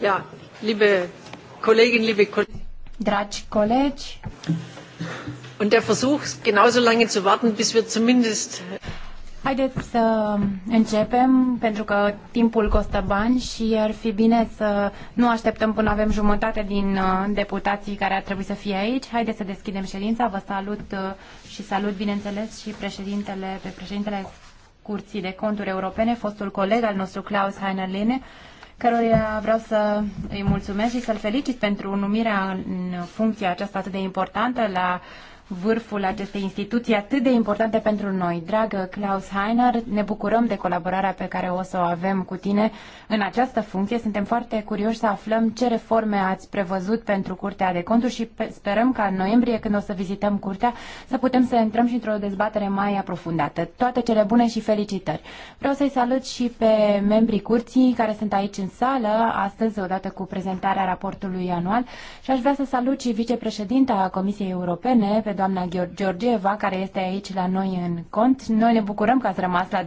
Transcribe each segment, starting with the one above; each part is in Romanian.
Ja, liebe Kolleginnen, liebe Kollegen. Dragi colegi. Und der Versuch, genauso lange zu warten, bis wir zumindest Haideți să începem, pentru că timpul costă bani și ar fi bine să nu așteptăm până avem jumătate din uh, deputații care ar trebui să fie aici. Haideți să deschidem ședința. Vă salut uh, și salut, bineînțeles, și președintele, pe președintele Curții de Conturi Europene, fostul coleg al nostru Klaus Heiner căruia vreau să îi mulțumesc și să-l felicit pentru numirea în funcția aceasta atât de importantă la vârful acestei instituții atât de importante pentru noi. Dragă Klaus Heiner, ne bucurăm de colaborarea pe care o să o avem cu tine în această funcție. Suntem foarte curioși să aflăm ce reforme ați prevăzut pentru Curtea de Conturi și sperăm ca în noiembrie, când o să vizităm Curtea, să putem să intrăm și într-o dezbatere mai aprofundată. Toate cele bune și felicitări! Vreau să-i salut și pe membrii Curții care sunt aici în sală, astăzi, odată cu prezentarea raportului anual și aș vrea să salut și vicepreședinta Comisiei Europene, pe doamna Georgieva, care este aici la noi în cont. Noi ne bucurăm că ați rămas la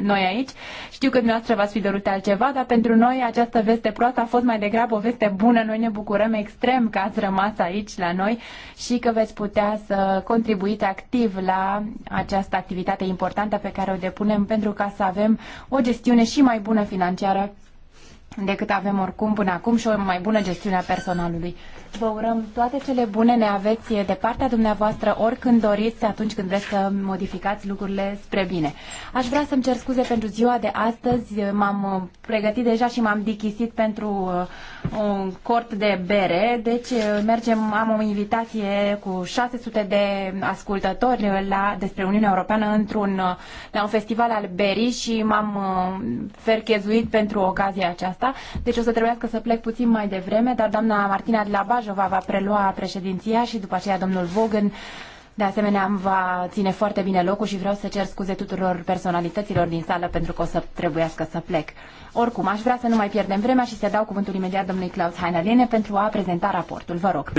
noi aici. Știu că dumneavoastră v-ați fi dorut altceva, dar pentru noi această veste proastă a fost mai degrabă o veste bună. Noi ne bucurăm extrem că ați rămas aici la noi și că veți putea să contribuiți activ la această activitate importantă pe care o depunem pentru ca să avem o gestiune și mai bună financiară decât avem oricum până acum și o mai bună gestiune a personalului. Vă urăm toate cele bune, ne aveți de partea dumneavoastră oricând doriți, atunci când vreți să modificați lucrurile spre bine. Aș vrea să-mi cer scuze pentru ziua de astăzi, m-am pregătit deja și m-am dichisit pentru uh, un cort de bere, deci uh, mergem, am o invitație cu 600 de ascultători la, despre Uniunea Europeană într-un, uh, la un festival al berii și m-am uh, ferchezuit pentru ocazia aceasta. Deci o să trebuiască să plec puțin mai devreme, dar doamna Martina Bajova va prelua președinția și după aceea domnul Vogan de asemenea, va ține foarte bine locul și vreau să cer scuze tuturor personalităților din sală pentru că o să trebuiască să plec. Oricum, aș vrea să nu mai pierdem vremea și să dau cuvântul imediat domnului Klaus Heinerlene pentru a prezenta raportul. Vă rog.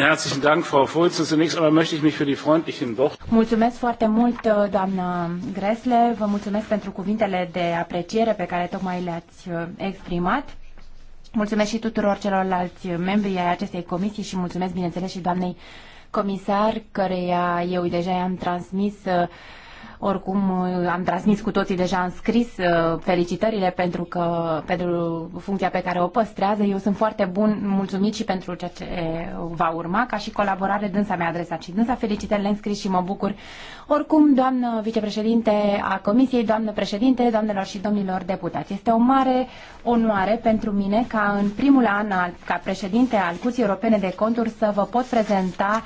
Mulțumesc foarte mult, doamnă Gresle. Vă mulțumesc pentru cuvintele de apreciere pe care tocmai le-ați uh, exprimat. Mulțumesc și tuturor celorlalți membri ai acestei comisii și mulțumesc, bineînțeles, și doamnei uh, comisar, căreia eu deja i-am transmis uh, oricum, uh, am transmis cu toții deja în scris uh, felicitările pentru, că, pentru funcția pe care o păstrează. Eu sunt foarte bun, mulțumit și pentru ceea ce va urma, ca și colaborare dânsa mi-a adresat și dânsa felicitările în scris și mă bucur. Oricum, doamnă vicepreședinte a Comisiei, doamnă președinte, doamnelor și domnilor deputați, este o mare onoare pentru mine ca în primul an al, ca președinte al Curții Europene de Conturi să vă pot prezenta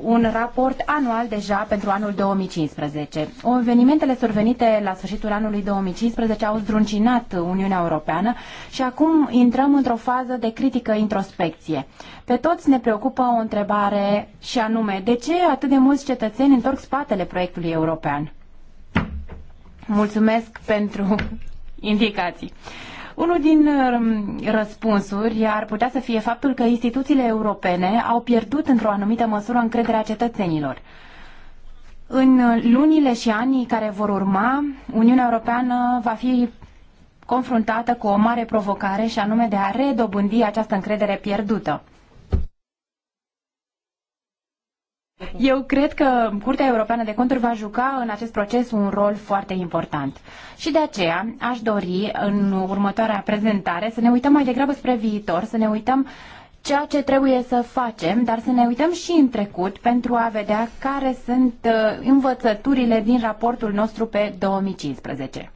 un raport anual deja pentru anul 2015. Evenimentele survenite la sfârșitul anului 2015 au zdruncinat Uniunea Europeană și acum intrăm într-o fază de critică introspecție. Pe toți ne preocupă o întrebare și anume, de ce atât de mulți cetățeni întorc spatele proiectului european? Mulțumesc pentru indicații. Uh, unul din um, răspunsuri ar putea să fie faptul că instituțiile europene au pierdut într-o anumită măsură încrederea cetățenilor. În lunile și anii care vor urma, Uniunea Europeană va fi confruntată cu o mare provocare și anume de a redobândi această încredere pierdută. Eu cred că Curtea Europeană de Conturi va juca în acest proces un rol foarte important. Și de aceea aș dori în următoarea prezentare să ne uităm mai degrabă spre viitor, să ne uităm ceea ce trebuie să facem, dar să ne uităm și în trecut pentru a vedea care sunt uh, învățăturile din raportul nostru pe 2015.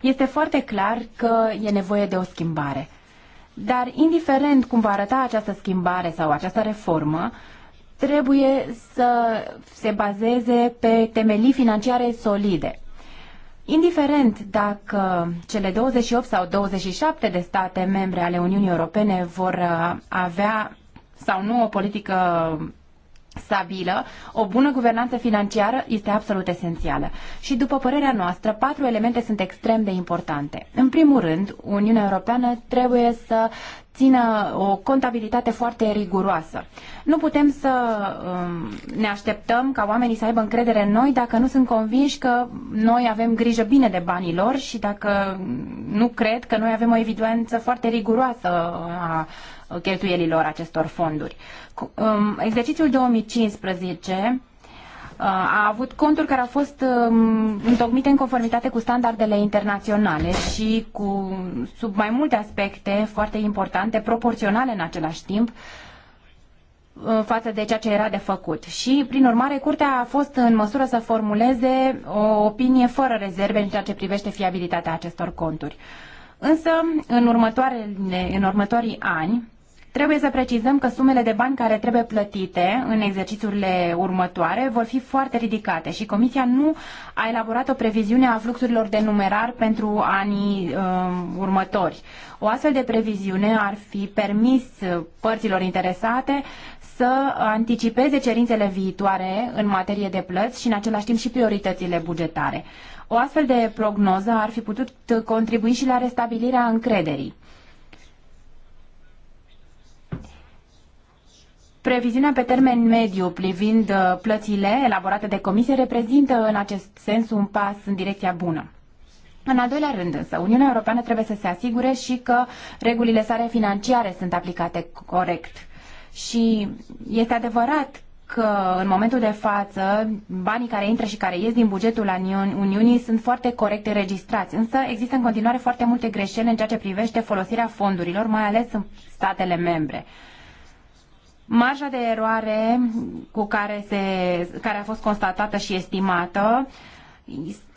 Este foarte clar că e nevoie de o schimbare. Dar indiferent cum va arăta această schimbare sau această reformă, trebuie să se bazeze pe temelii financiare solide. Indiferent dacă cele 28 sau 27 de state membre ale Uniunii Europene vor uh, avea sau nu o politică stabilă, o bună guvernanță financiară este absolut esențială. Și după părerea noastră, patru elemente sunt extrem de importante. În primul rând, Uniunea Europeană trebuie să țină o contabilitate foarte riguroasă. Nu putem să um, ne așteptăm ca oamenii să aibă încredere în noi dacă nu sunt convinși că noi avem grijă bine de banii lor și dacă nu cred că noi avem o evidență foarte riguroasă a cheltuielilor acestor fonduri. Um, exercițiul 2015 a avut conturi care au fost um, întocmite în conformitate cu standardele internaționale și cu, sub mai multe aspecte foarte importante, proporționale în același timp, uh, față de ceea ce era de făcut. Și, prin urmare, Curtea a fost în măsură să formuleze o opinie fără rezerve în ceea ce privește fiabilitatea acestor conturi. Însă, în, următoarele, în următorii ani, Trebuie să precizăm că sumele de bani care trebuie plătite în exercițiurile următoare vor fi foarte ridicate și Comisia nu a elaborat o previziune a fluxurilor de numerar pentru anii um, următori. O astfel de previziune ar fi permis părților interesate să anticipeze cerințele viitoare în materie de plăți și în același timp și prioritățile bugetare. O astfel de prognoză ar fi putut contribui și la restabilirea încrederii. Previziunea pe termen mediu privind uh, plățile elaborate de comisie reprezintă în acest sens un pas în direcția bună. În al doilea rând însă, Uniunea Europeană trebuie să se asigure și că regulile sale financiare sunt aplicate corect. Și este adevărat că în momentul de față banii care intră și care ies din bugetul Uniunii sunt foarte corect înregistrați, însă există în continuare foarte multe greșeli în ceea ce privește folosirea fondurilor, mai ales în statele membre. Marja de eroare cu care, se, care a fost constatată și estimată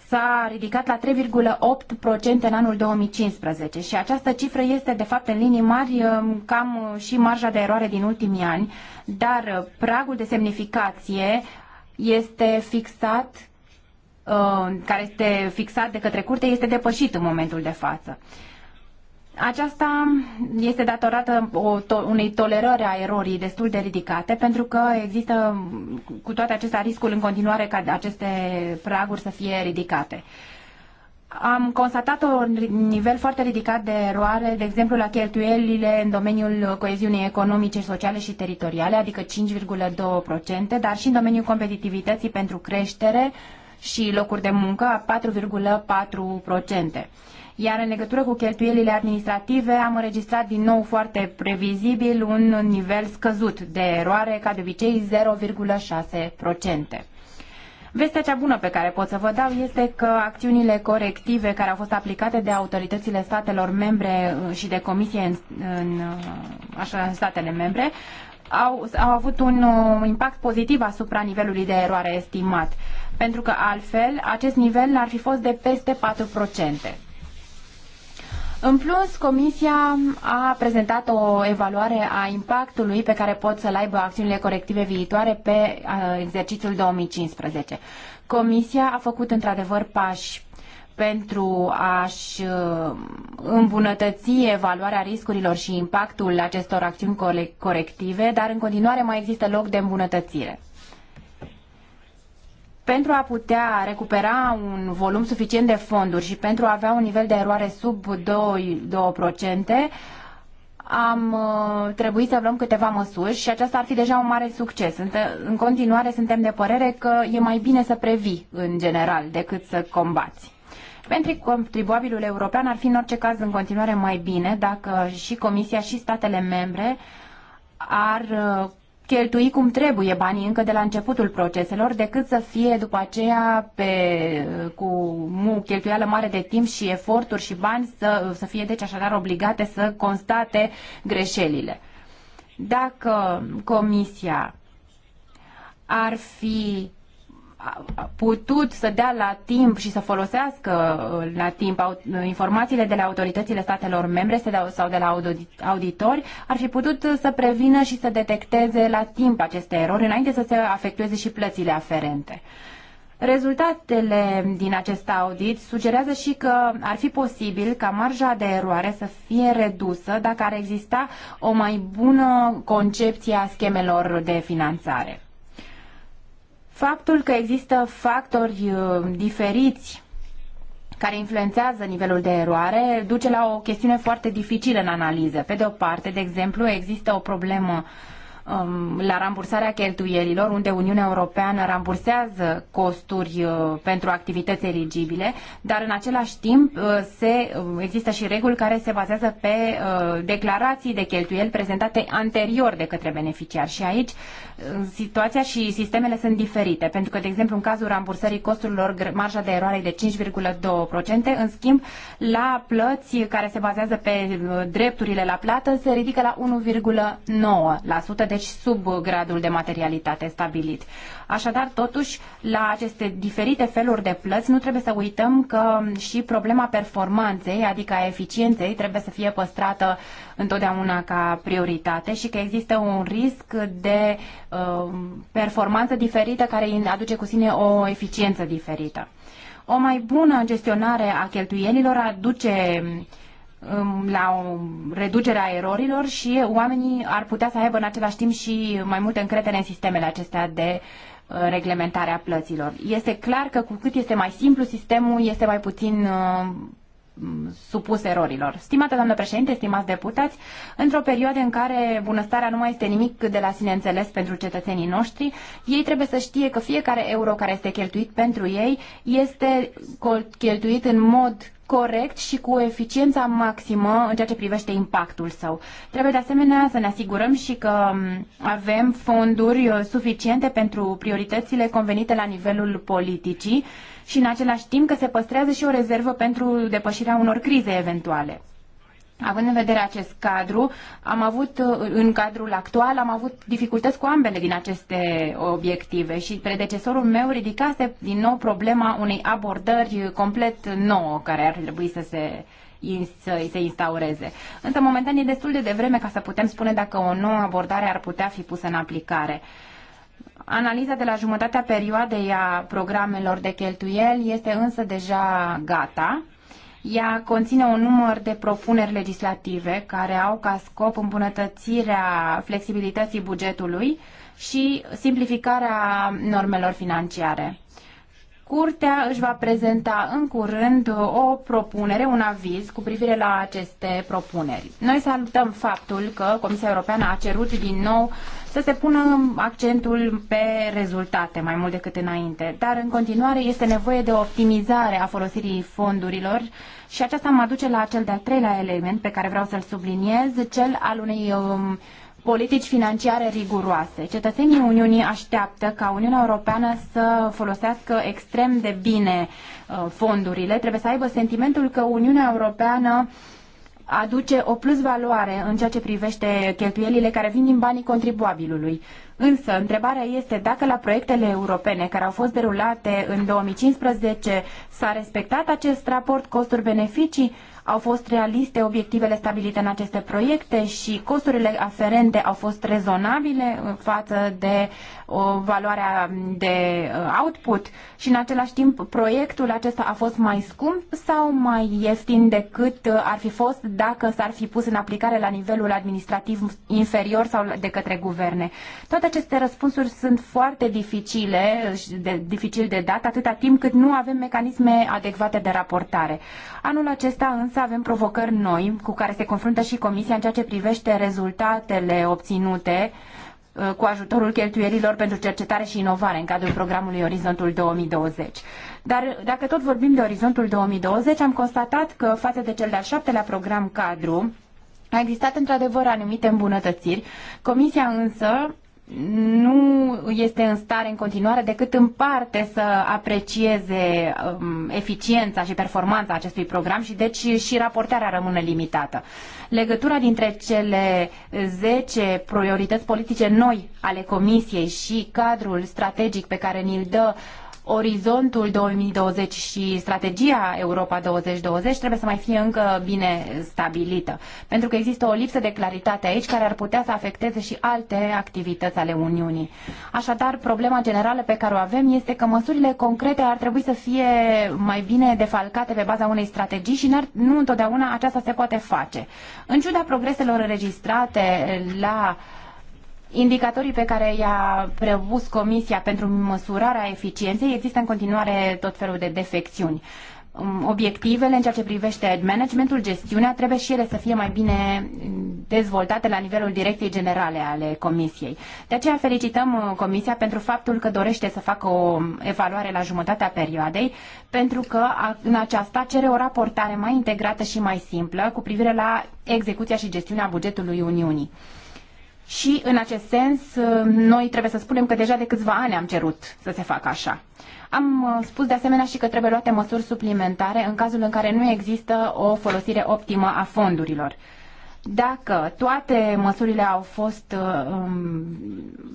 s-a ridicat la 3,8% în anul 2015 și această cifră este de fapt în linii mari um, cam uh, și marja de eroare din ultimii ani, dar uh, pragul de semnificație este fixat uh, care este fixat de către curte este depășit în momentul de față. Aceasta este datorată unei tolerări a erorii destul de ridicate, pentru că există cu toate acestea riscul în continuare ca aceste praguri să fie ridicate. Am constatat un nivel foarte ridicat de eroare, de exemplu, la cheltuielile în domeniul coeziunii economice, sociale și teritoriale, adică 5,2%, dar și în domeniul competitivității pentru creștere și locuri de muncă, 4,4%. Iar în legătură cu cheltuielile administrative am înregistrat din nou foarte previzibil un nivel scăzut de eroare, ca de obicei 0,6%. Vestea cea bună pe care pot să vă dau este că acțiunile corective care au fost aplicate de autoritățile statelor membre uh, și de comisie în, în uh, așa, statele membre au, au avut un uh, impact pozitiv asupra nivelului de eroare estimat, pentru că altfel acest nivel ar fi fost de peste 4%. În plus, Comisia a prezentat o evaluare a impactului pe care pot să-l aibă acțiunile corective viitoare pe exercițiul 2015. Comisia a făcut într-adevăr pași pentru a-și uh, îmbunătăți evaluarea riscurilor și impactul acestor acțiuni corective, dar în continuare mai există loc de îmbunătățire pentru a putea recupera un volum suficient de fonduri și pentru a avea un nivel de eroare sub 2, 2% am uh, trebuit să luăm câteva măsuri și aceasta ar fi deja un mare succes. în continuare suntem de părere că e mai bine să previi în general decât să combați. Pentru contribuabilul european ar fi în orice caz în continuare mai bine dacă și Comisia și statele membre ar uh, cheltui cum trebuie banii încă de la începutul proceselor, decât să fie după aceea pe, cu mu, cheltuială mare de timp și eforturi și bani să, să fie deci așadar obligate să constate greșelile. Dacă comisia ar fi putut să dea la timp și să folosească uh, la timp uh, informațiile de la autoritățile statelor membre sau de la auditori, ar fi putut uh, să prevină și să detecteze la timp aceste erori înainte să se afecteze și plățile aferente. Rezultatele din acest audit sugerează și că ar fi posibil ca marja de eroare să fie redusă dacă ar exista o mai bună concepție a schemelor de finanțare. Faptul că există factori uh, diferiți care influențează nivelul de eroare duce la o chestiune foarte dificilă în analiză. Pe de o parte, de exemplu, există o problemă um, la rambursarea cheltuielilor, unde Uniunea Europeană rambursează costuri uh, pentru activități eligibile, dar în același timp uh, se, um, există și reguli care se bazează pe declarații de cheltuieli prezentate anterior de către beneficiar. Și aici situația și sistemele sunt diferite, pentru că, de exemplu, în cazul rambursării costurilor, marja de eroare e de 5,2%, în schimb, la plăți care se bazează pe uh, drepturile la plată se ridică la 1,9%, deci sub gradul de materialitate stabilit. Așadar, totuși, la aceste diferite feluri de plăți, nu trebuie să uităm că și problema performanței, adică a eficienței, trebuie să fie păstrată întotdeauna ca prioritate și că există un risc de uh, performanță diferită care aduce cu sine o eficiență diferită. O mai bună gestionare a cheltuielilor aduce um, la o reducere a erorilor și oamenii ar putea să aibă în același timp și mai multă încredere în sistemele acestea de Uh, reglementarea plăților. Este clar că cu cât este mai simplu sistemul, este mai puțin uh, supus erorilor. Stimată doamnă președinte, stimați deputați, într-o perioadă în care bunăstarea nu mai este nimic de la sine înțeles pentru cetățenii noștri, ei trebuie să știe că fiecare euro care este cheltuit pentru ei este cheltuit în mod corect și cu eficiența maximă în ceea ce privește impactul său. Trebuie de asemenea să ne asigurăm și că um, avem fonduri uh, suficiente pentru prioritățile convenite la nivelul politicii și în același timp că se păstrează și o rezervă pentru depășirea unor crize eventuale. Având în vedere acest cadru, am avut, uh, în cadrul actual, am avut dificultăți cu ambele din aceste obiective și predecesorul meu ridicase din nou problema unei abordări complet nouă care ar trebui să se să se instaureze. Însă, momentan, e destul de devreme ca să putem spune dacă o nouă abordare ar putea fi pusă în aplicare. Analiza de la jumătatea perioadei a programelor de cheltuieli este însă deja gata ea conține un număr de propuneri legislative care au ca scop îmbunătățirea flexibilității bugetului și simplificarea normelor financiare. Curtea își va prezenta în curând o propunere, un aviz cu privire la aceste propuneri. Noi salutăm faptul că Comisia Europeană a cerut din nou să se pună accentul pe rezultate mai mult decât înainte. Dar în continuare este nevoie de optimizare a folosirii fondurilor și aceasta mă duce la cel de-al treilea element pe care vreau să-l subliniez, cel al unei um, politici financiare riguroase. Cetățenii Uniunii așteaptă ca Uniunea Europeană să folosească extrem de bine uh, fondurile. Trebuie să aibă sentimentul că Uniunea Europeană uh, aduce o plus valoare în ceea ce privește cheltuielile care vin din banii contribuabilului. Însă, întrebarea este dacă la proiectele europene care au fost derulate în 2015 s-a respectat acest raport costuri-beneficii, au fost realiste obiectivele stabilite în aceste proiecte și costurile aferente au fost rezonabile uh, față de o uh, valoarea de uh, output și în același timp proiectul acesta a fost mai scump sau mai ieftin decât ar fi fost dacă s-ar fi pus în aplicare la nivelul administrativ inferior sau de către guverne. Toate aceste răspunsuri sunt foarte dificile, de, dificil de dat, atâta timp cât nu avem mecanisme adecvate de raportare. Anul acesta însă să avem provocări noi cu care se confruntă și Comisia în ceea ce privește rezultatele obținute uh, cu ajutorul cheltuielilor pentru cercetare și inovare în cadrul programului Orizontul 2020. Dar dacă tot vorbim de Orizontul 2020, am constatat că față de cel de-al șaptelea program cadru, a existat într-adevăr anumite îmbunătățiri. Comisia însă nu este în stare în continuare decât în parte să aprecieze um, eficiența și performanța acestui program și deci și raportarea rămâne limitată. Legătura dintre cele zece priorități politice noi ale Comisiei și cadrul strategic pe care ni-l dă uh, Orizontul 2020 și strategia Europa 2020 trebuie să mai fie încă bine stabilită, pentru că există o lipsă de claritate aici care ar putea să afecteze și alte activități ale Uniunii. Așadar, problema generală pe care o avem este că măsurile concrete ar trebui să fie mai bine defalcate pe baza unei strategii și nu întotdeauna aceasta se poate face. În ciuda progreselor înregistrate la uh, Indicatorii pe care i-a prevus Comisia pentru măsurarea eficienței există în continuare tot felul de defecțiuni. Um, obiectivele în ceea ce privește managementul, gestiunea, trebuie și ele să fie mai bine um, dezvoltate la nivelul direcției generale ale Comisiei. De aceea felicităm uh, Comisia pentru faptul că dorește să facă o um, evaluare la jumătatea perioadei, pentru că în aceasta cere o raportare mai integrată și mai simplă cu privire la execuția și gestiunea bugetului Uniunii. Și, în acest sens, noi trebuie să spunem că deja de câțiva ani am cerut să se facă așa. Am uh, spus de asemenea și că trebuie luate măsuri suplimentare în cazul în care nu există o folosire optimă a fondurilor. Dacă toate măsurile au fost, uh, um,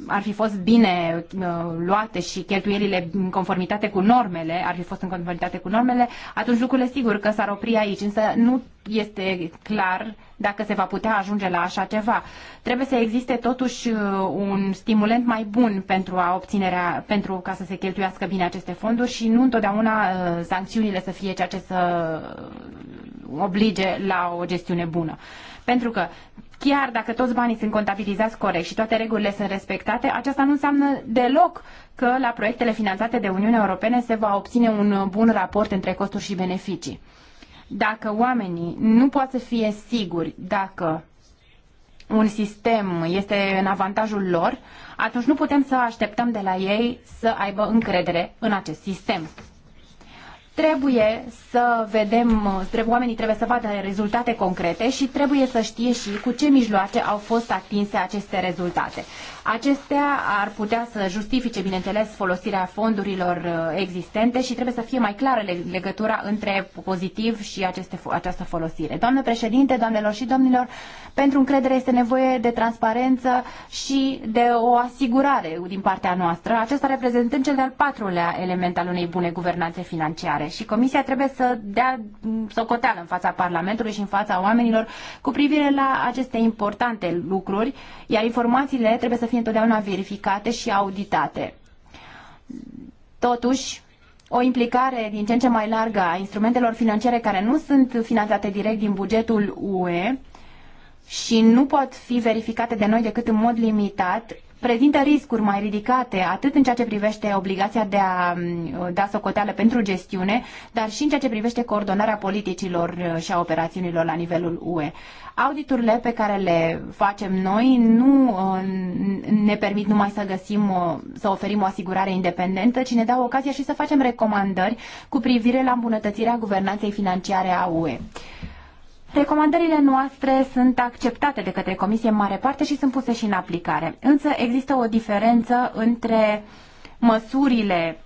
ar fi fost bine uh, luate și cheltuielile în conformitate cu normele, ar fi fost în conformitate cu normele, atunci lucrurile sigur că s-ar opri aici, însă nu este clar dacă se va putea ajunge la așa ceva. Trebuie să existe totuși uh, un stimulent mai bun pentru a obținerea, pentru ca să se cheltuiască bine aceste fonduri și nu întotdeauna uh, sancțiunile să fie ceea ce să oblige la o gestiune bună. Pentru că chiar dacă toți banii sunt contabilizați corect și toate regulile sunt respectate, aceasta nu înseamnă deloc că la proiectele finanțate de Uniunea Europene se va obține un bun raport între costuri și beneficii. Dacă oamenii nu pot să fie siguri dacă un sistem este în avantajul lor, atunci nu putem să așteptăm de la ei să aibă încredere în acest sistem. Trebuie să vedem, trebuie, oamenii trebuie să vadă rezultate concrete și trebuie să știe și cu ce mijloace au fost atinse aceste rezultate. Acestea ar putea să justifice, bineînțeles, folosirea fondurilor uh, existente și trebuie să fie mai clară legătura între pozitiv și aceste, această folosire. Doamnă președinte, doamnelor și domnilor, pentru încredere este nevoie de transparență și de o asigurare din partea noastră, acesta reprezentând cel de-al patrulea element al unei bune guvernanțe financiare. Și Comisia trebuie să dea socoteală în fața Parlamentului și în fața oamenilor cu privire la aceste importante lucruri, iar informațiile trebuie să fi întotdeauna verificate și auditate. Totuși, o implicare din ce în ce mai largă a instrumentelor financiare care nu sunt finanțate direct din bugetul UE și nu pot fi verificate de noi decât în mod limitat, prezintă riscuri mai ridicate, atât în ceea ce privește obligația de a mm, da socoteală pentru gestiune, dar și în ceea ce privește coordonarea politicilor uh, și a operațiunilor la nivelul UE. Auditurile pe care le facem noi nu uh, ne permit numai să găsim, uh, să oferim o asigurare independentă, ci ne dau ocazia și să facem recomandări cu privire la îmbunătățirea guvernanței financiare a UE. Recomandările noastre sunt acceptate de către Comisie în mare parte și sunt puse și în aplicare. Însă există o diferență între măsurile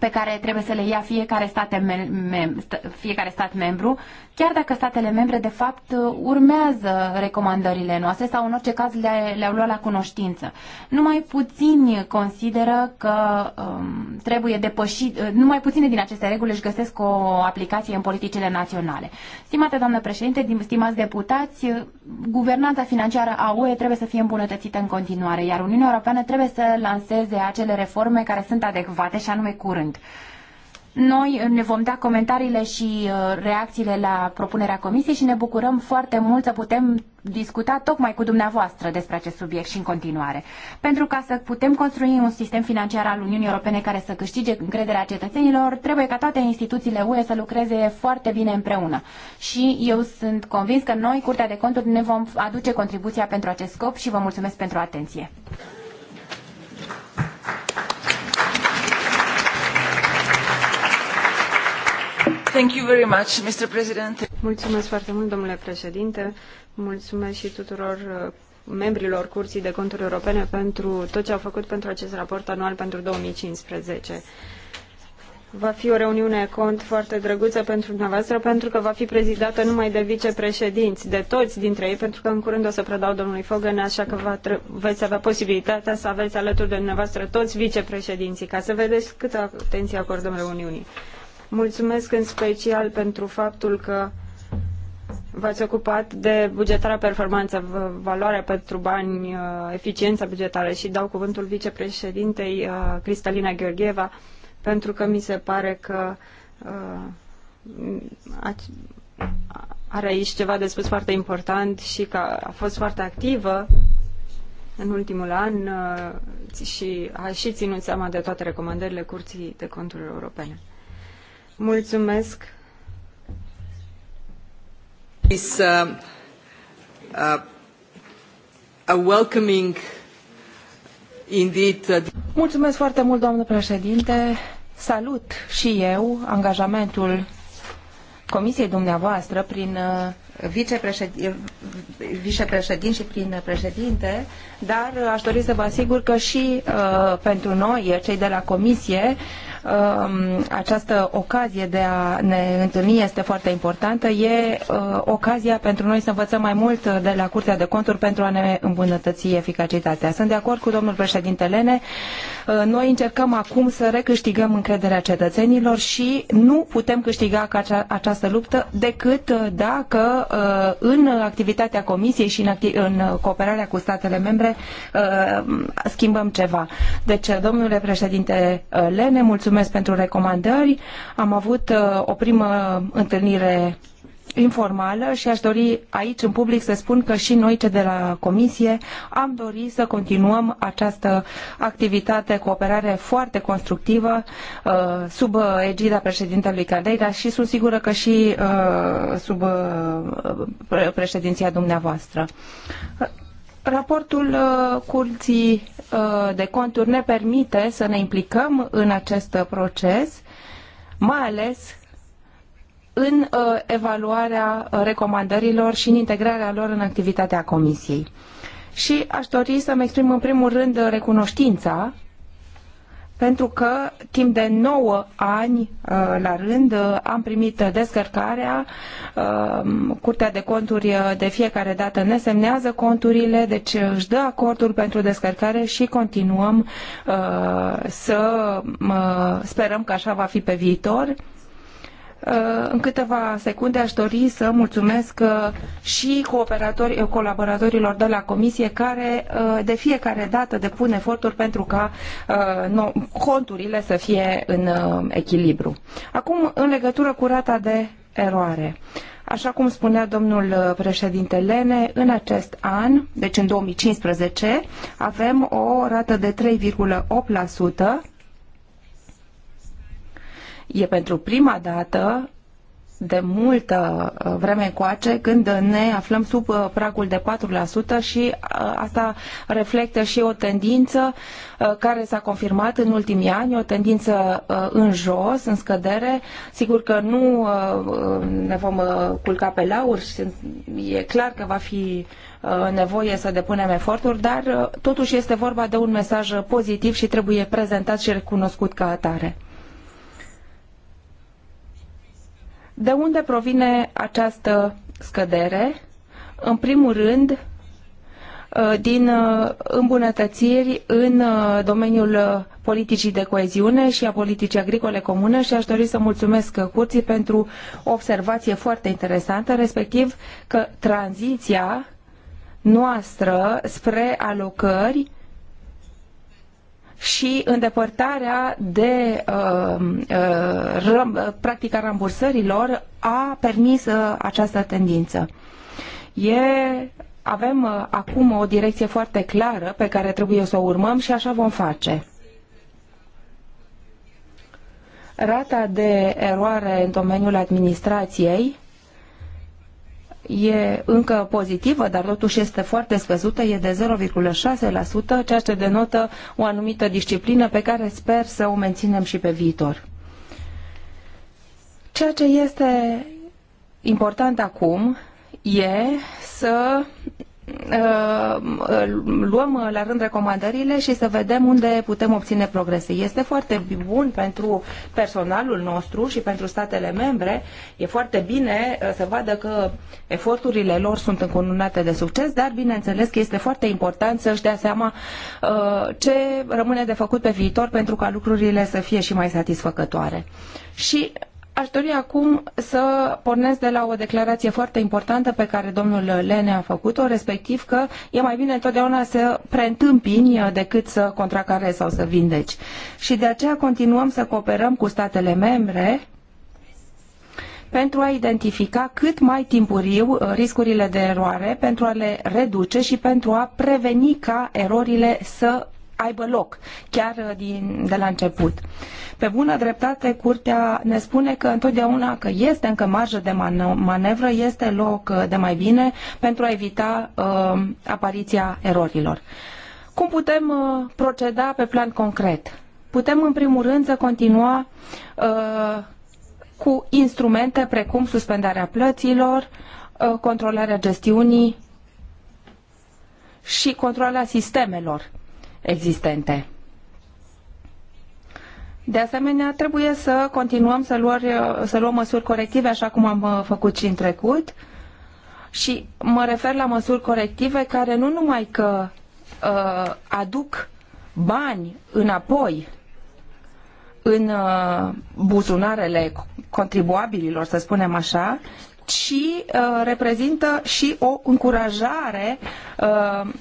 pe care trebuie să le ia fiecare, stat, mem- fiecare stat membru chiar dacă statele membre, de fapt, urmează recomandările noastre sau, în orice caz, le, le-au luat la cunoștință. Numai puțini consideră că um, trebuie depășit, uh, numai puține din aceste reguli își găsesc o aplicație în politicile naționale. Stimate doamnă președinte, stimați deputați, uh, guvernanța financiară a UE trebuie să fie îmbunătățită în continuare, iar Uniunea Europeană trebuie să lanseze acele reforme care sunt adecvate și anume curând. Noi ne vom da comentariile și uh, reacțiile la propunerea comisiei și ne bucurăm foarte mult să putem discuta tocmai cu dumneavoastră despre acest subiect și în continuare. Pentru ca să putem construi un sistem financiar al Uniunii Europene care să câștige încrederea cetățenilor, trebuie ca toate instituțiile UE să lucreze foarte bine împreună. Și eu sunt convins că noi, Curtea de Conturi, ne vom aduce contribuția pentru acest scop și vă mulțumesc pentru atenție. Mulțumesc foarte mult, domnule președinte. Mulțumesc și tuturor uh, membrilor Curții de Conturi Europene pentru tot ce au făcut pentru acest raport anual pentru 2015. Va fi o reuniune cont foarte drăguță pentru dumneavoastră, pentru că va fi prezidată numai de vicepreședinți, de toți dintre ei, pentru că în curând o să predau domnului Fogăn, așa că va veți avea posibilitatea să aveți alături de dumneavoastră toți vicepreședinții, ca să vedeți câtă atenție acordăm reuniunii. Mulțumesc în special pentru faptul că v-ați ocupat de bugetarea performanță, valoarea pentru bani, uh, eficiența bugetară și dau cuvântul vicepreședintei uh, Cristalina Gheorgheva pentru că mi se pare că uh, are aici ceva de spus foarte important și că a fost foarte activă în ultimul an și a și ținut seama de toate recomandările Curții de Conturi Europene. Mulțumesc. Is uh, uh, a welcoming indeed. Uh... Mulțumesc foarte mult, domnule președinte. Salut și eu angajamentul comisiei dumneavoastră prin uh, uh, vicepreședinte și prin președinte, dar uh, aș dori să vă asigur că și uh, pentru noi, cei de la comisie, Um, această ocazie de a ne întâlni este foarte importantă. E uh, ocazia pentru noi să învățăm mai mult de la Curtea de Conturi pentru a ne îmbunătăți eficacitatea. Sunt de acord cu domnul președinte Lene. Uh, noi încercăm acum să recâștigăm încrederea cetățenilor și nu putem câștiga această luptă decât uh, dacă în activitatea Comisiei și în, cooperarea cu statele membre schimbăm ceva. Deci, domnule președinte Lene, mulțumesc mulțumesc pentru recomandări. Am avut uh, o primă întâlnire informală și aș dori aici în public să spun că și noi cei de la comisie am dorit să continuăm această activitate, cooperare foarte constructivă uh, sub egida președintelui Caldeira și sunt sigură că și uh, sub președinția dumneavoastră. Raportul uh, Curții uh, de Conturi ne permite să ne implicăm în acest proces, mai ales în uh, evaluarea recomandărilor și în integrarea lor în activitatea Comisiei. Și aș dori să-mi exprim în primul rând recunoștința pentru că timp de 9 ani uh, la rând uh, am primit descărcarea. Uh, Curtea de conturi de fiecare dată ne semnează conturile, deci își dă acordul pentru descărcare și continuăm să sperăm că așa va fi pe viitor. În câteva secunde aș dori să mulțumesc uh, și colaboratorilor de la Comisie care uh, de fiecare dată depun eforturi pentru ca uh, conturile să fie în echilibru. Acum, în legătură cu rata de eroare. Așa cum spunea domnul președinte Lene, în acest an, deci în 2015, avem o rată de 3,8%, E pentru prima dată de multă uh, vreme încoace când ne aflăm sub uh, pragul de 4% și uh, asta reflectă și o tendință care s-a confirmat în ultimii ani, o tendință în jos, în scădere. Sigur că nu ne vom culca pe lauri, e clar că va fi nevoie să depunem eforturi, dar totuși este vorba de un mesaj pozitiv și trebuie prezentat și recunoscut ca atare. De unde provine această scădere? În primul rând, uh, din uh, îmbunătățiri în uh, domeniul politicii de coeziune și a politicii agricole comune și aș dori să mulțumesc curții pentru o observație foarte interesantă, respectiv că tranziția noastră spre alocări și îndepărtarea de uh, uh practica rambursărilor a permis uh, această tendință. E, avem uh, acum o direcție foarte clară pe care trebuie să o urmăm și așa vom face. Rata de eroare în domeniul administrației e încă pozitivă, dar totuși este foarte scăzută, e de 0,6%, ceea ce denotă o anumită disciplină pe care sper să o menținem și pe viitor. Ceea ce este important acum e să Uh, luăm la rând recomandările și să vedem unde putem obține progrese. Este foarte bun pentru personalul nostru și pentru statele membre. E foarte bine uh, să vadă că eforturile lor sunt încununate de succes, dar bineînțeles că este foarte important să-și dea seama uh, ce rămâne de făcut pe viitor pentru ca lucrurile să fie și mai satisfăcătoare. Și Aș dori acum să pornesc de la o declarație foarte importantă pe care domnul Lene a făcut-o, respectiv că e mai bine întotdeauna să preîntâmpini decât să contracarezi sau să vindeci. Și de aceea continuăm să cooperăm cu statele membre pentru a identifica cât mai timpuriu uh, riscurile de eroare, pentru a le reduce și pentru a preveni ca erorile să aibă loc chiar uh, din, de la început. Pe bună dreptate, curtea ne spune că întotdeauna că este încă marjă de manevră, este loc uh, de mai bine pentru a evita uh, apariția erorilor. Cum putem uh, proceda pe plan concret? Putem, în primul rând, să continua uh, cu instrumente precum suspendarea plăților, uh, controlarea gestiunii și controlarea sistemelor existente. De asemenea, trebuie să continuăm să, luăm, să luăm măsuri corective, așa cum am uh, făcut și în trecut, și mă refer la măsuri corective care nu numai că uh, aduc bani înapoi în uh, buzunarele contribuabililor, să spunem așa, ci uh, reprezintă și o încurajare uh,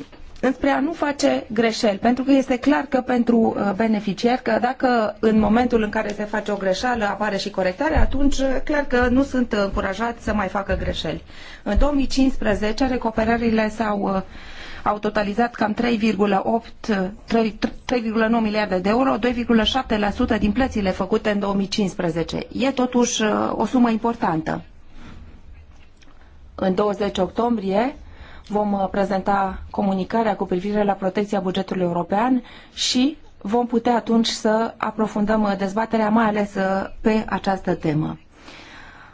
înspre a nu face greșeli, pentru că este clar că pentru uh, beneficiar, că dacă în momentul în care se face o greșeală apare și corectarea, atunci uh, clar că nu sunt încurajați să mai facă greșeli. În 2015 recuperările s-au uh, au totalizat cam 3,9 miliarde de euro, 2,7% din plățile făcute în 2015. E totuși o sumă importantă. În 20 octombrie, vom uh, prezenta comunicarea cu privire la protecția bugetului european și vom putea atunci să aprofundăm uh, dezbaterea, mai ales uh, pe această temă.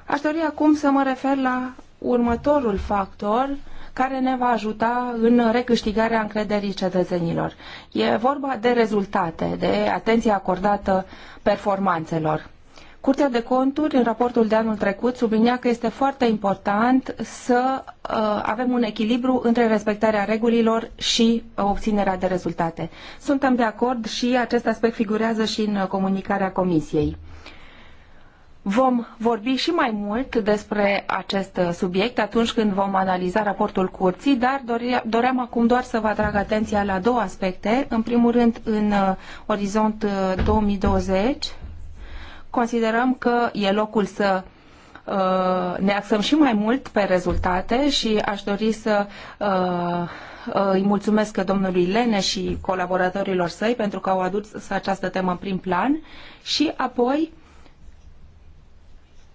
Aș dori acum să mă refer la următorul factor care ne va ajuta în recâștigarea încrederii cetățenilor. E vorba de rezultate, de atenție acordată performanțelor. Curtea de conturi, în raportul de anul trecut, sublinia că este foarte important să uh, avem un echilibru între respectarea regulilor și obținerea de rezultate. Suntem de acord și acest aspect figurează și în comunicarea Comisiei. Vom vorbi și mai mult despre acest subiect atunci când vom analiza raportul curții, dar doream acum doar să vă atrag atenția la două aspecte. În primul rând, în uh, Orizont 2020, uh, considerăm că e locul să uh, ne axăm și mai mult pe rezultate și aș dori să uh, îi mulțumesc domnului Lene și colaboratorilor săi pentru că au adus această temă în prim plan și apoi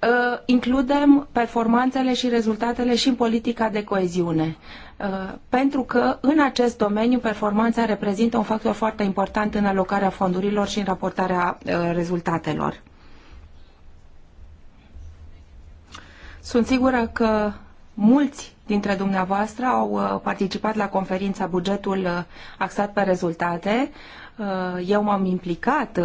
uh, includem performanțele și rezultatele și în politica de coeziune. Pentru că în acest domeniu performanța reprezintă un factor foarte important în alocarea fondurilor și în raportarea rezultatelor. Sunt sigură că mulți dintre dumneavoastră au uh, participat la conferința Bugetul uh, axat pe rezultate. Uh, eu m-am implicat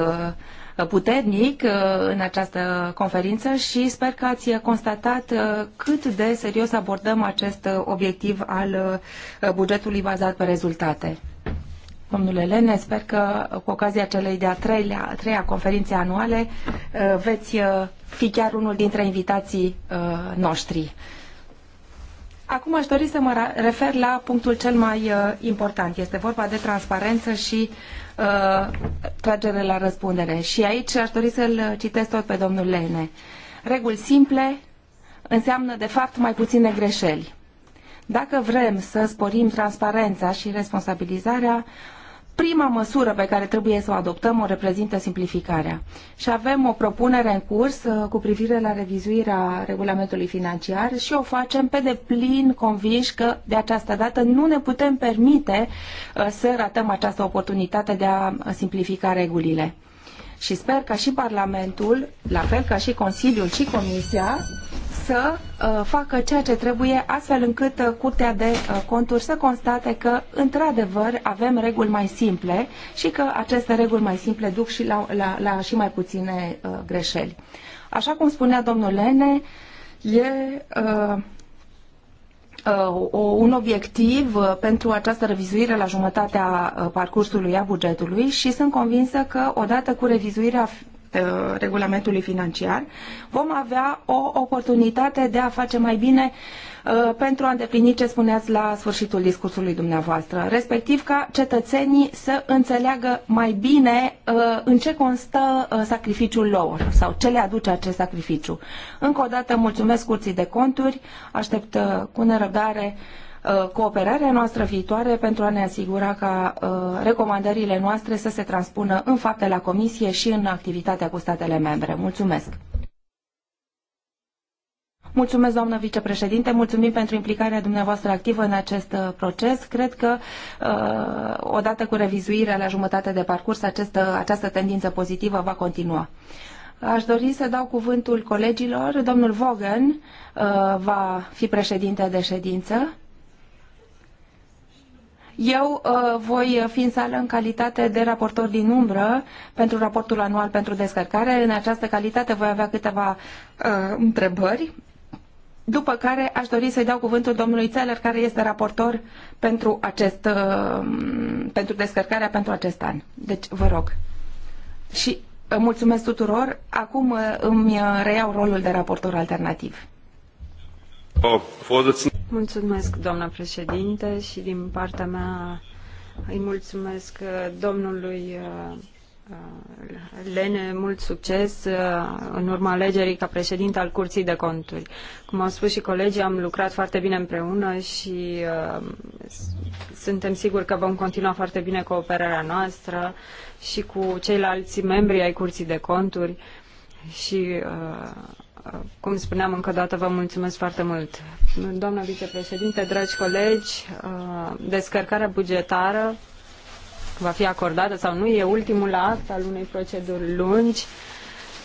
puternic în această conferință și sper că ați constatat cât de serios abordăm acest obiectiv al bugetului bazat pe rezultate. Domnule Lene, sper că cu ocazia celei de-a treia, treia conferințe anuale uh, veți uh, fi chiar unul dintre invitații uh, noștri. Acum aș dori să mă refer la punctul cel mai important. Este vorba de transparență și tragere la răspundere. Și aici aș dori să-l citesc tot pe domnul Lene. Reguli simple înseamnă, de fapt, mai puține greșeli. Dacă vrem să sporim transparența și responsabilizarea, prima măsură pe care trebuie să o adoptăm o reprezintă simplificarea. Și avem o propunere în curs uh, cu privire la revizuirea regulamentului financiar și o facem pe deplin convinși că de această dată nu ne putem permite uh, să ratăm această oportunitate de a uh, simplifica regulile. Și sper ca și Parlamentul, la fel ca și Consiliul și Comisia, să uh, facă ceea ce trebuie astfel încât uh, Curtea de uh, Conturi să constate că într-adevăr avem reguli mai simple și că aceste reguli mai simple duc și la, la, la și mai puține greșeli. Așa cum spunea domnul Lene, e uh, uh, un obiectiv pentru această revizuire la jumătatea parcursului a bugetului și sunt convinsă că odată cu revizuirea Uh, regulamentului financiar, vom avea o oportunitate de a face mai bine uh, pentru a îndeplini ce spuneați la sfârșitul discursului dumneavoastră, respectiv ca cetățenii să înțeleagă mai bine uh, în ce constă sacrificiul lor sau ce le aduce acest sacrificiu. Încă o dată mulțumesc curții de conturi, aștept cu nerăbdare Uh, cooperarea noastră viitoare pentru a ne asigura ca uh, recomandările noastre să se transpună în fapte la Comisie și în activitatea cu statele membre. Mulțumesc! Mulțumesc, doamnă vicepreședinte, mulțumim pentru implicarea dumneavoastră activă în acest uh, proces. Cred că, odată cu revizuirea la jumătate de parcurs, această, această tendință pozitivă va continua. Aș dori să dau cuvântul colegilor. Domnul Vogan va fi președinte de ședință. Eu uh, voi fi în sală în calitate de raportor din umbră pentru raportul anual pentru descărcare. În această calitate voi avea câteva uh, întrebări. După care aș dori să-i dau cuvântul domnului Țeler, care este raportor pentru, acest, uh, pentru descărcarea pentru acest an. Deci, vă rog. Și uh, mulțumesc tuturor. Acum uh, îmi uh, reiau rolul de raportor alternativ. Mulțumesc, doamnă președinte, și din partea mea îi mulțumesc uh, domnului uh, uh, Lene, mult succes în urma alegerii ca președinte al Curții de Conturi. Cum au spus și colegii, am lucrat foarte bine împreună și suntem siguri că vom continua foarte bine cooperarea noastră și cu ceilalți membri ai Curții de Conturi și uh, cum spuneam încă o dată, vă mulțumesc foarte mult. Doamna vicepreședinte, dragi colegi, uh, descărcarea bugetară va fi acordată sau nu e ultimul act al unei proceduri lungi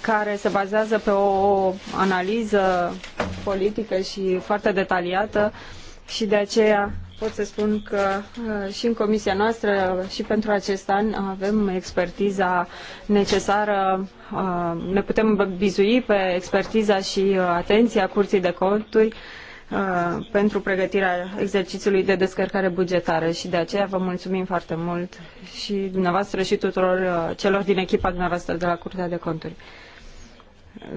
care se bazează pe o analiză politică și foarte detaliată și de aceea pot să spun că uh, și în comisia noastră și pentru acest an avem expertiza necesară, uh, ne putem bizui pe expertiza și uh, atenția Curții de Conturi pentru pregătirea exercițiului de descărcare bugetară și de aceea vă mulțumim foarte mult și dumneavoastră și tuturor celor din echipa dumneavoastră de la Curtea de Conturi.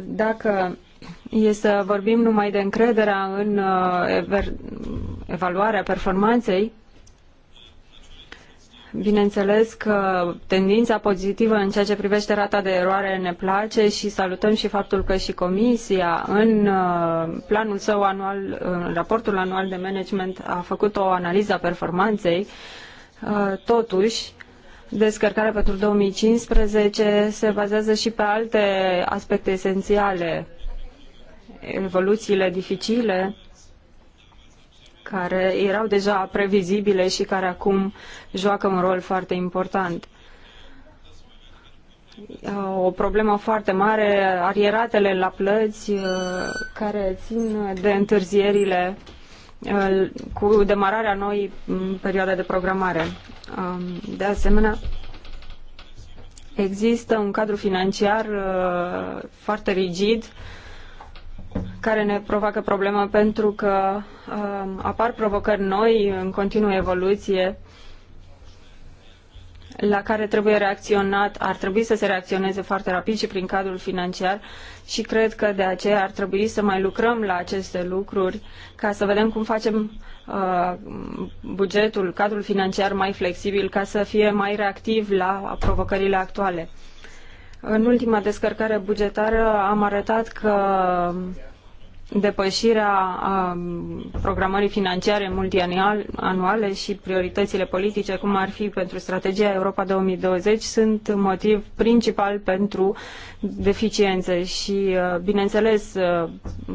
Dacă e să vorbim numai de încrederea în uh, evaluarea performanței, Bineînțeles că tendința pozitivă în ceea ce privește rata de eroare ne place și salutăm și faptul că și Comisia în uh, planul său anual, în raportul anual de management a făcut o analiză a performanței. Uh, totuși, descărcarea pentru 2015 se bazează și pe alte aspecte esențiale evoluțiile dificile care erau deja previzibile și care acum joacă un rol foarte important. Uh, o problemă foarte mare, arieratele la plăți uh, care țin de întârzierile uh, cu demararea noii mm, perioade de programare. Um, de asemenea, există un cadru financiar foarte rigid care ne provoacă problemă pentru că uh, apar provocări noi în continuă evoluție la care trebuie reacționat, ar trebui să se reacționeze foarte rapid și prin cadrul financiar și cred că de aceea ar trebui să mai lucrăm la aceste lucruri ca să vedem cum facem uh, bugetul, cadrul financiar mai flexibil ca să fie mai reactiv la provocările actuale. În ultima descărcare bugetară am arătat că depășirea um, programării financiare multianuale și prioritățile politice, cum ar fi pentru strategia Europa 2020, sunt motiv principal pentru deficiențe și, uh, bineînțeles, uh,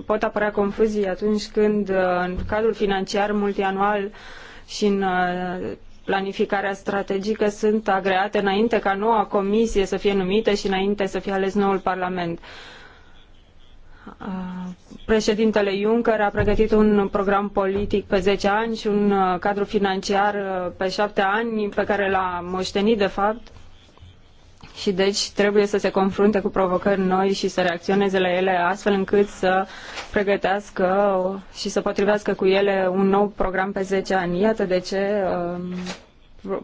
pot apărea confuzii atunci când uh, în cadrul financiar multianual și în planificarea strategică sunt agreate înainte ca noua comisie să fie numită și înainte să fie ales noul Parlament. Uh, Președintele Juncker a pregătit un program politic pe zece ani și un uh, cadru financiar uh, pe 7 ani pe care l-a moștenit de fapt și deci trebuie să se confrunte cu provocări noi și să reacționeze la ele astfel încât să pregătească și să potrivească cu ele un nou program pe zece ani. Iată de ce um,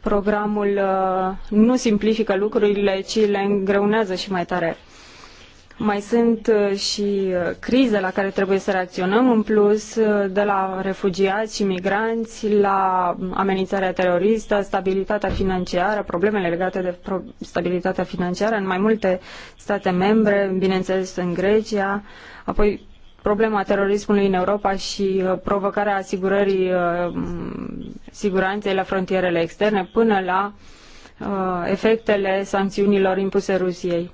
programul uh, nu simplifică lucrurile, ci le îngreunează și mai tare. Mai sunt uh, și uh, crize la care trebuie să reacționăm, în plus uh, de la refugiați și migranți, la amenințarea teroristă, stabilitatea financiară, problemele legate de stabilitatea financiară în mai multe state membre, bineînțeles în Grecia, apoi problema terorismului în Europa și provocarea asigurării siguranței la frontierele externe până la efectele sancțiunilor impuse Rusiei.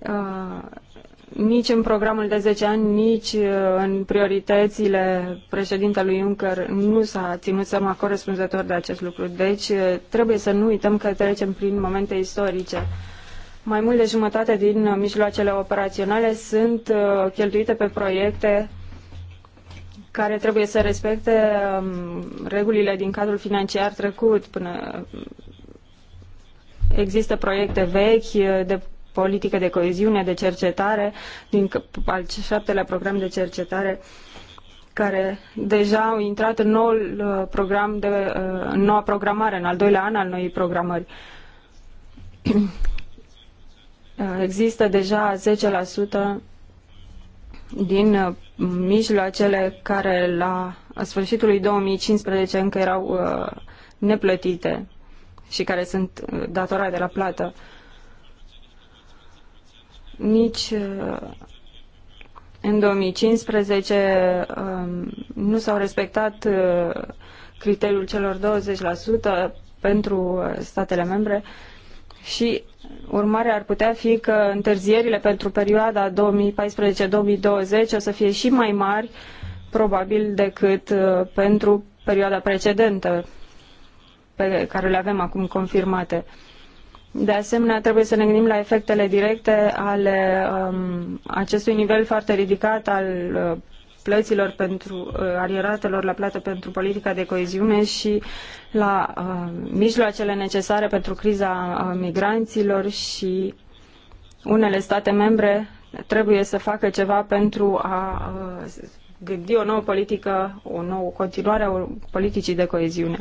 Uh, nici în programul de 10 ani, nici uh, în prioritățile președintelui Juncker nu s-a ținut seama corespunzător de acest lucru. Deci uh, trebuie să nu uităm că trecem prin momente istorice. Mai mult de jumătate din mijloacele operaționale sunt cheltuite pe proiecte care trebuie să respecte um, regulile din cadrul financiar trecut până există proiecte vechi de politică de coeziune, de cercetare, din al șaptelea program de cercetare, care deja au intrat în noul uh, program de, uh, în noua programare, în al doilea an al noii programări. Uh, există deja 10% din mijloacele care la sfârșitul lui 2015 încă erau neplătite și care sunt datorate la plată. Nici uh, în 2015 um, nu s-au respectat uh, criteriul celor 20% pentru uh, statele membre și urmarea ar putea fi că întârzierile pentru perioada 2014-2020 o să fie și mai mari probabil decât pentru perioada precedentă pe care le avem acum confirmate. De asemenea, trebuie să ne gândim la efectele directe ale um, acestui nivel foarte ridicat al uh, plăților pentru uh, arieratelor la plată pentru politica de coeziune și la uh, mijloacele necesare pentru criza uh, migranților și unele state membre trebuie să facă ceva pentru a uh, gândi o nouă politică, o nouă continuare a politicii de coeziune.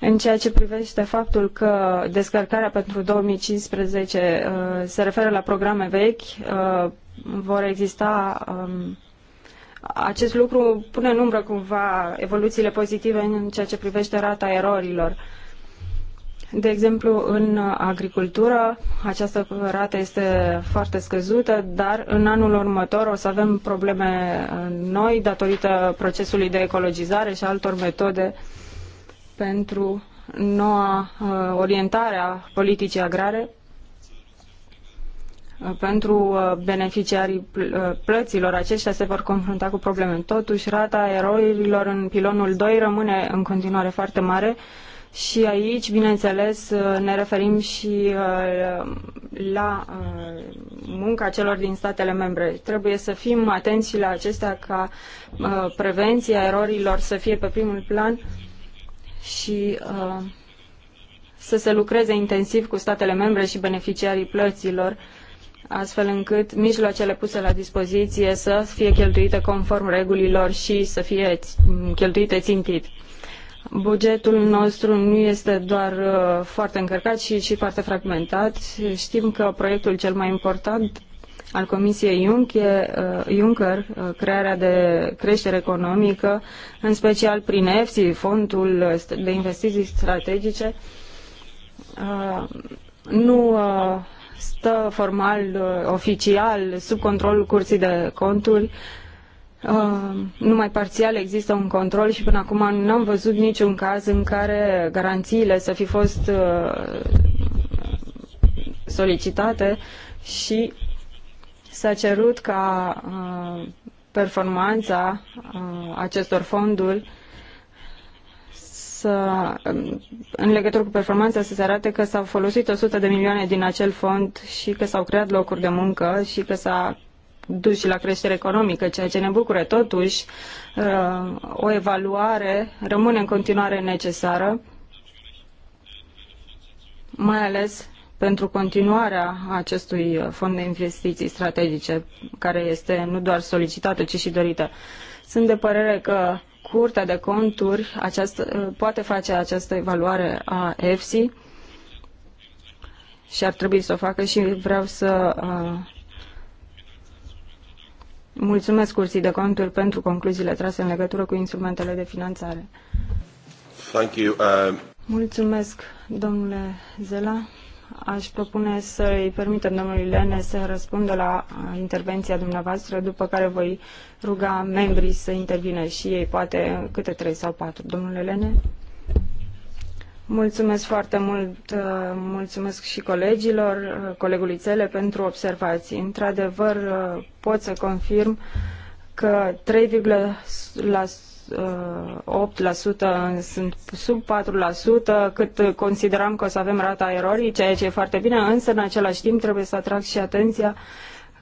În ceea ce privește faptul că descărcarea pentru 2015 uh, se referă la programe vechi, uh, vor exista um, acest lucru pune în umbră cumva evoluțiile pozitive în ceea ce privește rata erorilor. De exemplu, în agricultură această rată este foarte scăzută, dar în anul următor o să avem probleme uh, noi datorită procesului de ecologizare și altor metode uh, pentru noua uh, orientare a politicii agrare uh, pentru uh, beneficiarii plăților aceștia se vor confrunta cu probleme. Totuși, rata erorilor în pilonul 2 rămâne în continuare foarte mare și aici, bineînțeles, ne referim și la munca celor din statele membre. Trebuie să fim atenți și la acestea ca prevenția erorilor să fie pe primul plan și uh, să se lucreze intensiv cu statele membre și beneficiarii plăților, astfel încât mijloacele puse la dispoziție să fie cheltuite conform regulilor și să fie cheltuite țintit. Bugetul nostru nu este doar uh, foarte încărcat, ci și foarte fragmentat. Știm că proiectul cel mai important al Comisiei uh, Juncker, uh, crearea de creștere economică, în special prin EFSI, Fondul de Investiții Strategice, uh, nu stă formal, oficial, sub controlul Curții de Conturi, numai parțial există un control și până acum nu am văzut niciun caz în care garanțiile să fi fost solicitate și S-a cerut ca uh, performanța uh, acestor fonduri să, um, în legătură cu performanța să se arate că s-au folosit 100 de milioane din acel fond și că s-au creat locuri de muncă și că s-a dus și la creștere economică, ceea ce ne bucură. Totuși, uh, o evaluare rămâne în continuare necesară, mai ales pentru continuarea acestui fond de investiții strategice, care este nu doar solicitată, ci și dorită. Sunt de părere că Curtea de Conturi această, poate face această evaluare a EFSI și ar trebui să o facă și vreau să a, uh, mulțumesc Curții de Conturi pentru concluziile trase în legătură cu instrumentele de finanțare. Thank you. Uh... Mulțumesc, domnule Zela. Aș propune să îi permitem domnului Lene să răspundă la intervenția dumneavoastră, după care voi ruga membrii să intervină și ei, poate câte trei sau patru. Domnule Lene? Mulțumesc foarte mult, uh, mulțumesc și colegilor, uh, colegului Țele pentru observații. Într-adevăr, uh, pot să confirm că 3, 8%, sunt sub 4%, cât consideram că o să avem rata erorii, ceea ce e foarte bine, însă în același timp trebuie să atrag și atenția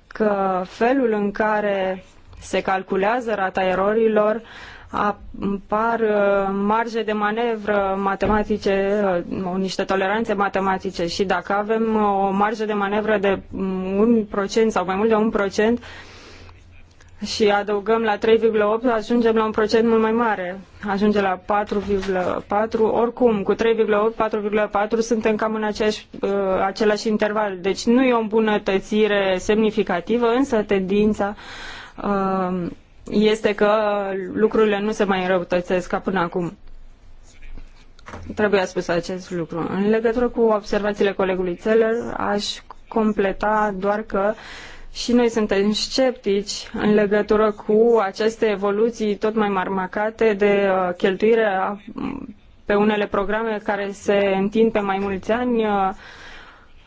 că felul în care se calculează rata erorilor apar uh, marje de manevră matematice, uh, niște toleranțe matematice și dacă avem uh, o marjă de manevră de 1% mm, sau mai mult de 1%, și adăugăm la 3,8, ajungem la un procent mult mai mare. Ajunge la 4,4. Oricum, cu 3,8, 4,4 suntem cam în aceeași, uh, același interval. Deci nu e o îmbunătățire semnificativă, însă tendința uh, este că lucrurile nu se mai înrăutățesc ca până acum. Trebuia spus acest lucru. În legătură cu observațiile colegului Țeller, aș completa doar că uh, și noi suntem sceptici în legătură cu aceste evoluții tot mai marmacate de uh, cheltuire mm, pe unele programe care se întind pe mai mulți ani uh,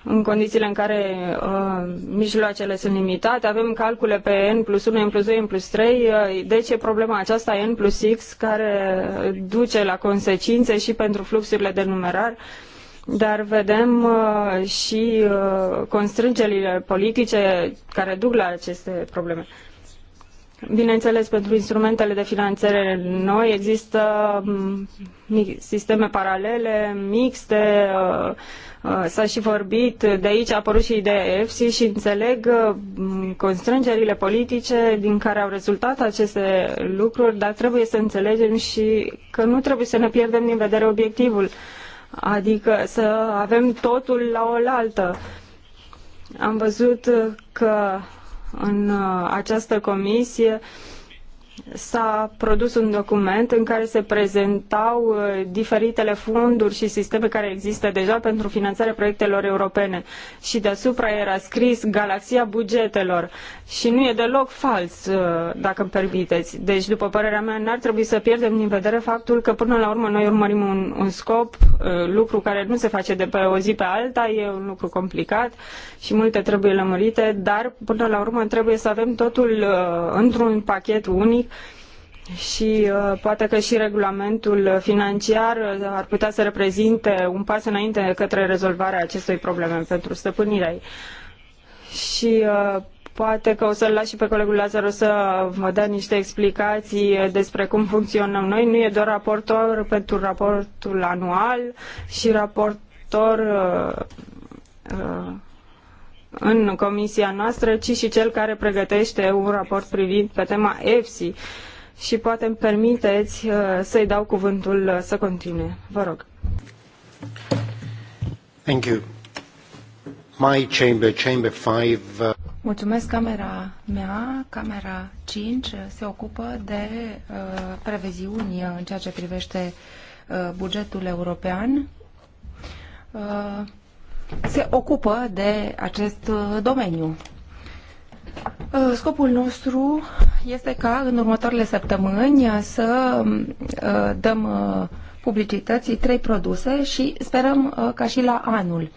în condițiile în care uh, mijloacele sunt limitate, avem calcule pe N plus 1, N plus 2, N plus 3, De uh, deci e problema aceasta N plus X care duce la consecințe și pentru fluxurile de numerar uh, dar vedem uh, și uh, constrângerile politice care duc la aceste probleme. Bineînțeles, pentru instrumentele de finanțare noi există mm, sisteme paralele, mixte, uh, uh, s-a și vorbit, de aici a apărut și ideea EFSI și înțeleg uh, mm, constrângerile politice din care au rezultat aceste lucruri, dar trebuie să înțelegem și că nu trebuie să ne pierdem din vedere obiectivul adică să avem totul la oaltă. Am văzut că în uh, această comisie uh, s-a produs un document în care se prezentau uh, diferitele fonduri și sisteme care există deja pentru finanțarea proiectelor europene și deasupra era scris galaxia bugetelor și nu e deloc fals, uh, dacă îmi permiteți. Deci, după părerea mea, n-ar trebui să pierdem din vedere faptul că până la urmă noi urmărim un, un scop, uh, lucru care nu se face de pe o zi pe alta, e un lucru complicat și multe trebuie lămurite, dar până la urmă trebuie să avem totul într-un pachet unic și uh, poate că și regulamentul financiar uh, ar putea să reprezinte un pas înainte către rezolvarea acestei probleme pentru stăpânirea ei. Și uh, poate că o să-l las și pe colegul Lazaro să vă dea niște explicații despre cum funcționăm noi. Nu e doar raportor pentru raportul anual și raportor uh, uh, în comisia noastră, ci și cel care pregătește un raport privind pe tema EFSI și poate îmi permiteți uh, să-i dau cuvântul uh, să continue. Vă rog. Thank you. My chamber, chamber Five. Uh, Mulțumesc, camera mea, camera 5, se ocupă de uh, previziuni în ceea ce privește uh, bugetul european. Uh, se ocupă de acest uh, domeniu. Uh, scopul nostru este ca în următoarele săptămâni să uh, dăm publicității trei produse și sperăm ca și la anul.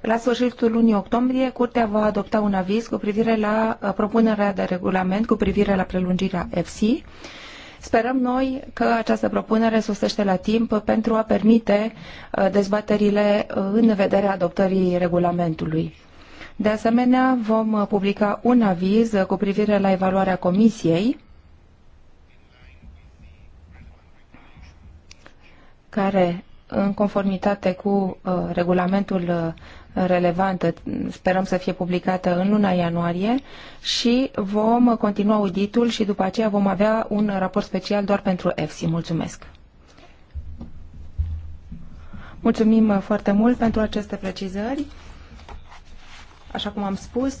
La sfârșitul lunii octombrie, Curtea va adopta un aviz cu privire la propunerea de regulament cu privire la prelungirea EFSI Sperăm noi că această propunere susește la timp pentru a permite uh, dezbaterile uh, în vederea adoptării regulamentului. De asemenea, vom uh, publica un aviz cu privire la evaluarea Comisiei care, în conformitate cu regulamentul relevantă. Sperăm să fie publicată în luna ianuarie și vom continua auditul și după aceea vom avea un raport special doar pentru EFSI. Mulțumesc! Mulțumim foarte mult pentru aceste precizări. Așa cum am spus,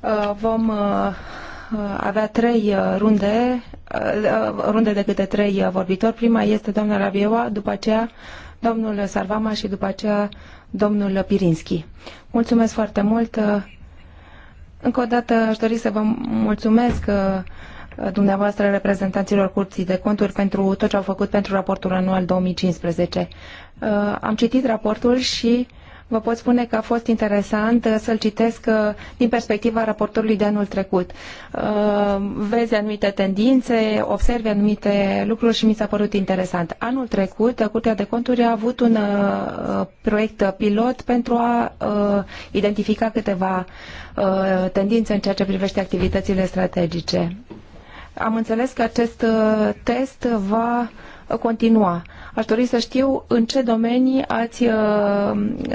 uh, vom uh, uh, avea trei runde, runde de câte trei vorbitori. Prima este doamna Rabiewa, după aceea domnul Sarvama și după aceea domnul Pirinski. Mulțumesc foarte mult. Încă o dată aș dori să vă mulțumesc uh, dumneavoastră reprezentanților Curții de Conturi pentru tot ce au făcut pentru raportul anual 2015. Uh, am citit raportul și vă pot spune că a fost interesant uh, să-l citesc uh, din perspectiva raportorului de anul trecut. Uh, vezi anumite tendințe, observi anumite lucruri și mi s-a părut interesant. Anul trecut, Curtea de Conturi a avut un proiect pilot pentru a identifica câteva tendințe în ceea ce privește activitățile strategice. Am înțeles că acest test va continua. Aș dori să știu în ce domenii ați uh,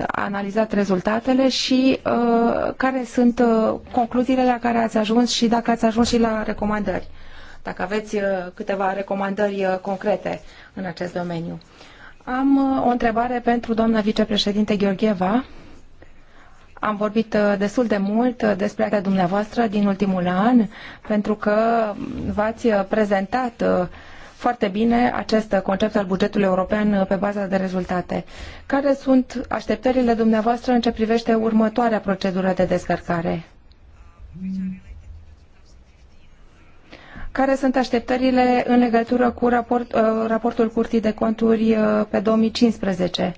analizat rezultatele și uh, care sunt uh, concluziile la care ați ajuns și dacă ați ajuns și la recomandări. Dacă aveți câteva recomandări concrete în acest domeniu. Am o întrebare pentru doamna vicepreședinte Gheorgheva. Am vorbit destul de mult despre acta dumneavoastră din ultimul an, pentru că v-ați prezentat foarte bine acest concept al bugetului european uh, pe baza de rezultate. Care sunt așteptările dumneavoastră în ce privește următoarea procedură de descărcare? Care sunt așteptările în legătură cu raport, uh, raportul Curții de Conturi uh, pe 2015?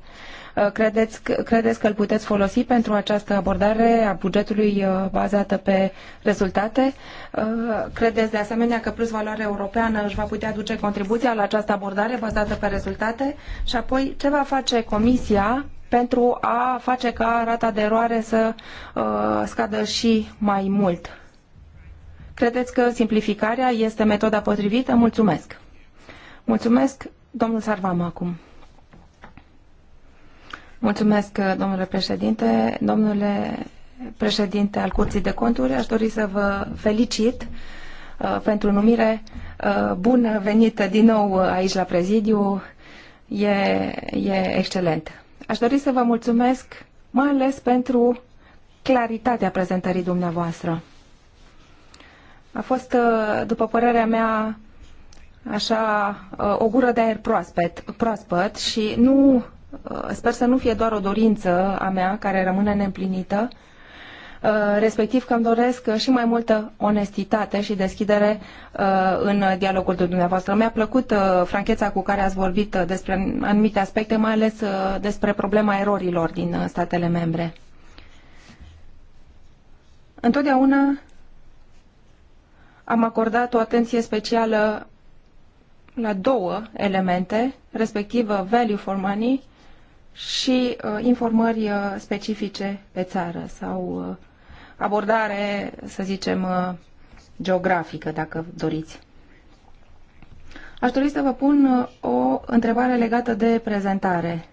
Uh, credeți, credeți că îl puteți folosi pentru această abordare a bugetului uh, bazată pe rezultate? Uh, credeți de asemenea că plus valoare europeană își va putea duce contribuția la această abordare bazată pe rezultate? Și apoi, ce va face Comisia pentru a face ca rata de eroare să scadă și mai mult? Credeți că simplificarea este metoda potrivită? Mulțumesc! Mulțumesc, domnul Sarvam, acum. Mulțumesc, domnule președinte. Domnule președinte al Curții de Conturi, aș dori să vă felicit uh, pentru numire. Uh, bun venit din nou uh, aici la prezidiu. E, e excelent. Aș dori să vă mulțumesc mai ales pentru claritatea prezentării dumneavoastră. A fost, după părerea mea, așa o gură de aer proaspet, proaspăt și nu Uh, sper să nu fie doar o dorință a mea care rămâne neîmplinită, uh, respectiv că îmi doresc și mai multă onestitate și deschidere uh, în dialogul de dumneavoastră. Mi-a plăcut francheța cu care ați vorbit despre anumite aspecte, mai ales despre problema erorilor din statele membre. Întotdeauna am acordat o atenție specială la două elemente, respectiv value for money și uh, informări uh, specifice pe țară sau uh, abordare, să zicem, uh, geografică, dacă doriți. Aș dori să vă pun uh, o întrebare legată de prezentare.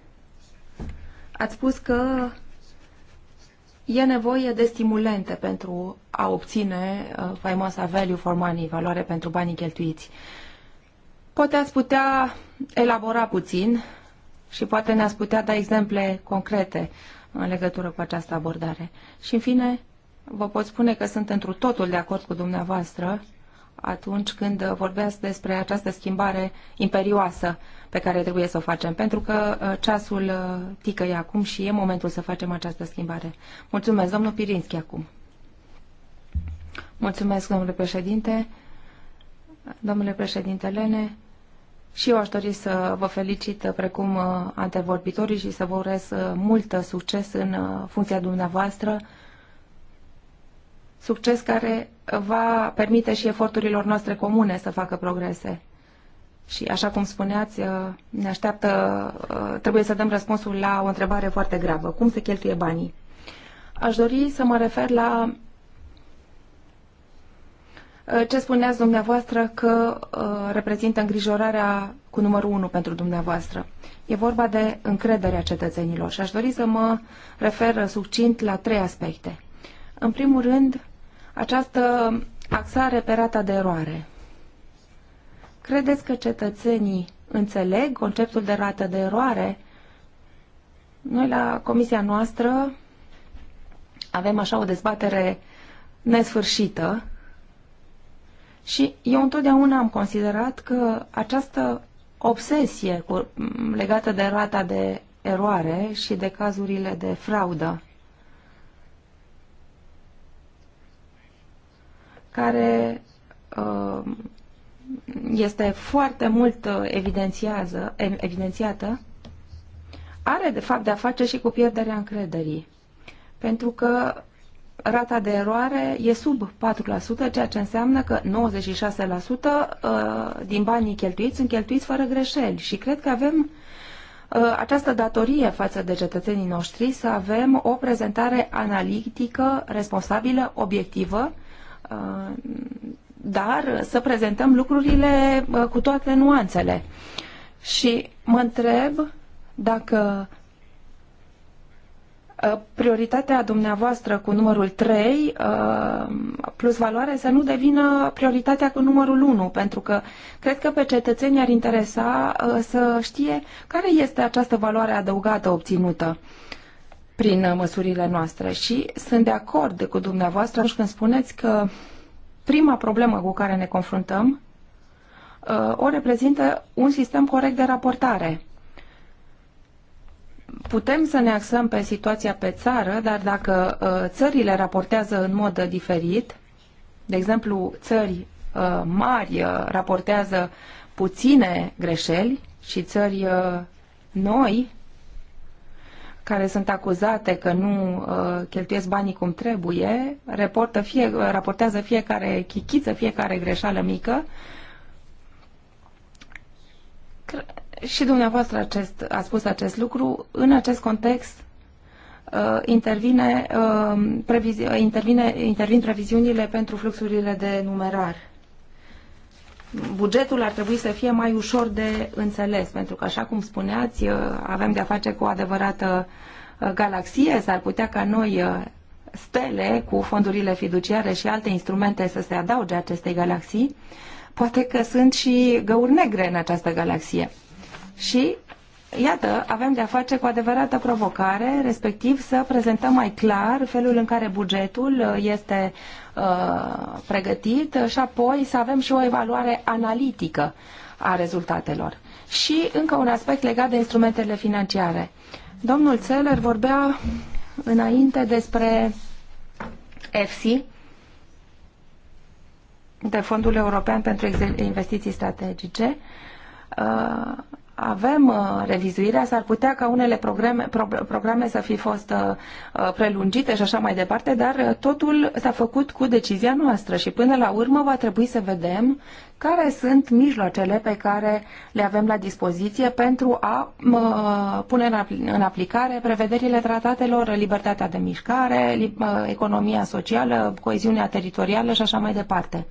Ați spus că e nevoie de stimulente pentru a obține uh, faimoasa value for money, valoare pentru banii cheltuiți. Poate ați putea elabora puțin și poate ne-ați putea da exemple concrete în legătură cu această abordare. Și, în fine, vă pot spune că sunt întru totul de acord cu dumneavoastră atunci când vorbeați despre această schimbare imperioasă pe care trebuie să o facem, pentru că uh, ceasul uh, ticăie acum și e momentul să facem această schimbare. Mulțumesc, domnul Pirinski, acum. Mulțumesc, domnule președinte. Domnule președinte Lene, și eu aș dori să vă felicit uh, precum uh, antevorbitorii și să vă urez uh, mult succes în funcția dumneavoastră. Succes care va permite și eforturilor noastre comune să facă progrese. Și așa cum spuneați, ne așteaptă, trebuie să dăm răspunsul la o întrebare foarte gravă. Cum se cheltuie banii? Aș dori să mă refer la Uh, ce spuneați dumneavoastră că uh, reprezintă îngrijorarea cu numărul 1 pentru dumneavoastră. E vorba de încrederea cetățenilor și aș dori să mă refer succint la trei aspecte. În primul rând, această axare pe rata de eroare. Credeți că cetățenii înțeleg conceptul de rată de eroare? Noi la comisia noastră avem așa o dezbatere nesfârșită și eu întotdeauna am considerat că această obsesie cu, legată de rata de eroare și de cazurile de fraudă care uh, este foarte mult uh, evidențiază, evidențiată, are de fapt de a face și cu pierderea încrederii. Pentru că rata de eroare e sub 4%, ceea ce înseamnă că 96% uh, din banii cheltuiți sunt cheltuiți fără greșeli și cred că avem uh, această datorie față de cetățenii noștri să avem o prezentare analitică, responsabilă, obiectivă, uh, dar să prezentăm lucrurile cu toate nuanțele. Și mă întreb dacă Ă, prioritatea dumneavoastră cu numărul 3 ă, plus valoare să nu devină prioritatea cu numărul 1, pentru că cred că pe cetățeni ar interesa ă, să știe care este această valoare adăugată obținută prin măsurile noastre și sunt de acord cu dumneavoastră atunci când spuneți că prima problemă cu care ne confruntăm o reprezintă un sistem corect de raportare putem să ne axăm pe situația pe țară, dar dacă uh, țările raportează în mod diferit, de exemplu, țări uh, mari uh, raportează puține greșeli și țări noi care sunt acuzate că nu cheltuiesc banii cum trebuie, reportă fie, raportează fiecare chichiță, fiecare greșeală mică, și dumneavoastră acest, a spus acest lucru. În acest context uh, intervine, uh, previzi, uh, intervine, intervin previziunile pentru fluxurile de numerar. Bugetul ar trebui să fie mai ușor de înțeles, pentru că, așa cum spuneați, avem de-a face cu o adevărată galaxie. S-ar putea ca noi, stele, cu fondurile fiduciare și alte instrumente să se adauge acestei galaxii. Poate că sunt și găuri negre în această galaxie și Iată, avem de-a face cu adevărată provocare, respectiv să prezentăm mai clar felul în care bugetul uh, este uh, pregătit și apoi să avem și o evaluare analitică a rezultatelor. Și încă un aspect legat de instrumentele financiare. Domnul Țeler vorbea înainte despre EFSI, de Fondul European pentru Investiții Strategice, uh, avem uh, revizuirea, s-ar putea ca unele programe, pro, programe să fi fost uh, uh, prelungite și așa mai departe, dar totul s-a făcut cu decizia noastră și până la urmă va trebui să vedem care sunt mijloacele pe care le avem la dispoziție pentru a pune în, aplicare prevederile tratatelor, libertatea de mișcare, economia socială, coeziunea teritorială și așa mai departe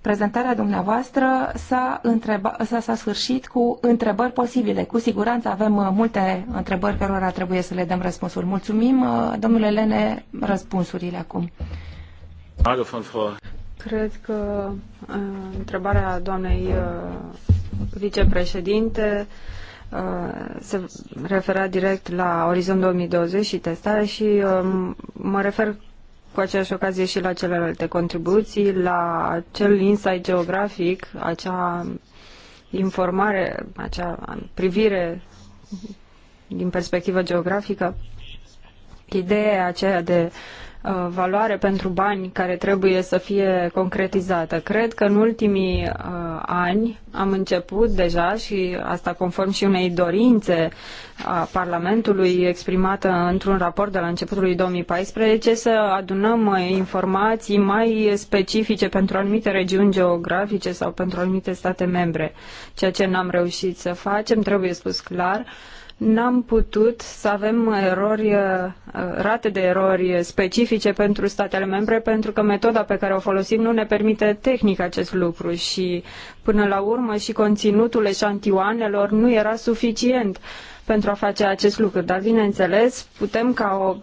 prezentarea dumneavoastră s-a, întreba, s-a sfârșit cu întrebări posibile. Cu siguranță avem uh, multe întrebări cărora trebuie să le dăm răspunsuri. Mulțumim, uh, domnule Lene, răspunsurile acum. Cred că uh, întrebarea doamnei vicepreședinte se referă direct la Orizont 2020 și testare și mă refer cu aceeași ocazie și la celelalte contribuții, la acel insight geografic, acea informare, acea privire din perspectivă geografică, ideea aceea de Uh, valoare pentru bani care trebuie să fie concretizată. Cred că în ultimii uh, ani am început deja și asta conform și unei dorințe a Parlamentului exprimată într-un raport de la începutul lui 2014 să adunăm uh, informații mai specifice pentru anumite regiuni geografice sau pentru anumite state membre. Ceea ce n-am reușit să facem, trebuie spus clar, uh, n-am putut să avem erori, uh, rate de erori specifice pentru statele membre, pentru că metoda pe care o folosim nu ne permite tehnic acest lucru și, până la urmă, și conținutul eșantioanelor nu era suficient pentru a face acest lucru. Dar, bineînțeles, putem ca o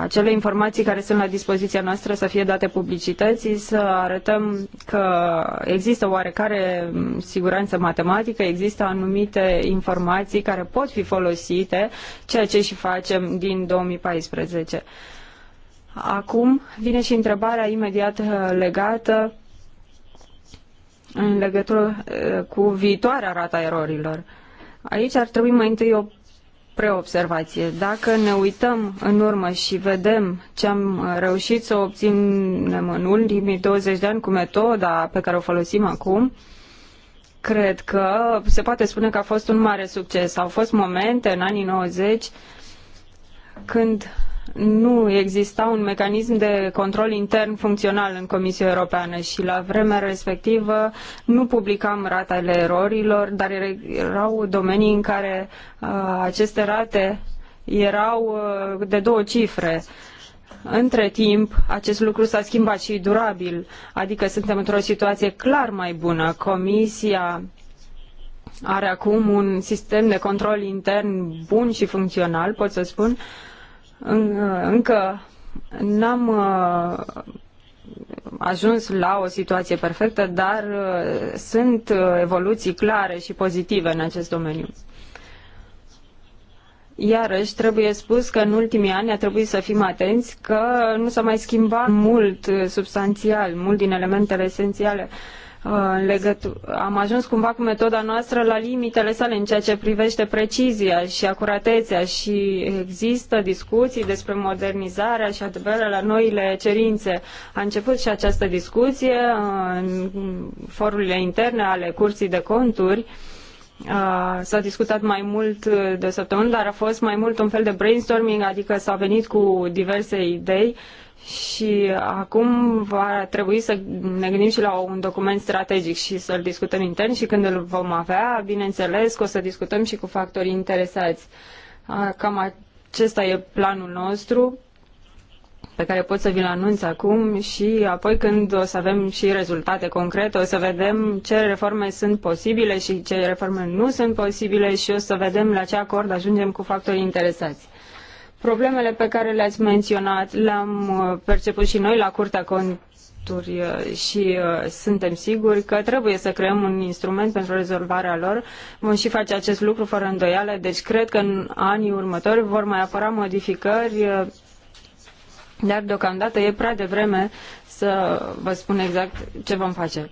acele informații care sunt la dispoziția noastră să fie date publicității, să arătăm că există oarecare siguranță matematică, există anumite informații care pot fi folosite, ceea ce și facem din 2014. Acum vine și întrebarea imediat uh, legată în legătură uh, cu viitoarea rata erorilor. Aici ar trebui mai întâi o spre observație. Dacă ne uităm în urmă și vedem ce am reușit să obținem în ultimii 20 de ani cu metoda pe care o folosim acum, cred că se poate spune că a fost un mare succes. Au fost momente în anii 90 când nu exista un mecanism de control intern funcțional în Comisia Europeană și la vremea respectivă nu publicam ratele erorilor, dar er- erau domenii în care uh, aceste rate erau uh, de două cifre. Între timp, acest lucru s-a schimbat și durabil, adică suntem într-o situație clar mai bună. Comisia are acum un sistem de control intern bun și funcțional, pot să spun, uh, în, uh, încă n-am uh, ajuns la o situație perfectă, dar uh, sunt evoluții clare și pozitive în acest domeniu. Iarăși, trebuie spus că în ultimii ani a trebuit să fim atenți că nu s-a mai schimbat mult substanțial, mult din elementele esențiale uh, Uh, în am ajuns cumva cu metoda noastră la limitele sale în ceea ce privește precizia și acuratețea și există discuții despre modernizarea și adevărul la noile cerințe. A început și această discuție uh, în forurile interne ale Curții de Conturi uh, s-a discutat mai mult uh, de o săptămână, dar a fost mai mult un fel de brainstorming, adică s-au venit cu diverse idei și acum va trebui să ne gândim și la un document strategic și să-l discutăm intern și când îl vom avea, bineînțeles că o să discutăm și cu factorii interesați. Cam acesta e planul nostru pe care pot să vi-l anunț acum și apoi când o să avem și rezultate concrete, o să vedem ce reforme sunt posibile și ce reforme nu sunt posibile și o să vedem la ce acord ajungem cu factorii interesați. Problemele pe care le-ați menționat le-am uh, perceput și noi la Curtea Conturi uh, și uh, suntem siguri că trebuie să creăm un instrument pentru rezolvarea lor. Vom și face acest lucru fără îndoială, deci cred că în anii următori vor mai apăra modificări dar deocamdată e prea devreme să vă spun exact ce vom face.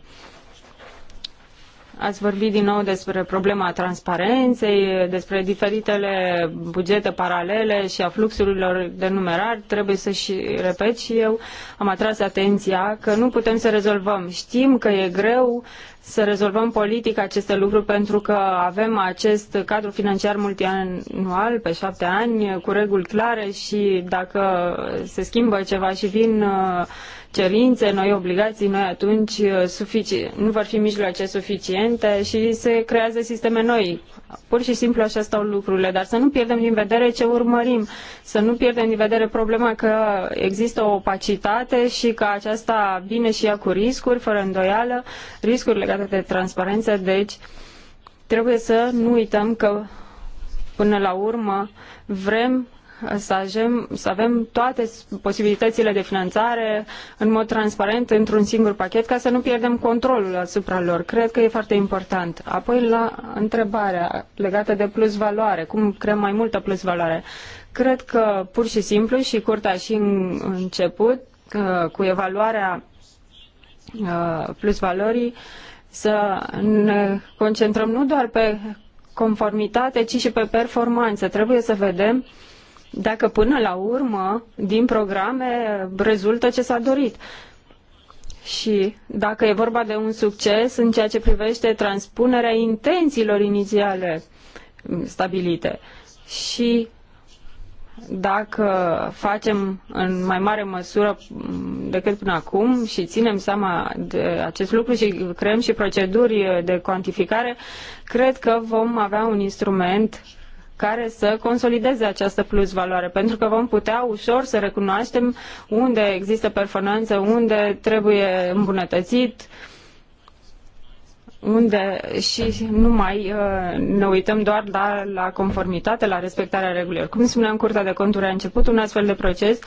Ați vorbit din nou despre problema transparenței, despre diferitele bugete paralele și a fluxurilor de numerar. Trebuie să și repet și eu, am atras atenția că nu putem să rezolvăm. Știm că e greu, să rezolvăm politic aceste lucruri pentru că avem acest cadru financiar multianual pe șapte ani cu reguli clare și dacă se schimbă ceva și vin uh, cerințe, noi obligații, noi atunci uh, nu vor fi mijloace suficiente și se creează sisteme noi Pur și simplu așa stau lucrurile, dar să nu pierdem din vedere ce urmărim, să nu pierdem din vedere problema că există o opacitate și că aceasta vine și ea cu riscuri, fără îndoială, riscuri legate de transparență, deci trebuie să nu uităm că până la urmă vrem să avem, să avem toate posibilitățile de finanțare în mod transparent într-un singur pachet ca să nu pierdem controlul asupra lor. Cred că e foarte important. Apoi la întrebarea legată de plus valoare, cum creăm mai multă plus valoare. Cred că pur și simplu și curtea și în început cu evaluarea uh, plus valorii să ne concentrăm nu doar pe conformitate, ci și pe performanță. Trebuie să vedem uh, dacă până la urmă din programe rezultă ce s-a dorit. Și dacă e vorba de un succes în ceea ce privește transpunerea intențiilor inițiale stabilite. Și dacă facem în mai mare măsură mm, decât până acum și ținem seama de acest lucru și creăm și proceduri de cuantificare, cred că vom avea un instrument care să consolideze această plusvaloare, pentru că vom putea ușor să recunoaștem unde există performanță, unde trebuie îmbunătățit, unde și nu mai uh, ne uităm doar la, la conformitate, la respectarea regulilor. Cum spuneam, Curtea de Conturi a început un astfel de proces.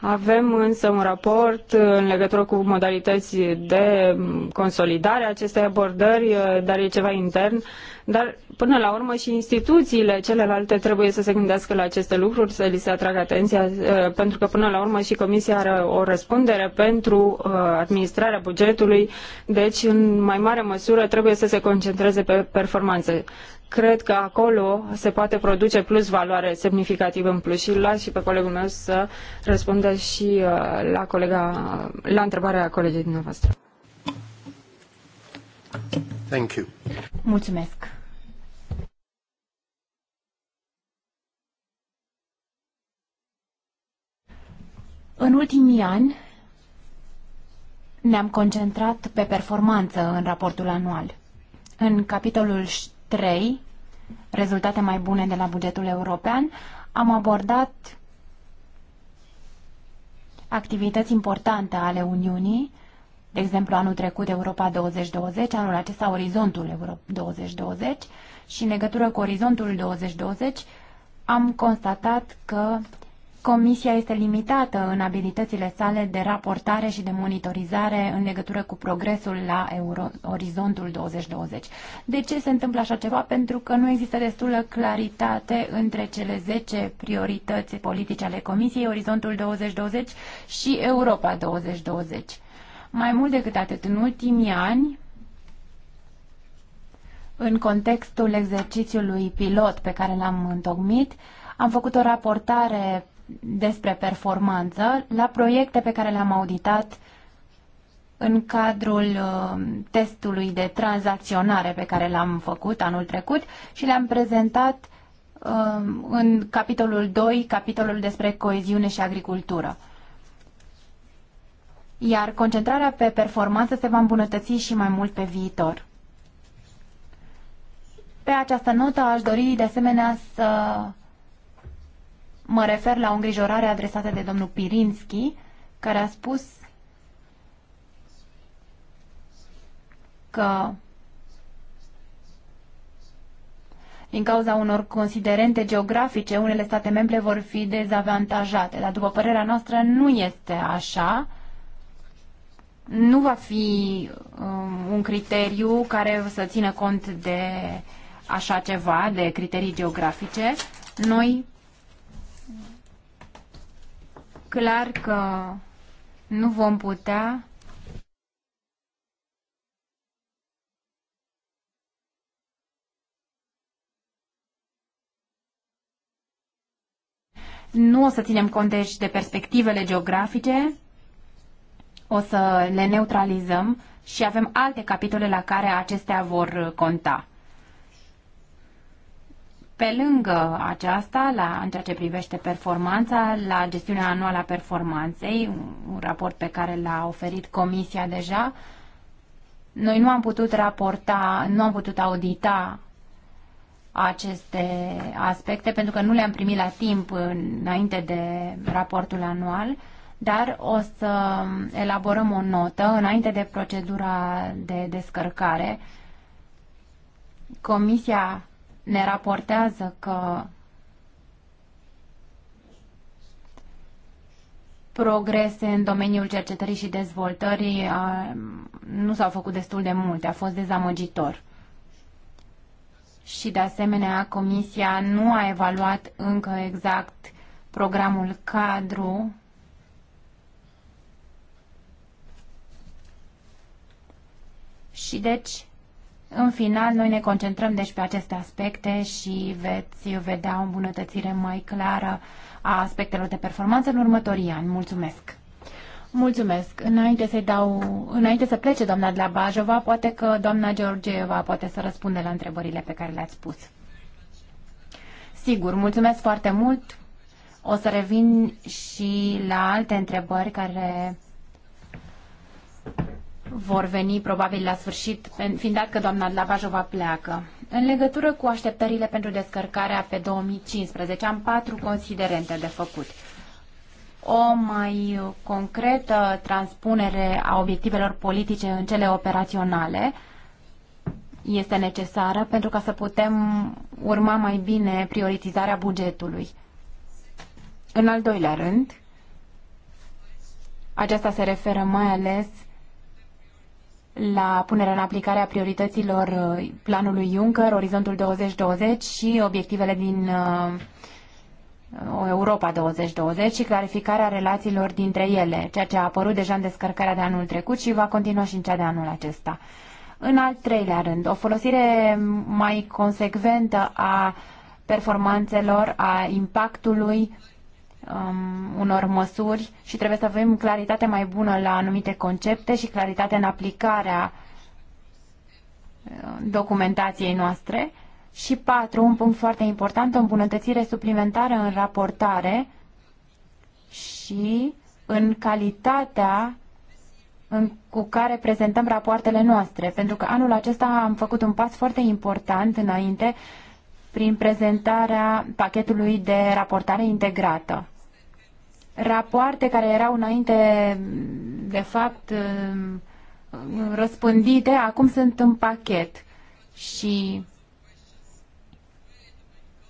Avem însă un raport uh, în legătură cu modalități de consolidare a acestei abordări, uh, dar e ceva intern dar, până la urmă, și instituțiile celelalte trebuie să se gândească la aceste lucruri, să li se atragă atenția, uh, pentru că, până la urmă, și Comisia are o răspundere pentru uh, administrarea bugetului, deci, în mai mare măsură, trebuie să se concentreze pe performanțe. Cred că acolo se poate produce plus valoare semnificativ în plus și las și pe colegul meu să răspundă și uh, la, colega, la întrebarea colegii dumneavoastră. Mulțumesc. În ultimii ani ne-am concentrat pe performanță în raportul anual. În capitolul 3, rezultate mai bune de la bugetul european, am abordat activități importante ale Uniunii, de exemplu anul trecut Europa 2020, anul acesta Orizontul Europa 2020 și în legătură cu Orizontul 2020 am constatat că Comisia este limitată în abilitățile sale de raportare și de monitorizare în legătură cu progresul la Euro, orizontul 2020. De ce se întâmplă așa ceva? Pentru că nu există destulă claritate între cele 10 priorități politice ale Comisiei, orizontul 2020 și Europa 2020. Mai mult decât atât, în ultimii ani, în contextul exercițiului pilot pe care l-am întocmit, am făcut o raportare despre performanță la proiecte pe care le-am auditat în cadrul uh, testului de tranzacționare pe care l-am făcut anul trecut și le-am prezentat uh, în capitolul 2, capitolul despre coeziune și agricultură. Iar concentrarea pe performanță se va îmbunătăți și mai mult pe viitor. Pe această notă aș dori de asemenea să Mă refer la o îngrijorare adresată de domnul Pirinski, care a spus că din cauza unor considerente geografice, unele state membre vor fi dezavantajate. Dar, după părerea noastră, nu este așa. Nu va fi um, un criteriu care să țină cont de așa ceva, de criterii geografice. Noi clar că nu vom putea Nu o să ținem cont deci de perspectivele geografice, o să le neutralizăm și avem alte capitole la care acestea vor conta. Pe lângă aceasta, la, în ceea ce privește performanța, la gestiunea anuală a performanței, un, un raport pe care l-a oferit Comisia deja, noi nu am putut raporta, nu am putut audita aceste aspecte pentru că nu le-am primit la timp înainte de raportul anual, dar o să elaborăm o notă înainte de procedura de descărcare. Comisia ne raportează că progrese în domeniul cercetării și dezvoltării a, uh, nu s-au făcut destul de multe, a fost dezamăgitor. Și, de asemenea, Comisia nu a evaluat încă exact programul cadru și, deci, în final, noi ne concentrăm deci pe aceste aspecte și veți vedea o îmbunătățire mai clară a aspectelor de performanță în următorii ani. Mulțumesc! Mulțumesc. Înainte, să dau, înainte să plece doamna de la Bajova, poate că doamna Georgieva poate să răspunde la întrebările pe care le-ați pus. Sigur, mulțumesc foarte mult. O să revin și la alte întrebări care vor veni probabil la sfârșit, fiind dat că doamna Dlabajova pleacă. În legătură cu așteptările pentru descărcarea pe 2015, am patru considerente de făcut. O mai concretă transpunere a obiectivelor politice în cele operaționale este necesară pentru ca să putem urma mai bine prioritizarea bugetului. În al doilea rând, aceasta se referă mai ales la punerea în aplicare a priorităților uh, planului Juncker, Orizontul 2020 și obiectivele din uh, Europa 2020 și clarificarea relațiilor dintre ele, ceea ce a apărut deja în descărcarea de anul trecut și va continua și în cea de anul acesta. În al treilea rând, o folosire mai consecventă a performanțelor, a impactului um, unor măsuri și trebuie să avem claritate mai bună la anumite concepte și claritate în aplicarea uh, documentației noastre. Și patru, un punct foarte important, o îmbunătățire suplimentară în raportare și în calitatea în, cu care prezentăm rapoartele noastre. Pentru că anul acesta am făcut un pas foarte important înainte prin prezentarea pachetului de raportare integrată rapoarte care erau înainte, de fapt, răspândite, acum sunt în pachet. Și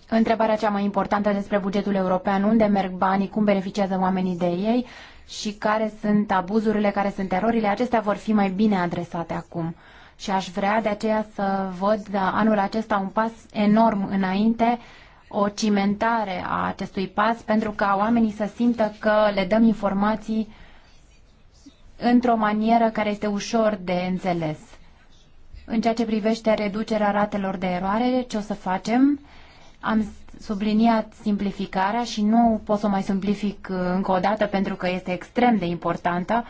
întrebarea cea mai importantă despre bugetul european, unde merg banii, cum beneficiază oamenii de ei și care sunt abuzurile, care sunt erorile, acestea vor fi mai bine adresate acum. Și aș vrea de aceea să văd da, anul acesta un pas enorm înainte o cimentare a acestui pas pentru ca oamenii să simtă că le dăm informații într-o manieră care este ușor de înțeles. În ceea ce privește reducerea ratelor de eroare, ce o să facem? Am subliniat simplificarea și nu pot să o mai simplific uh, încă o dată pentru că este extrem de importantă.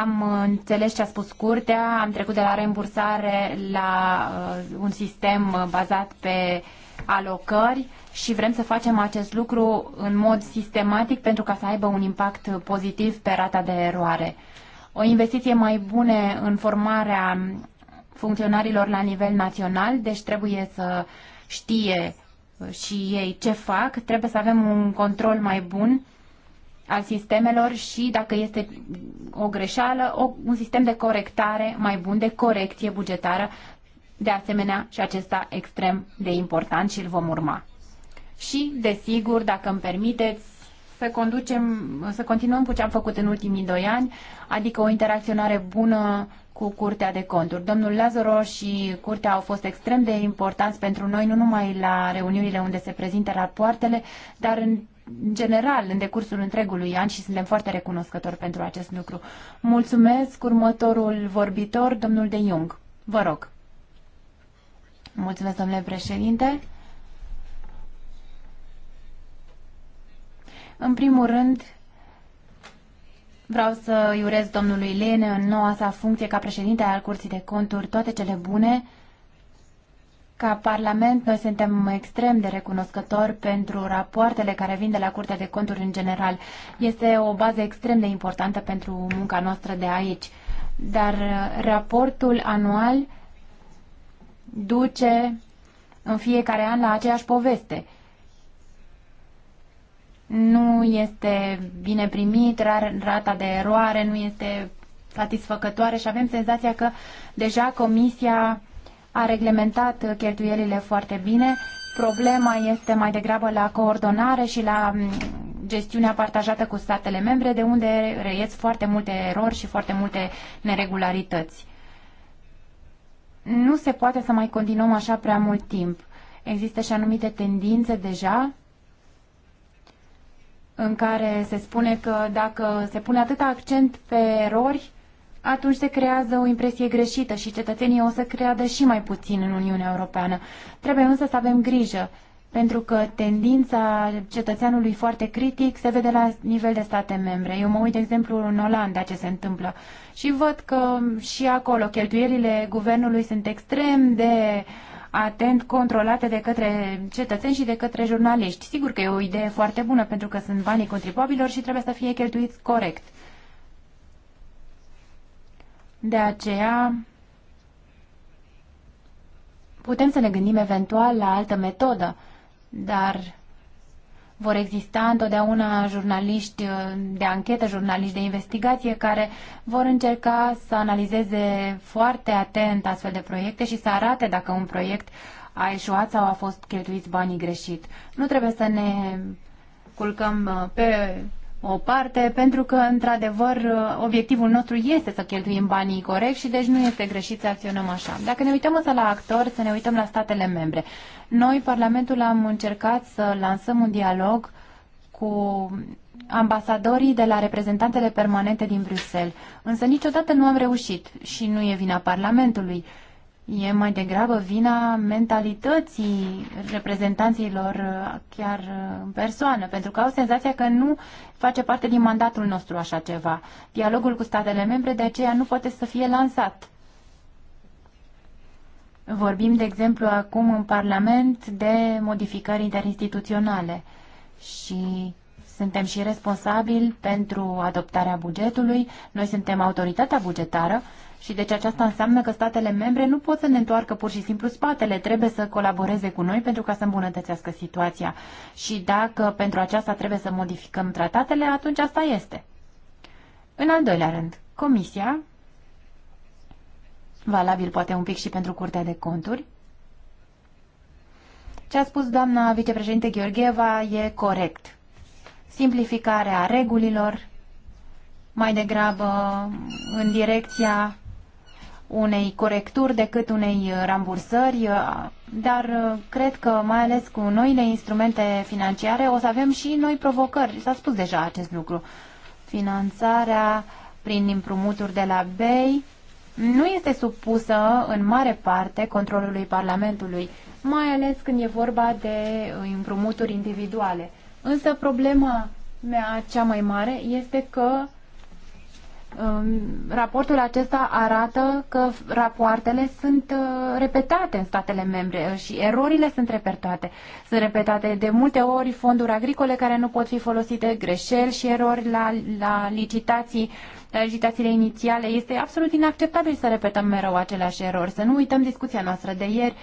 Am uh, înțeles ce a spus curtea, am trecut de la reimbursare la uh, un sistem uh, bazat pe alocări și vrem să facem acest lucru în mod sistematic pentru ca să aibă un impact pozitiv pe rata de eroare. O investiție mai bună în formarea funcționarilor la nivel național, deci trebuie să știe și ei ce fac, trebuie să avem un control mai bun al sistemelor și, dacă este o greșeală, o, un sistem de corectare mai bun, de corecție bugetară, de asemenea și acesta extrem de important și îl vom urma. Și, desigur, dacă îmi permiteți, să, conducem, să continuăm cu ce am făcut în ultimii doi ani, adică o interacționare bună cu Curtea de Conturi. Domnul Lazaro și Curtea au fost extrem de importanți pentru noi, nu numai la reuniunile unde se prezintă rapoartele, dar în în general în decursul întregului an și suntem foarte recunoscători pentru acest lucru. Mulțumesc următorul vorbitor, domnul De Jung. Vă rog. Mulțumesc, domnule președinte. În primul rând, vreau să îi urez domnului Lene în noua sa funcție ca președinte al Curții de Conturi toate cele bune ca Parlament, noi suntem extrem de recunoscători pentru rapoartele care vin de la Curtea de Conturi în general. Este o bază extrem de importantă pentru munca noastră de aici. Dar uh, raportul anual duce în fiecare an la aceeași poveste. Nu este bine primit, rata de eroare nu este satisfăcătoare și avem senzația că deja Comisia a reglementat uh, cheltuielile foarte bine. Problema este mai degrabă la coordonare și la mm, gestiunea partajată cu statele membre, de unde reiesc foarte multe erori și foarte multe neregularități. Nu se poate să mai continuăm așa prea mult timp. Există și anumite tendințe deja în care se spune că dacă se pune atât accent pe erori, atunci se creează o impresie greșită și cetățenii o să creadă și mai puțin în Uniunea Europeană. Trebuie însă să avem grijă, pentru că tendința cetățeanului foarte critic se vede la nivel de state membre. Eu mă uit, de exemplu, în Olanda ce se întâmplă și văd că și acolo cheltuielile guvernului sunt extrem de atent controlate de către cetățeni și de către jurnaliști. Sigur că e o idee foarte bună pentru că sunt banii contribuabilor și trebuie să fie cheltuiți corect. De aceea putem să ne gândim eventual la altă metodă, dar vor exista întotdeauna jurnaliști uh, de anchetă, jurnaliști de investigație care vor încerca să analizeze foarte atent astfel de proiecte și să arate dacă un proiect a eșuat sau a fost cheltuit banii greșit. Nu trebuie să ne culcăm uh, pe o parte, pentru că, într-adevăr, obiectivul nostru este să cheltuim banii corect și deci nu este greșit să acționăm așa. Dacă ne uităm însă la actori, să ne uităm la statele membre. Noi, Parlamentul, am încercat să lansăm un dialog cu ambasadorii de la reprezentantele permanente din Bruxelles, însă niciodată nu am reușit și nu e vina Parlamentului. E mai degrabă vina mentalității reprezentanților chiar în persoană, pentru că au senzația că nu face parte din mandatul nostru așa ceva. Dialogul cu statele membre de aceea nu poate să fie lansat. Vorbim, de exemplu, acum în Parlament de modificări interinstituționale și suntem și responsabili pentru adoptarea bugetului, noi suntem autoritatea bugetară, și deci aceasta înseamnă că statele membre nu pot să ne întoarcă pur și simplu spatele, trebuie să colaboreze cu noi pentru ca să îmbunătățească situația. Și dacă pentru aceasta trebuie să modificăm tratatele, atunci asta este. În al doilea rând, Comisia, valabil poate un pic și pentru Curtea de Conturi, ce a spus doamna vicepreședinte Gheorgheva e corect. Simplificarea regulilor, mai degrabă în direcția unei corecturi decât unei uh, rambursări, uh, dar uh, cred că mai ales cu noile instrumente financiare o să avem și noi provocări. S-a spus deja acest lucru. Finanțarea prin împrumuturi de la BEI nu este supusă în mare parte controlului Parlamentului, mai ales când e vorba de împrumuturi individuale. Însă problema mea cea mai mare este că raportul acesta arată că rapoartele sunt uh, repetate în statele membre uh, și erorile sunt repetate. Sunt repetate de multe ori fonduri agricole care nu pot fi folosite, greșeli și erori la, la licitații, la licitațiile inițiale. Este absolut inacceptabil să repetăm mereu aceleași erori, să nu uităm discuția noastră de ieri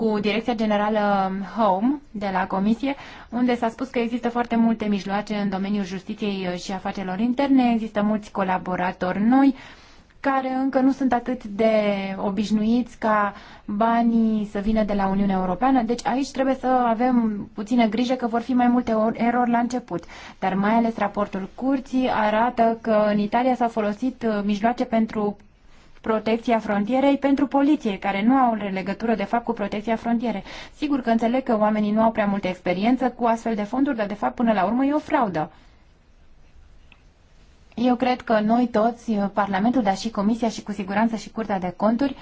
cu Direcția Generală Home de la Comisie, unde s-a spus că există foarte multe mijloace în domeniul justiției uh, și afacerilor interne, există mulți colaboratori noi care încă nu sunt atât de obișnuiți ca banii să vină de la Uniunea Europeană. Deci aici trebuie să avem puțină grijă că vor fi mai multe erori la început. Dar mai ales raportul curții arată că în Italia s-au folosit uh, mijloace pentru protecția frontierei pentru poliție, care nu au legătură de fapt cu protecția frontierei. Sigur că înțeleg că oamenii nu au prea multă experiență cu astfel de fonduri, dar de fapt până la urmă e o fraudă. Eu cred că noi toți, Parlamentul, dar și Comisia și cu siguranță și Curtea de Conturi,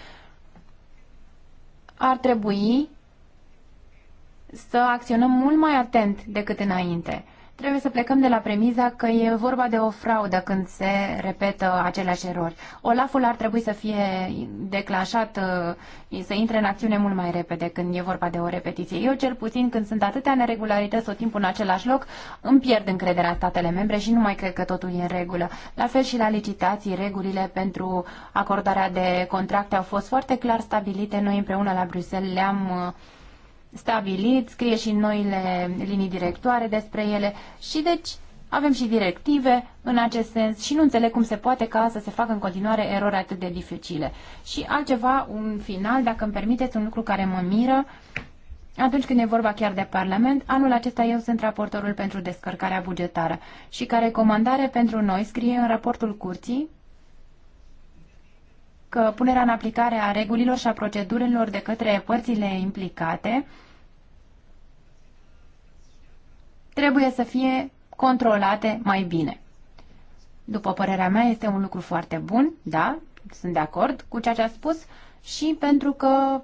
ar trebui să acționăm mult mai atent decât înainte trebuie să plecăm de la premiza că e vorba de o fraudă când se repetă aceleași erori. Olaful ar trebui să fie declanșat, uh, să intre în acțiune mult mai repede când e vorba de o repetiție. Eu cel puțin când sunt atâtea neregularități tot timpul în același loc, îmi pierd încrederea statele membre și nu mai cred că totul e în regulă. La fel și la licitații, regulile pentru acordarea de contracte au fost foarte clar stabilite. Noi împreună la Bruxelles le-am uh, stabilit, scrie și noile linii directoare despre ele și deci avem și directive în acest sens și nu înțeleg cum se poate ca să se facă în continuare erori atât de dificile. Și altceva, un final, dacă îmi permiteți, un lucru care mă miră, atunci când e vorba chiar de Parlament, anul acesta eu sunt raportorul pentru descărcarea bugetară și ca recomandare pentru noi scrie în raportul curții că punerea în aplicare a regulilor și a procedurilor de către părțile implicate trebuie să fie controlate mai bine. După părerea mea, este un lucru foarte bun, da, sunt de acord cu ceea ce a spus și pentru că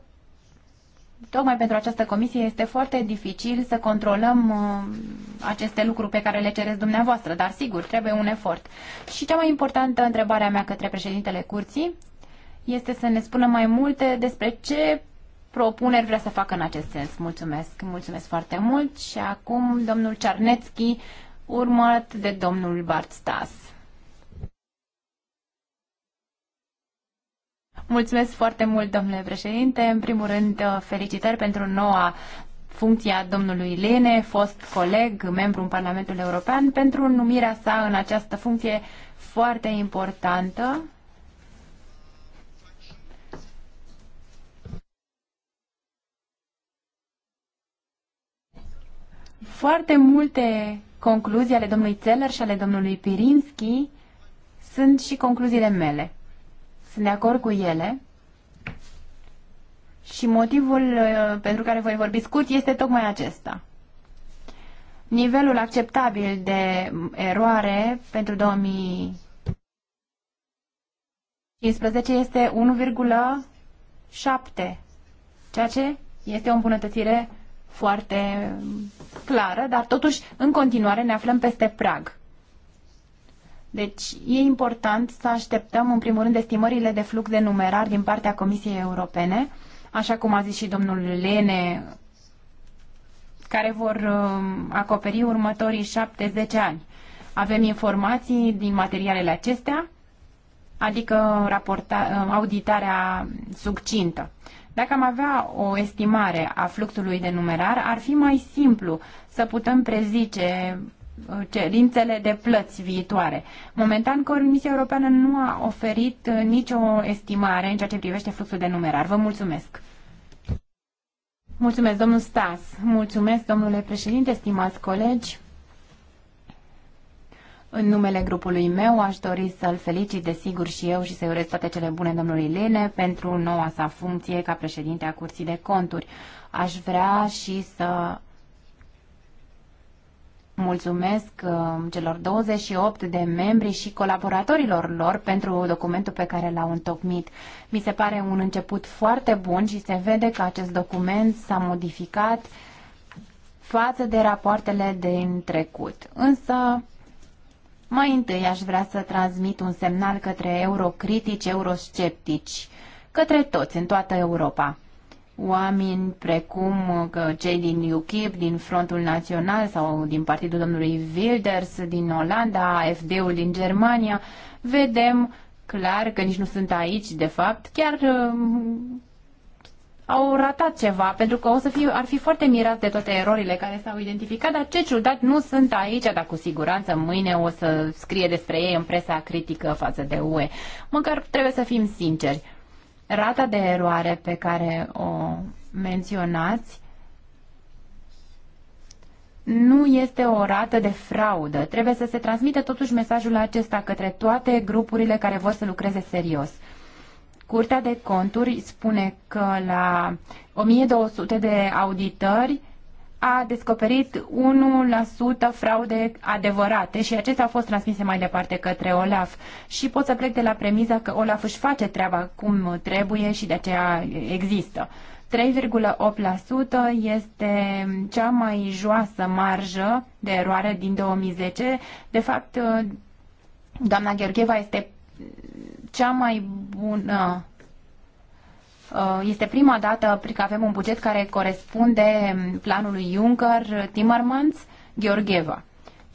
tocmai pentru această comisie este foarte dificil să controlăm uh, aceste lucruri pe care le cereți dumneavoastră, dar sigur, trebuie un efort. Și cea mai importantă întrebare a mea către președintele curții este să ne spună mai multe despre ce propuneri vrea să facă în acest sens. Mulțumesc, mulțumesc foarte mult și acum domnul Cernețchi, urmat de domnul Bart Stas. Mulțumesc foarte mult, domnule președinte. În primul rând, uh, felicitări pentru noua funcția domnului Lene, fost coleg, membru în Parlamentul European, pentru numirea sa în această funcție foarte importantă foarte multe concluzii ale domnului Zeller și ale domnului Pirinski sunt și concluziile mele. Sunt de acord cu ele. Și motivul uh, pentru care voi vorbi scurt este tocmai acesta. Nivelul acceptabil de eroare pentru 2015 este 1,7, ceea ce este o îmbunătățire foarte clară, dar totuși în continuare ne aflăm peste prag. Deci e important să așteptăm în primul rând estimările de flux de numerar din partea Comisiei Europene, așa cum a zis și domnul Lene, care vor um, acoperi următorii 7-10 ani. Avem informații din materialele acestea, adică raporta, um, auditarea succintă. Dacă am avea o estimare a fluxului de numerar, ar fi mai simplu să putem prezice uh, cerințele de plăți viitoare. Momentan, Comisia Europeană nu a oferit uh, nicio estimare în ceea ce privește fluxul de numerar. Vă mulțumesc! Mulțumesc, domnul Stas! Mulțumesc, domnule președinte, stimați colegi! În numele grupului meu aș dori să-l felicit, desigur, și eu și să-i urez toate cele bune domnului Lene pentru noua sa funcție ca președinte a Curții de Conturi. Aș vrea și să mulțumesc uh, celor 28 de membri și colaboratorilor lor pentru documentul pe care l-au întocmit. Mi se pare un început foarte bun și se vede că acest document s-a modificat față de rapoartele din trecut. Însă, mai întâi aș vrea să transmit un semnal către eurocritici, eurosceptici, către toți, în toată Europa. Oameni precum cei din UKIP, din Frontul Național sau din Partidul domnului Wilders din Olanda, AFD-ul din Germania, vedem clar că nici nu sunt aici, de fapt, chiar au ratat ceva, pentru că o să fiu, ar fi foarte mirat de toate erorile care s-au identificat, dar ce ciudat, nu sunt aici, dar cu siguranță mâine o să scrie despre ei în presa critică față de UE. Măcar trebuie să fim sinceri. Rata de eroare pe care o menționați nu este o rată de fraudă. Trebuie să se transmită totuși mesajul acesta către toate grupurile care vor să lucreze serios. Curtea de conturi spune că la 1200 de auditări a descoperit 1% fraude adevărate și acestea au fost transmise mai departe către Olaf. Și pot să plec de la premiza că Olaf își face treaba cum trebuie și de aceea există. 3,8% este cea mai joasă marjă de eroare din 2010. De fapt, doamna Gheorgheva este cea mai bună uh, este prima dată că avem un buget care corespunde planului Juncker, Timmermans, Gheorgheva.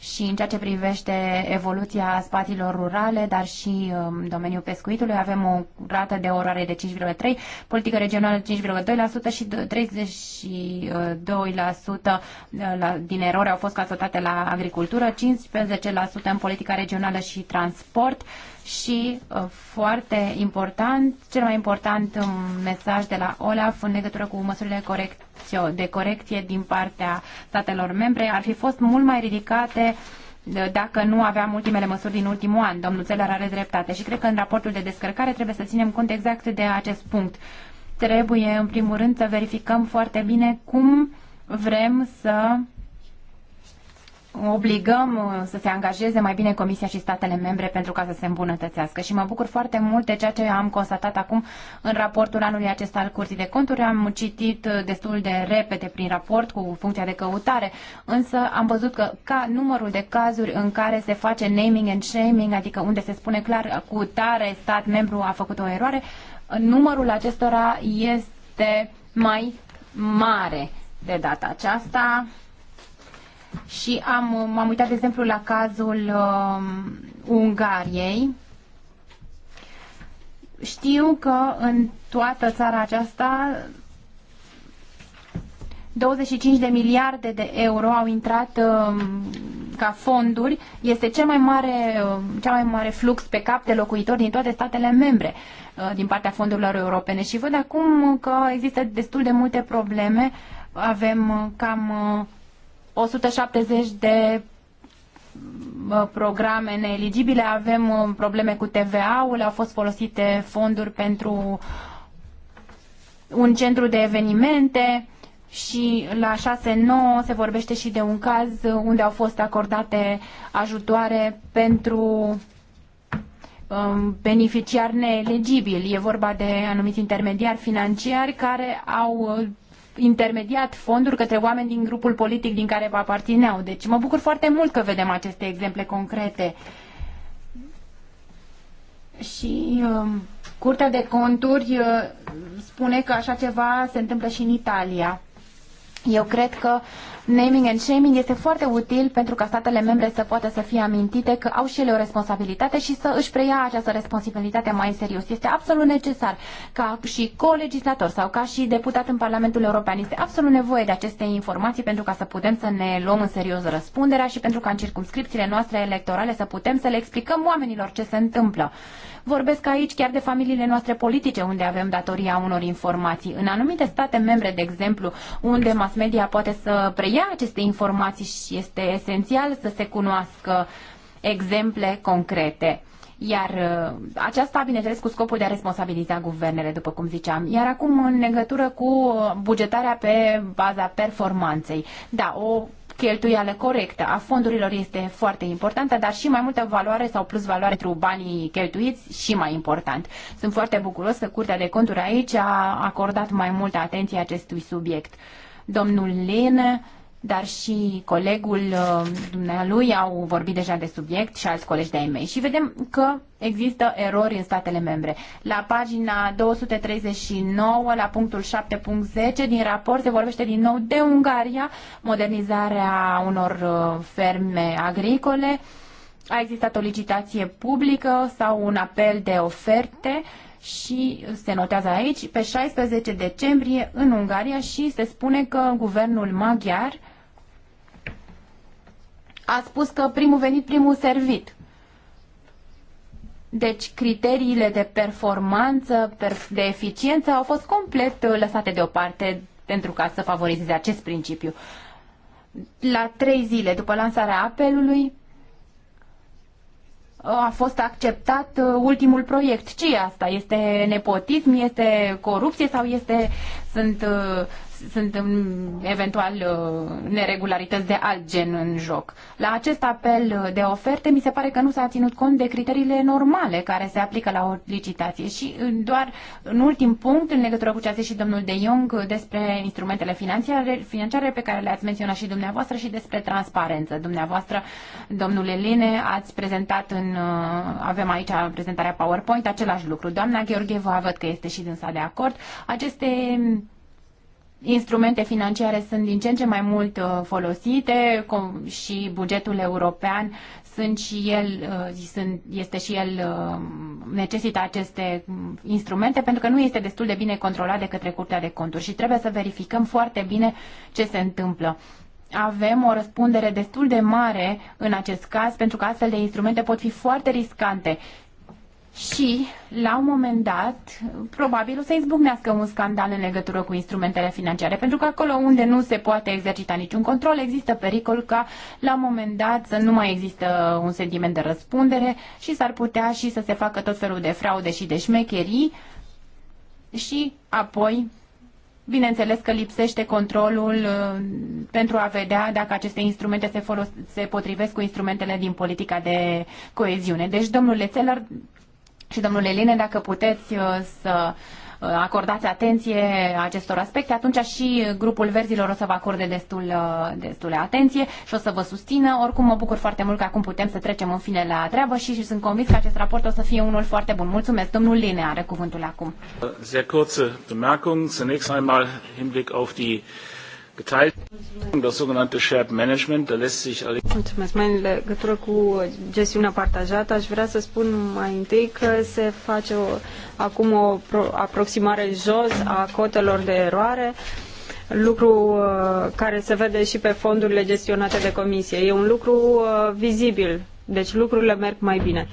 Și în ceea ce privește evoluția spațiilor rurale, dar și în um, domeniul pescuitului, avem o rată de orare de 5,3, politică regională 5,2% și 32% uh, din erori au fost cazotate la agricultură, 15% în politica regională și transport și uh, foarte important, cel mai important um, mesaj de la OLAF în legătură cu măsurile corecție, de corecție din partea statelor membre ar fi fost mult mai ridicate uh, dacă nu aveam ultimele măsuri din ultimul an. Domnul Țelar are dreptate și cred că în raportul de descărcare trebuie să ținem cont exact de acest punct. Trebuie, în primul rând, să verificăm foarte bine cum vrem să obligăm uh, să se angajeze mai bine Comisia și statele membre pentru ca să se îmbunătățească. Și mă bucur foarte mult de ceea ce am constatat acum în raportul anului acesta al Curții de Conturi. Am citit uh, destul de repede prin raport cu funcția de căutare, însă am văzut că ca numărul de cazuri în care se face naming and shaming, adică unde se spune clar cu tare stat membru a făcut o eroare, numărul acestora este mai mare de data aceasta și am, m-am uitat, de exemplu, la cazul uh, Ungariei. Știu că în toată țara aceasta 25 de miliarde de euro au intrat uh, ca fonduri. Este cel mai mare, uh, um, cel mai mare flux pe cap de locuitori din toate statele membre uh, din partea fondurilor europene. Și văd acum că există destul de multe probleme. Avem uh, cam uh, 170 de programe neeligibile, avem probleme cu TVA-ul, au fost folosite fonduri pentru un centru de evenimente și la 6-9 se vorbește și de un caz unde au fost acordate ajutoare pentru um, beneficiari neelegibili. E vorba de anumiți intermediari financiari care au intermediat fonduri către oameni din grupul politic din care vă aparțineau. Deci mă bucur foarte mult că vedem aceste exemple concrete. Și uh, Curtea de Conturi uh, spune că așa ceva se întâmplă și în Italia. Eu cred că naming and shaming este foarte util pentru ca statele membre să poată să fie amintite că au și ele o responsabilitate și să își preia această responsabilitate mai în serios. Este absolut necesar ca și colegislator sau ca și deputat în Parlamentul European. Este absolut nevoie de aceste informații pentru ca să putem să ne luăm în serios răspunderea și pentru ca în circumscripțiile noastre electorale să putem să le explicăm oamenilor ce se întâmplă. Vorbesc aici chiar de familiile noastre politice, unde avem datoria unor informații. În anumite state membre, de exemplu, unde mass media poate să preia aceste informații și este esențial să se cunoască exemple concrete. Iar uh, aceasta, bineînțeles, cu scopul de a responsabiliza guvernele, după cum ziceam. Iar acum, în legătură cu uh, bugetarea pe baza performanței. Da, o cheltuială corectă a fondurilor este foarte importantă, dar și mai multă valoare sau plus valoare pentru banii cheltuiți și mai important. Sunt foarte bucuros că Curtea de Conturi aici a acordat mai multă atenție acestui subiect. Domnul Lene dar și colegul uh, dumnealui au vorbit deja de subiect și alți colegi de-ai mei. Și vedem că există erori în statele membre. La pagina 239, la punctul 7.10 din raport se vorbește din nou de Ungaria, modernizarea unor uh, ferme agricole. A existat o licitație publică sau un apel de oferte și se notează aici pe 16 decembrie în Ungaria și se spune că guvernul maghiar a spus că primul venit, primul servit. Deci criteriile de performanță, de eficiență au fost complet uh, lăsate deoparte pentru ca să favorizeze acest principiu. La trei zile după lansarea apelului uh, a fost acceptat uh, ultimul proiect. Ce e asta? Este nepotism? Este corupție? Sau este, sunt sunt eventual uh, neregularități de alt gen în joc. La acest apel uh, de oferte mi se pare că nu s-a ținut cont de criteriile normale care se aplică la o licitație și uh, doar în ultim punct, în legătură cu ce a zis și domnul De Jong despre instrumentele financiare, financiare pe care le-ați menționat și dumneavoastră și despre transparență. Dumneavoastră, domnule Line, ați prezentat în, avem aici prezentarea PowerPoint, același lucru. Doamna vă văd că este și dânsa de acord. Aceste instrumente financiare sunt din ce în ce mai mult uh, folosite și bugetul european sunt și el, uh, este și el, uh, necesită aceste mm, instrumente pentru că nu este destul de bine controlat de către Curtea de Conturi și trebuie să verificăm foarte bine ce se întâmplă avem o răspundere destul de mare în acest caz, pentru că astfel de instrumente pot fi foarte riscante și, la un moment dat, probabil o să izbucnească un scandal în legătură cu instrumentele financiare, pentru că acolo unde nu se poate exercita niciun control, există pericol ca, la un moment dat, să nu mai există un sentiment de răspundere și s-ar putea și să se facă tot felul de fraude și de șmecherii și apoi Bineînțeles că lipsește controlul uh, pentru a vedea dacă aceste instrumente se, folos- se potrivesc cu instrumentele din politica de coeziune. Deci, domnule Țelăr, și, domnule Line, dacă puteți uh, să uh, acordați atenție acestor aspecte, atunci și grupul verzilor o să vă acorde destul, uh, destul atenție și o să vă susțină. Oricum, mă bucur foarte mult că acum putem să trecem în fine la treabă și, și sunt convins că acest raport o să fie unul foarte bun. Mulțumesc. Domnul Line are cuvântul acum. Sehr kurze Bemerkung. Zunächst einmal Hinblick auf die geteilt. Das sogenannte Shared Management, da lässt sich Mulțumesc. Mai în legătură cu gestiunea partajată, aș vrea să spun mai întâi că se face o, acum o aproximare jos a cotelor de eroare lucru uh, care se vede și pe fondurile gestionate de comisie. E un lucru uh, vizibil, deci lucrurile merg mai bine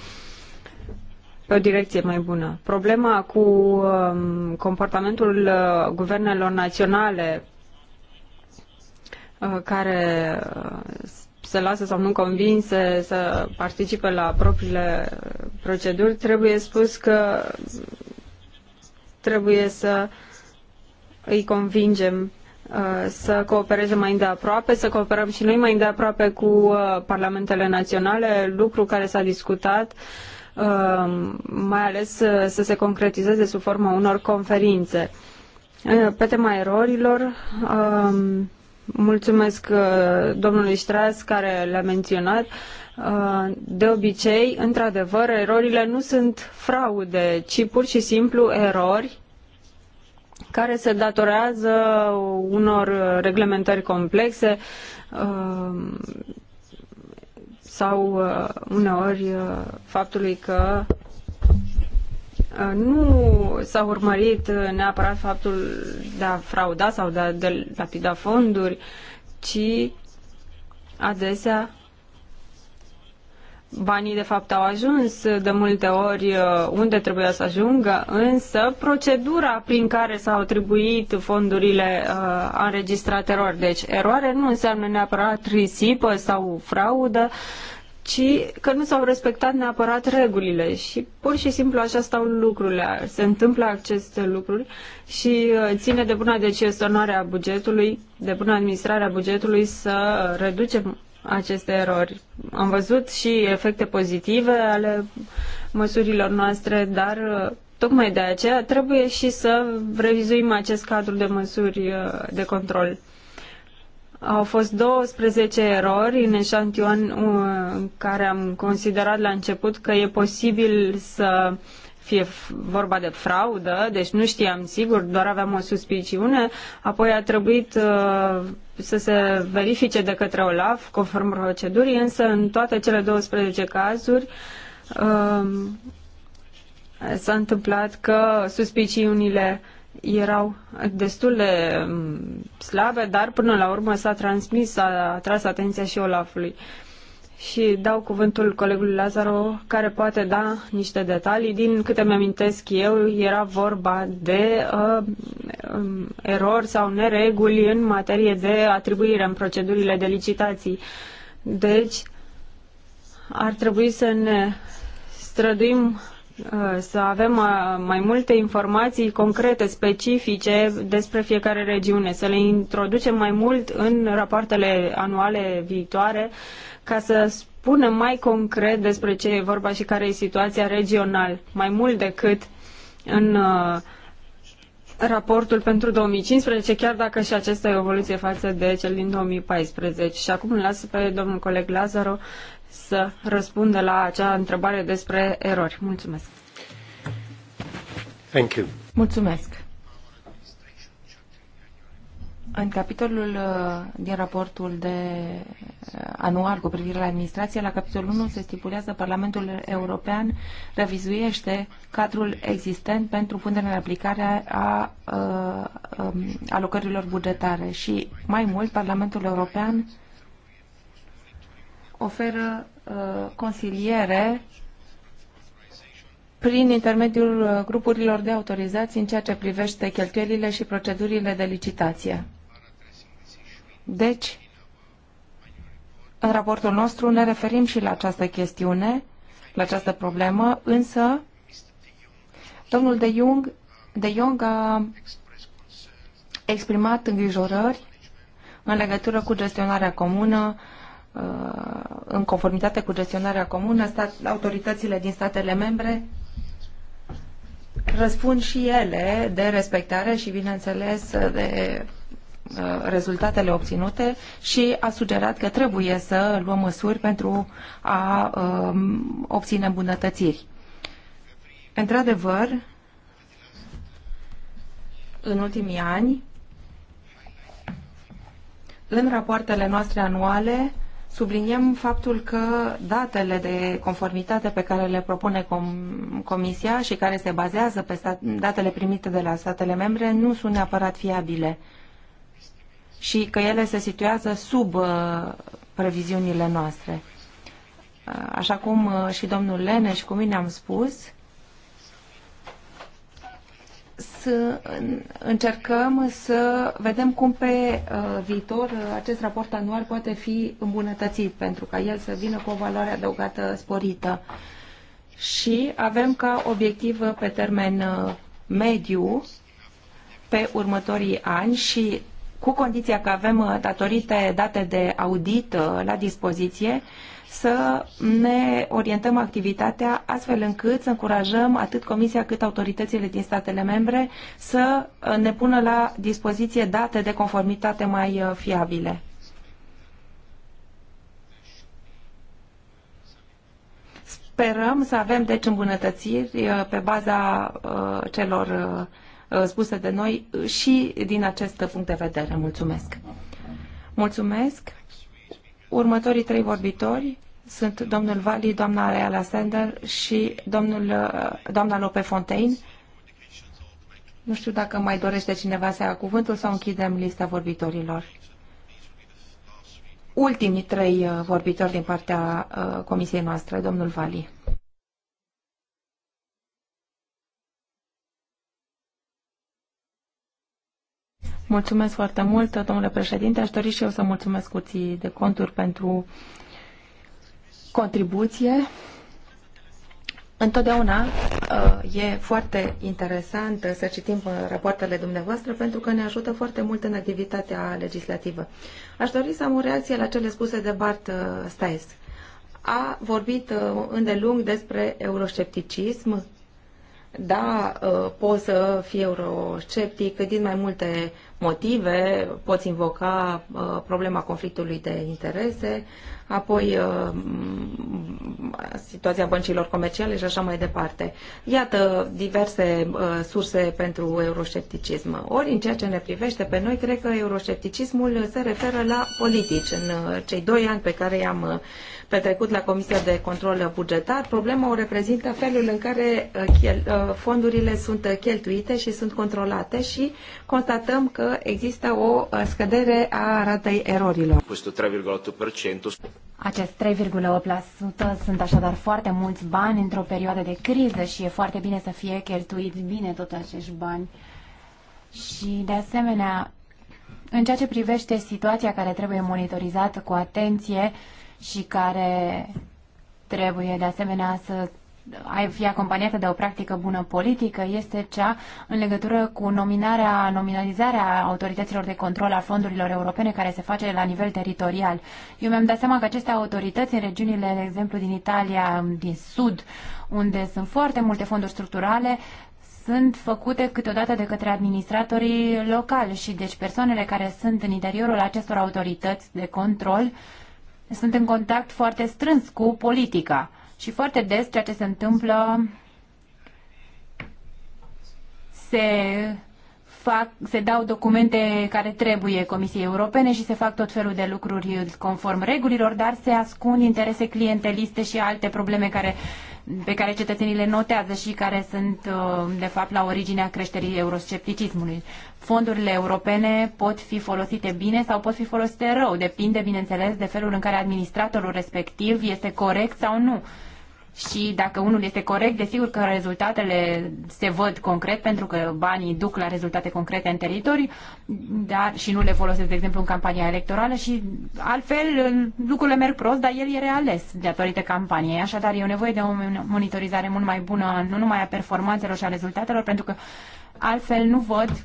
pe o direcție mai bună. Problema cu um, comportamentul uh, guvernelor naționale Uh, care uh, se lasă sau nu convinse să participe la propriile proceduri, trebuie spus că trebuie să îi convingem uh, să coopereze mai îndeaproape, să cooperăm și noi mai îndeaproape cu parlamentele naționale, lucru care s-a discutat, mai ales să se concretizeze sub forma unor conferințe. Pe tema erorilor, Mulțumesc uh, domnului Stras care l-a menționat. Uh, de obicei, într-adevăr, erorile nu sunt fraude, ci pur și simplu erori care se datorează unor reglementări complexe uh, sau uneori faptului că Uh, nu s-a urmărit uh, neapărat faptul de a frauda sau de a lapida fonduri, ci adesea banii de fapt au ajuns de multe ori uh, unde trebuia să ajungă, însă procedura prin care s-au atribuit fondurile uh, a înregistrat erori. Deci eroare nu înseamnă neapărat risipă sau fraudă, uh, ci că nu s-au respectat neapărat regulile și pur și simplu așa stau lucrurile. Se întâmplă aceste lucruri și uh, ține de bună decisionare a bugetului, de bună administrare a bugetului să reducem aceste erori. Am văzut și efecte pozitive ale măsurilor noastre, dar uh, tocmai de aceea trebuie și să revizuim acest cadru de măsuri uh, de control. Au fost 12 erori în eșantion uh, în care am considerat la început că e posibil să fie vorba de fraudă, deci nu știam sigur, doar aveam o suspiciune, apoi a trebuit uh, să se verifice de către OLAF, conform procedurii, însă în toate cele 12 cazuri uh, s-a întâmplat că suspiciunile uh, erau destul de mm, slabe, dar până la urmă s-a transmis, a atras atenția și Olafului. Și dau cuvântul colegului Lazaro, care poate da niște detalii. Din câte mi-amintesc eu, era vorba de uh, um, erori sau nereguli în materie de atribuire în procedurile de licitații. Deci, ar trebui să ne străduim Uh, să avem uh, mai multe informații concrete, specifice despre fiecare regiune, să le introducem mai mult în rapoartele anuale viitoare ca să spunem mai concret despre ce e vorba și care e situația regional, mai mult decât în uh, raportul pentru 2015, chiar dacă și acesta e o evoluție față de cel din 2014. Și acum îl las pe domnul coleg Lazaro să răspundă la acea întrebare despre erori. Mulțumesc. Thank you. Mulțumesc. În capitolul uh, din raportul de uh, anual cu privire la administrație, la capitolul 1 se stipulează Parlamentul European revizuiește cadrul existent pentru punerea în aplicare a, a, uh, a um, alocărilor bugetare și mai mult Parlamentul European oferă uh, consiliere prin intermediul uh, grupurilor de autorizații în ceea ce privește cheltuielile și procedurile de licitație. Deci, în raportul nostru ne referim și la această chestiune, la această problemă, însă domnul de Jung, de Jung a exprimat îngrijorări în legătură cu gestionarea comună, Uh, în conformitate cu gestionarea comună, stat, autoritățile din statele membre răspund și ele de respectare și, bineînțeles, de uh, rezultatele obținute și a sugerat că trebuie să luăm măsuri pentru a um, obține îmbunătățiri. Într-adevăr, în ultimii ani, în rapoartele noastre anuale, subliniem faptul că datele de conformitate pe care le propune com- Comisia și care se bazează pe datele primite de la statele membre nu sunt neapărat fiabile și că ele se situează sub uh, previziunile noastre. Uh, așa cum uh, și domnul Lene și cu mine am spus, încercăm să vedem cum pe uh, viitor uh, acest raport anual poate fi îmbunătățit pentru ca el să vină cu o valoare adăugată sporită. Și avem ca obiectiv uh, pe termen mediu pe următorii ani și cu condiția că avem datorite date de audit la dispoziție, să ne orientăm activitatea astfel încât să încurajăm atât Comisia cât autoritățile din statele membre să uh, ne pună la dispoziție date de conformitate mai uh, fiabile. Sperăm să avem deci îmbunătățiri uh, pe baza celor spuse de noi și din acest punct de vedere. Mulțumesc! Mulțumesc! Următorii trei vorbitori sunt domnul Vali, doamna Reala Sender și domnul, uh, doamna Lope Fontaine. Nu știu dacă mai dorește cineva să ia cuvântul sau închidem lista vorbitorilor. Ultimii trei uh, vorbitori din partea uh, comisiei noastre, domnul Vali. Mulțumesc foarte mult, domnule președinte. Aș dori și eu să mulțumesc curții de conturi pentru contribuție. Întotdeauna uh, e foarte interesant să citim rapoartele dumneavoastră pentru că ne ajută foarte mult în activitatea legislativă. Aș dori să am o reacție la cele spuse de Bart uh, Staes. A vorbit uh, îndelung despre euroscepticism. Da, poți să fie eurosceptic din mai multe motive, poți invoca uh, problema conflictului de interese, apoi uh, situația băncilor comerciale și așa mai departe. Iată diverse uh, surse pentru euroscepticism. Ori în ceea ce ne privește pe noi, cred că euroscepticismul se referă la politici în uh, cei doi ani pe care i-am uh, petrecut la Comisia de Control Bugetar. Problema o reprezintă felul în care uh, uh, fondurile sunt cheltuite și sunt controlate și constatăm că există o uh, scădere a ratei erorilor. Acest 3,8% sunt așadar foarte mulți bani într-o perioadă de criză și e foarte bine să fie cheltuit bine tot acești bani. Și de asemenea, în ceea ce privește situația care trebuie monitorizată cu atenție și care trebuie de asemenea să fie acompaniată de o practică bună politică este cea în legătură cu nominarea, nominalizarea autorităților de control a fondurilor europene care se face la nivel teritorial. Eu mi-am dat seama că aceste autorități în regiunile, de exemplu, din Italia, din Sud, unde sunt foarte multe fonduri structurale, sunt făcute câteodată de către administratorii locali și deci persoanele care sunt în interiorul acestor autorități de control uh, sunt în contact foarte strâns cu politica și foarte des ceea ce se întâmplă se fac, se dau documente care trebuie Comisiei Europene și se fac tot felul de lucruri conform regulilor, dar se ascund interese clienteliste și alte probleme care pe care cetățenii le notează și care sunt, uh, de fapt, la originea creșterii euroscepticismului. Fondurile europene pot fi folosite bine sau pot fi folosite rău, depinde, bineînțeles, de felul în care administratorul respectiv este corect sau nu și dacă unul este corect, desigur că rezultatele se văd concret, pentru că banii duc la rezultate concrete în teritoriu, dar și nu le folosesc, de exemplu, în campania electorală și altfel lucrurile merg prost, dar el e reales datorită campaniei. Așadar, e o nevoie de o monitorizare mult mai bună, nu numai a performanțelor și a rezultatelor, pentru că altfel nu văd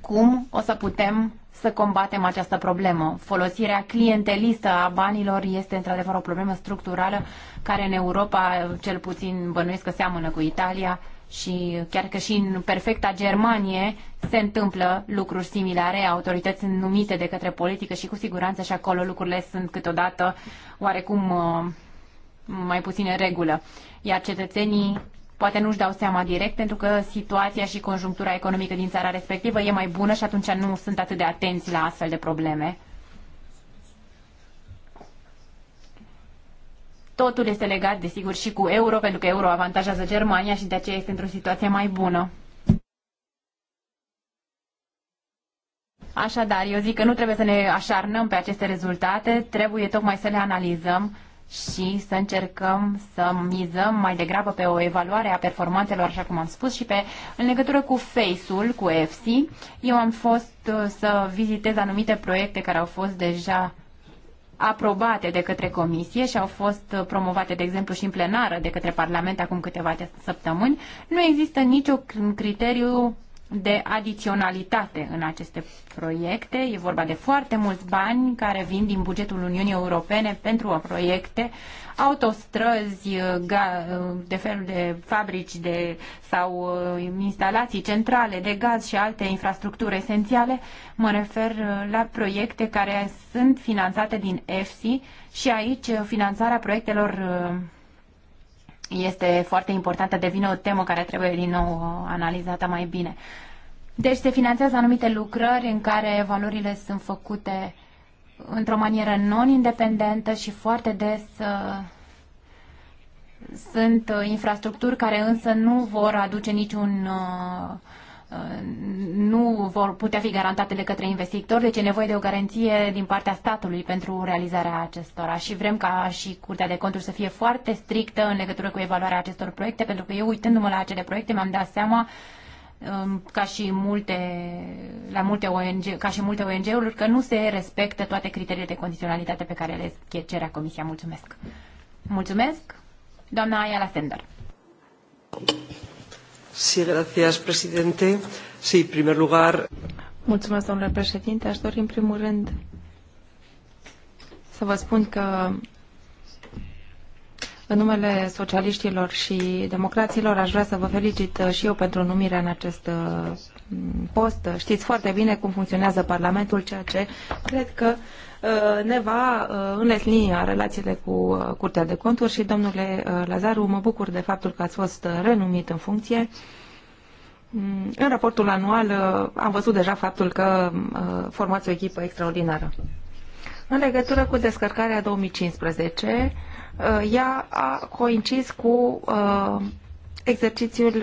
cum o să putem să combatem această problemă. Folosirea clientelistă a banilor este într-adevăr o problemă structurală care în Europa, cel puțin bănuiesc că seamănă cu Italia și chiar că și în perfecta Germanie se întâmplă lucruri similare, autorități sunt numite de către politică și cu siguranță și acolo lucrurile sunt câteodată oarecum uh, mai puțin în regulă. Iar cetățenii poate nu-și dau seama direct pentru că situația și conjunctura economică din țara respectivă e mai bună și atunci nu sunt atât de atenți la astfel de probleme. Totul este legat, desigur, și cu euro, pentru că euro avantajează Germania și de aceea este într-o situație mai bună. Așadar, eu zic că nu trebuie să ne așarnăm pe aceste rezultate, trebuie tocmai să le analizăm și să încercăm să mizăm mai degrabă pe o evaluare a performanțelor, așa cum am spus, și pe în legătură cu Face-ul, cu FC. Eu am fost uh, să vizitez anumite proiecte care au fost deja aprobate de către comisie și au fost uh, promovate, de exemplu, și în plenară de către Parlament acum câteva săptămâni, nu există niciun criteriu de adiționalitate în aceste proiecte. E vorba de foarte mulți bani care vin din bugetul Uniunii Europene pentru proiecte, autostrăzi, uh, uh, de felul de fabrici de, sau uh, instalații centrale de gaz și alte infrastructuri esențiale. Mă refer la proiecte care sunt finanțate din EFSI și aici finanțarea proiectelor este foarte importantă, devine o temă care trebuie din nou analizată mai bine. Deci se finanțează anumite lucrări în care valorile sunt făcute într-o manieră non-independentă și foarte des uh, sunt uh, infrastructuri care însă nu vor aduce niciun uh, nu vor putea fi garantate de către investitori, deci e nevoie de o garanție din partea statului pentru realizarea acestora și vrem ca și Curtea de Conturi să fie foarte strictă în legătură cu evaluarea acestor proiecte, pentru că eu uitându-mă la acele proiecte mi-am dat seama um, ca și multe, la multe ONG, ca și multe ONG-uri, că nu se respectă toate criteriile de condiționalitate pe care le cerea Comisia. Mulțumesc! Mulțumesc, doamna la Sender! Sí, gracias, presidente. Sí, lugar... Mulțumesc, domnule președinte. Aș dori, în primul rând, să vă spun că în numele socialiștilor și democraților aș vrea să vă felicit uh, și eu pentru numirea în acest uh, post. Știți foarte bine cum funcționează Parlamentul, ceea ce cred că Uh, ne va uh, înlesni uh, relațiile cu Curtea de Conturi și, domnule Lazaru, mă bucur de faptul că ați fost renumit în funcție. Mm, în raportul anual am văzut deja faptul că formați o echipă extraordinară. În legătură cu descărcarea 2015, ea a coincis cu exercițiul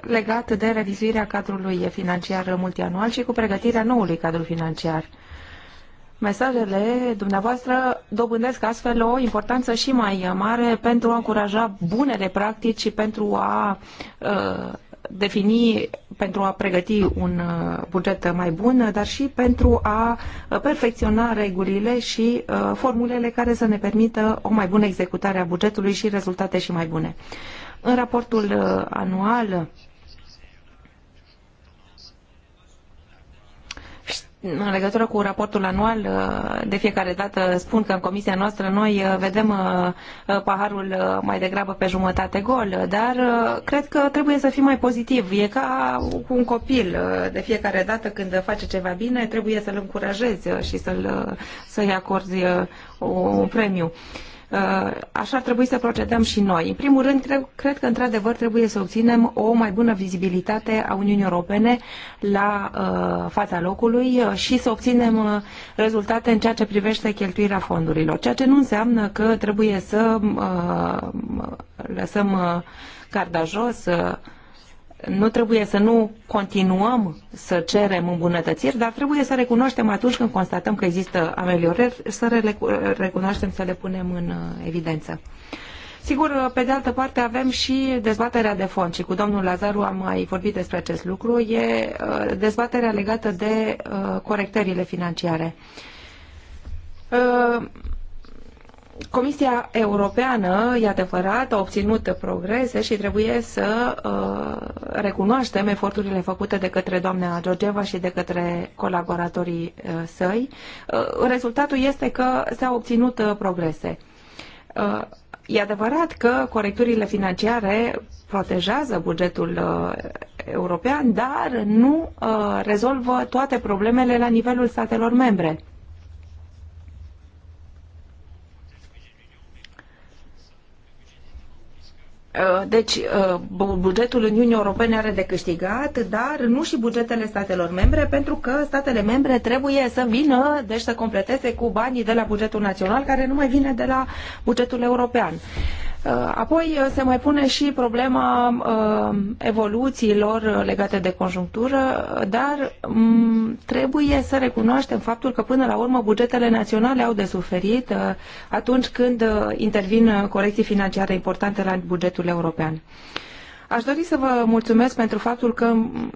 legat de revizuirea cadrului financiar multianual și cu pregătirea noului cadru financiar Mesajele dumneavoastră dobândesc astfel o importanță și mai mare pentru a încuraja bunele practici și pentru a uh, defini, pentru a pregăti un uh, buget mai bun, dar și pentru a uh, perfecționa regulile și uh, formulele care să ne permită o mai bună executare a bugetului și rezultate și mai bune. În raportul uh, anual în legătură cu raportul anual, uh, de fiecare dată spun că în comisia noastră noi uh, vedem uh, paharul mai degrabă pe jumătate gol, dar cred că trebuie să fim mai pozitiv. E ca cu un copil. De fiecare dată când face ceva bine, trebuie să-l încurajezi și să-i să, acorzi un premiu. Uh, așa ar trebui să procedăm și noi. În primul rând, cred, cred că într-adevăr trebuie să obținem o mai bună vizibilitate a Uniunii Europene la uh, fața locului uh, și să obținem uh, rezultate în ceea ce privește cheltuirea fondurilor, ceea ce nu înseamnă că trebuie să uh, lăsăm garda jos, nu trebuie să nu continuăm să cerem îmbunătățiri, dar trebuie să recunoaștem atunci când constatăm că există ameliorări, să recunoaștem, să le punem în uh, evidență. Sigur, uh, pe de altă parte avem și dezbaterea de fond și cu domnul Lazaru am mai vorbit despre acest lucru, e uh, dezbaterea legată de corectările financiare Comisia Europeană, e adevărat, a obținut progrese și trebuie să uh, recunoaștem eforturile făcute de către doamna Georgeva și de către colaboratorii uh, săi. Uh, rezultatul este că s-au obținut uh, progrese. Uh, E adevărat că corecturile financiare protejează bugetul uh, european, dar nu uh, rezolvă toate problemele la nivelul statelor membre Uh, deci, uh, bugetul Uniunii Europene are de câștigat, dar nu și bugetele statelor membre, pentru că statele membre trebuie să vină, deci să completeze cu banii de la bugetul național, care nu mai vine de la bugetul european. Uh, apoi uh, se mai pune și problema uh, evoluțiilor legate de conjunctură, dar mm, trebuie să recunoaștem faptul că până la urmă bugetele naționale au de suferit atunci când intervin corecții financiare importante la bugetul european. Aș dori să vă mulțumesc pentru faptul că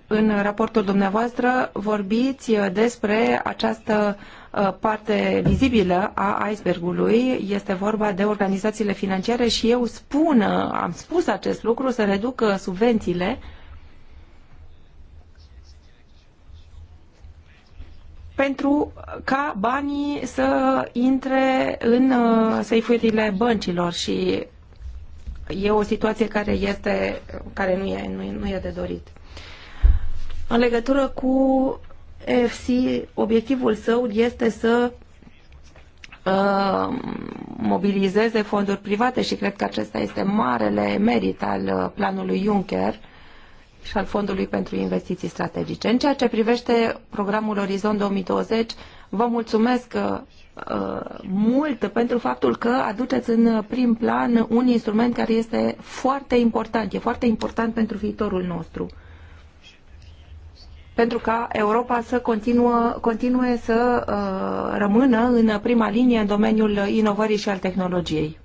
în raportul dumneavoastră vorbiți uh, despre această uh, parte vizibilă a icebergului. Este vorba de organizațiile financiare și eu spun, uh, am spus acest lucru, să reducă subvențiile pentru ca banii să intre în seifurile băncilor și e o situație care, este, care nu, e, nu, e, nu e de dorit. În legătură cu FC, obiectivul său este să uh, mobilizeze fonduri private și cred că acesta este marele merit al uh, planului Juncker și al Fondului pentru Investiții Strategice. În ceea ce privește programul Orizont 2020, vă mulțumesc uh, Uh, mult pentru faptul că aduceți în prim plan un instrument care este foarte important, e foarte important pentru viitorul nostru. Pentru ca Europa să continuă, continue să uh, rămână în prima linie în domeniul inovării și al tehnologiei.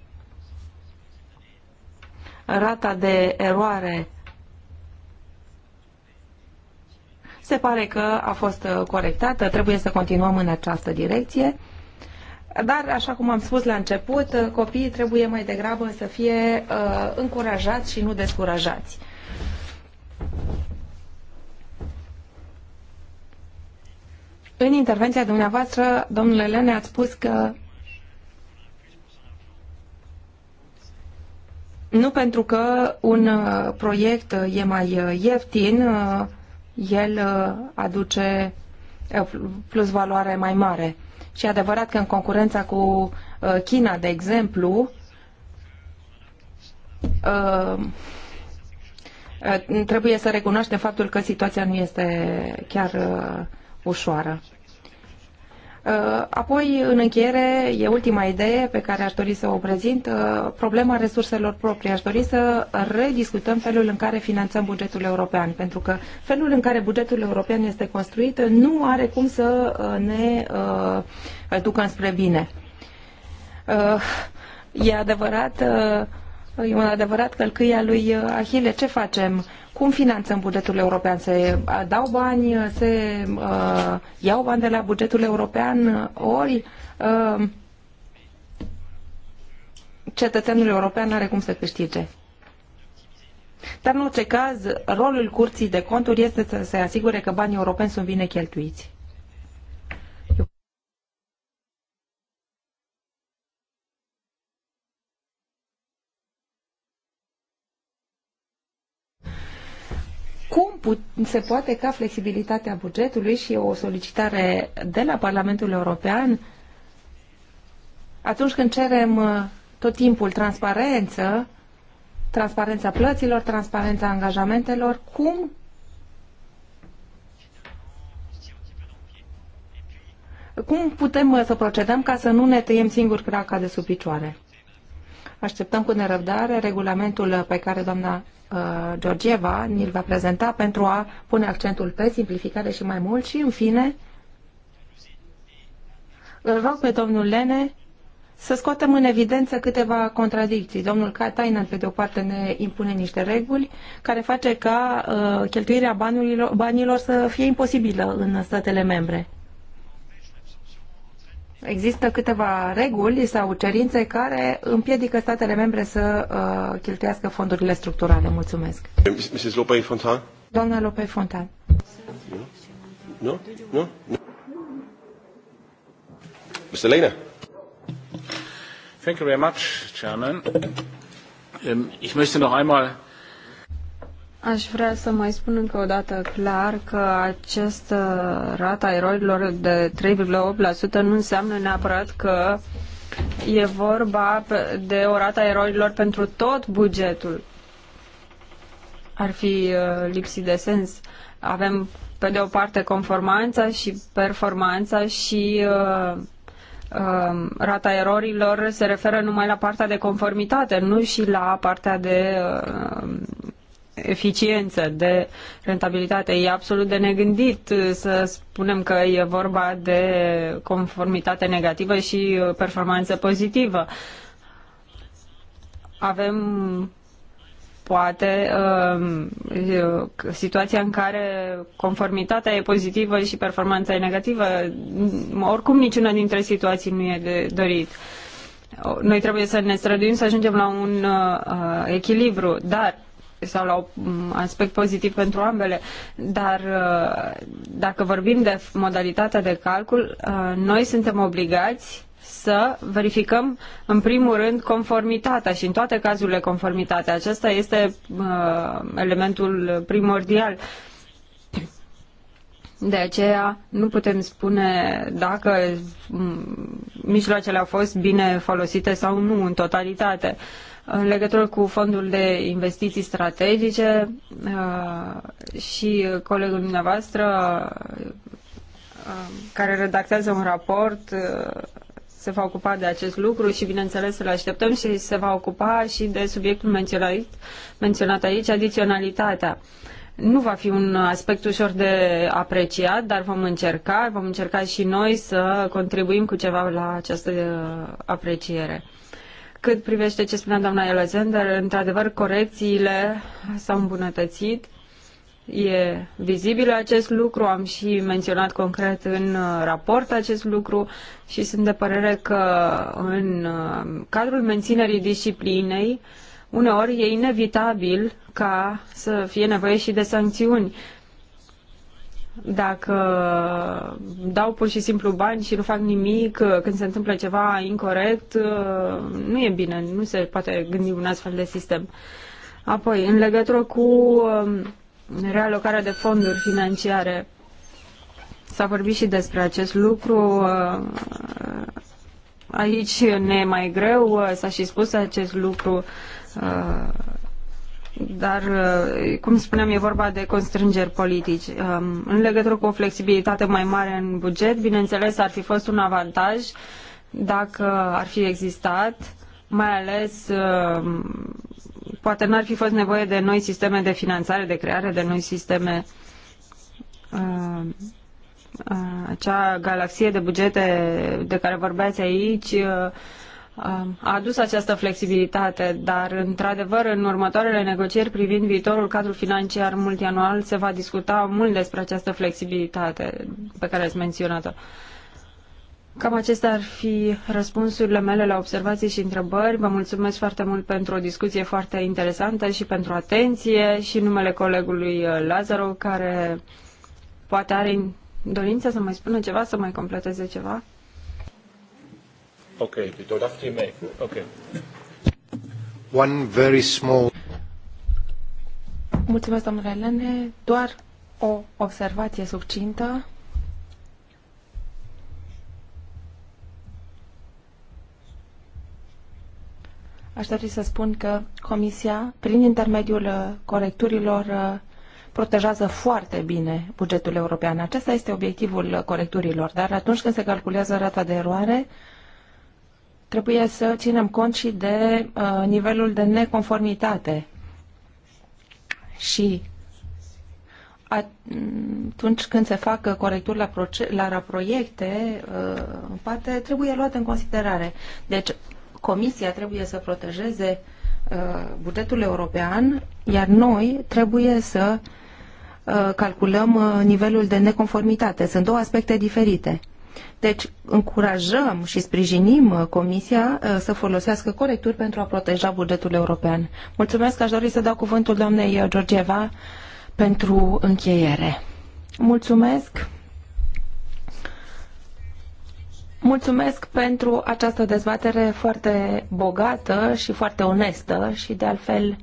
Rata de eroare se pare că a fost corectată, trebuie să continuăm în această direcție. Dar, așa cum am spus la început, copiii trebuie mai degrabă să fie uh, încurajați și nu descurajați. În intervenția dumneavoastră, domnule Lene, ați spus că nu pentru că un uh, proiect e mai uh, ieftin, uh, el aduce plus valoare mai mare. Și e adevărat că în concurența cu uh, China, de exemplu, uh, uh, trebuie să recunoaștem faptul că situația nu este chiar ușoară. Uh, apoi, în încheiere, e ultima idee pe care aș dori să o prezint, uh, problema resurselor proprii. Aș dori să rediscutăm felul în care finanțăm bugetul european, pentru că felul în care bugetul european este construit nu are cum să uh, ne ducă înspre bine. E adevărat, E un adevărat călcâia lui uh, Ahile. Ce facem? Cum finanțăm bugetul european? Se uh, dau bani, uh, se uh, iau bani de la bugetul european, ori uh, cetățenul european are cum să câștige. Dar în orice caz, rolul curții de conturi este să se asigure că banii europeni sunt bine cheltuiți. se poate ca flexibilitatea bugetului și o solicitare de la Parlamentul European atunci când cerem uh, tot timpul transparență, transparența plăților, transparența angajamentelor, cum cum putem uh, să procedăm ca să nu ne tăiem singur craca de sub picioare? Așteptăm cu nerăbdare regulamentul pe care doamna uh, Georgieva ni-l va prezenta pentru a pune accentul pe simplificare și mai mult și, în fine, îl rog pe domnul Lene să scoatem în evidență câteva contradicții. Domnul Katainen, pe de o parte, ne impune niște reguli care face ca uh, cheltuirea banilor, banilor să fie imposibilă în statele membre. Există câteva reguli sau cerințe care împiedică statele membre să uh, cheltuiască fondurile structurale. Mulțumesc. Mrs. Lope Fontan? Doamna Lope Fontan. Nu? nu, Nu? No? No? Thank you very much, Chairman. Um, ich möchte noch einmal Aș vrea să mai spun încă o dată clar că această rata a erorilor de 3,8% nu înseamnă neapărat că e vorba de o rata a erorilor pentru tot bugetul. Ar fi uh, lipsit de sens. Avem pe de o parte conformanța și performanța și uh, uh, rata erorilor se referă numai la partea de conformitate, nu și la partea de uh, eficiență, de rentabilitate. E absolut de negândit uh, să spunem că e vorba de conformitate negativă și uh, performanță pozitivă. Avem poate um, uh, situația în care conformitatea e pozitivă și performanța e negativă. Mm, oricum niciuna dintre situații nu e de dorit noi trebuie să ne străduim să ajungem la un uh, echilibru, dar sau la un aspect pozitiv pentru ambele, dar uh, dacă vorbim de modalitatea de calcul, uh, noi suntem obligați să verificăm în primul rând conformitatea și în toate cazurile conformitatea. Acesta este uh, elementul primordial. De aceea nu putem spune dacă mm, mijloacele au fost bine folosite sau nu în totalitate. Uh, în legătură cu fondul de investiții strategice uh, și colegul dumneavoastră uh, care redactează un raport uh, se va ocupa de acest lucru și, bineînțeles, să-l așteptăm și se va ocupa și de subiectul menționat, menționat aici, adiționalitatea. Nu va fi un aspect ușor de apreciat, dar vom încerca, vom încerca și noi să contribuim cu ceva la această apreciere. Cât privește ce spunea doamna Elezender, într-adevăr, corecțiile s-au îmbunătățit. E vizibil acest lucru, am și menționat concret în uh, raport acest lucru și sunt de părere că în uh, cadrul menținerii disciplinei, uneori e inevitabil ca să fie nevoie și de sancțiuni dacă dau pur și simplu bani și nu fac nimic când se întâmplă ceva incorrect, nu e bine, nu se poate gândi un astfel de sistem. Apoi, în legătură cu um, realocarea de fonduri financiare, s-a vorbit și despre acest lucru. Uh, aici ne e mai greu, uh, s-a și spus acest lucru uh, dar, uh, cum spuneam, e vorba de constrângeri politici. Um, în legătură cu o flexibilitate mai mare în buget, bineînțeles, ar fi fost un avantaj dacă ar fi existat, mai ales um, poate n-ar fi fost nevoie de noi sisteme de finanțare, de creare de noi sisteme um, uh, acea galaxie de bugete de care vorbeați aici uh, Um, a adus această flexibilitate, dar într-adevăr în următoarele negocieri privind viitorul cadru financiar multianual se va discuta mult despre această flexibilitate pe care ați menționat-o. Cam acestea ar fi răspunsurile mele la observații și întrebări. Vă mulțumesc foarte mult pentru o discuție foarte interesantă și pentru atenție și numele colegului uh, Lazaro care poate are dorința să mai spună ceva, să mai completeze ceva. Ok, do dafti Ok. One very small... Mulțumesc, domnule Lene. Doar o observație succintă. Aș dori să spun că Comisia, prin intermediul uh, corecturilor, uh, protejează foarte bine bugetul european. Acesta este obiectivul uh, corecturilor, dar atunci când se calculează rata de eroare, trebuie să ținem cont și de uh, nivelul de neconformitate. Și atunci când se fac corecturi la, proce- la proiecte, uh, în parte, trebuie luate în considerare. Deci, Comisia trebuie să protejeze uh, bugetul european, iar noi trebuie să uh, calculăm uh, nivelul de neconformitate. Sunt două aspecte diferite. Deci încurajăm și sprijinim uh, Comisia uh, să folosească corecturi pentru a proteja bugetul european. Mulțumesc, aș dori să dau cuvântul doamnei uh, Georgieva pentru încheiere. Mulțumesc! Mulțumesc pentru această dezbatere foarte bogată și foarte onestă și de altfel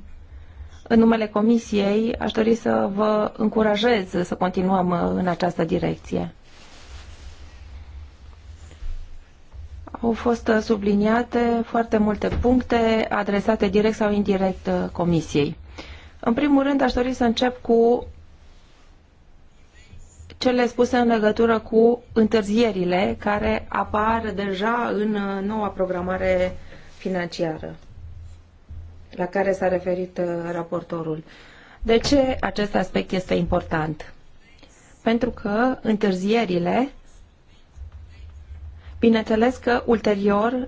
în numele Comisiei aș dori să vă încurajez să continuăm în această direcție. Au fost uh, subliniate foarte multe puncte adresate direct sau indirect uh, Comisiei. În primul rând, aș dori să încep cu cele spuse în legătură cu întârzierile care apar deja în uh, noua programare financiară la care s-a referit raportorul. De ce acest aspect este important? Pentru că întârzierile bineînțeles că ulterior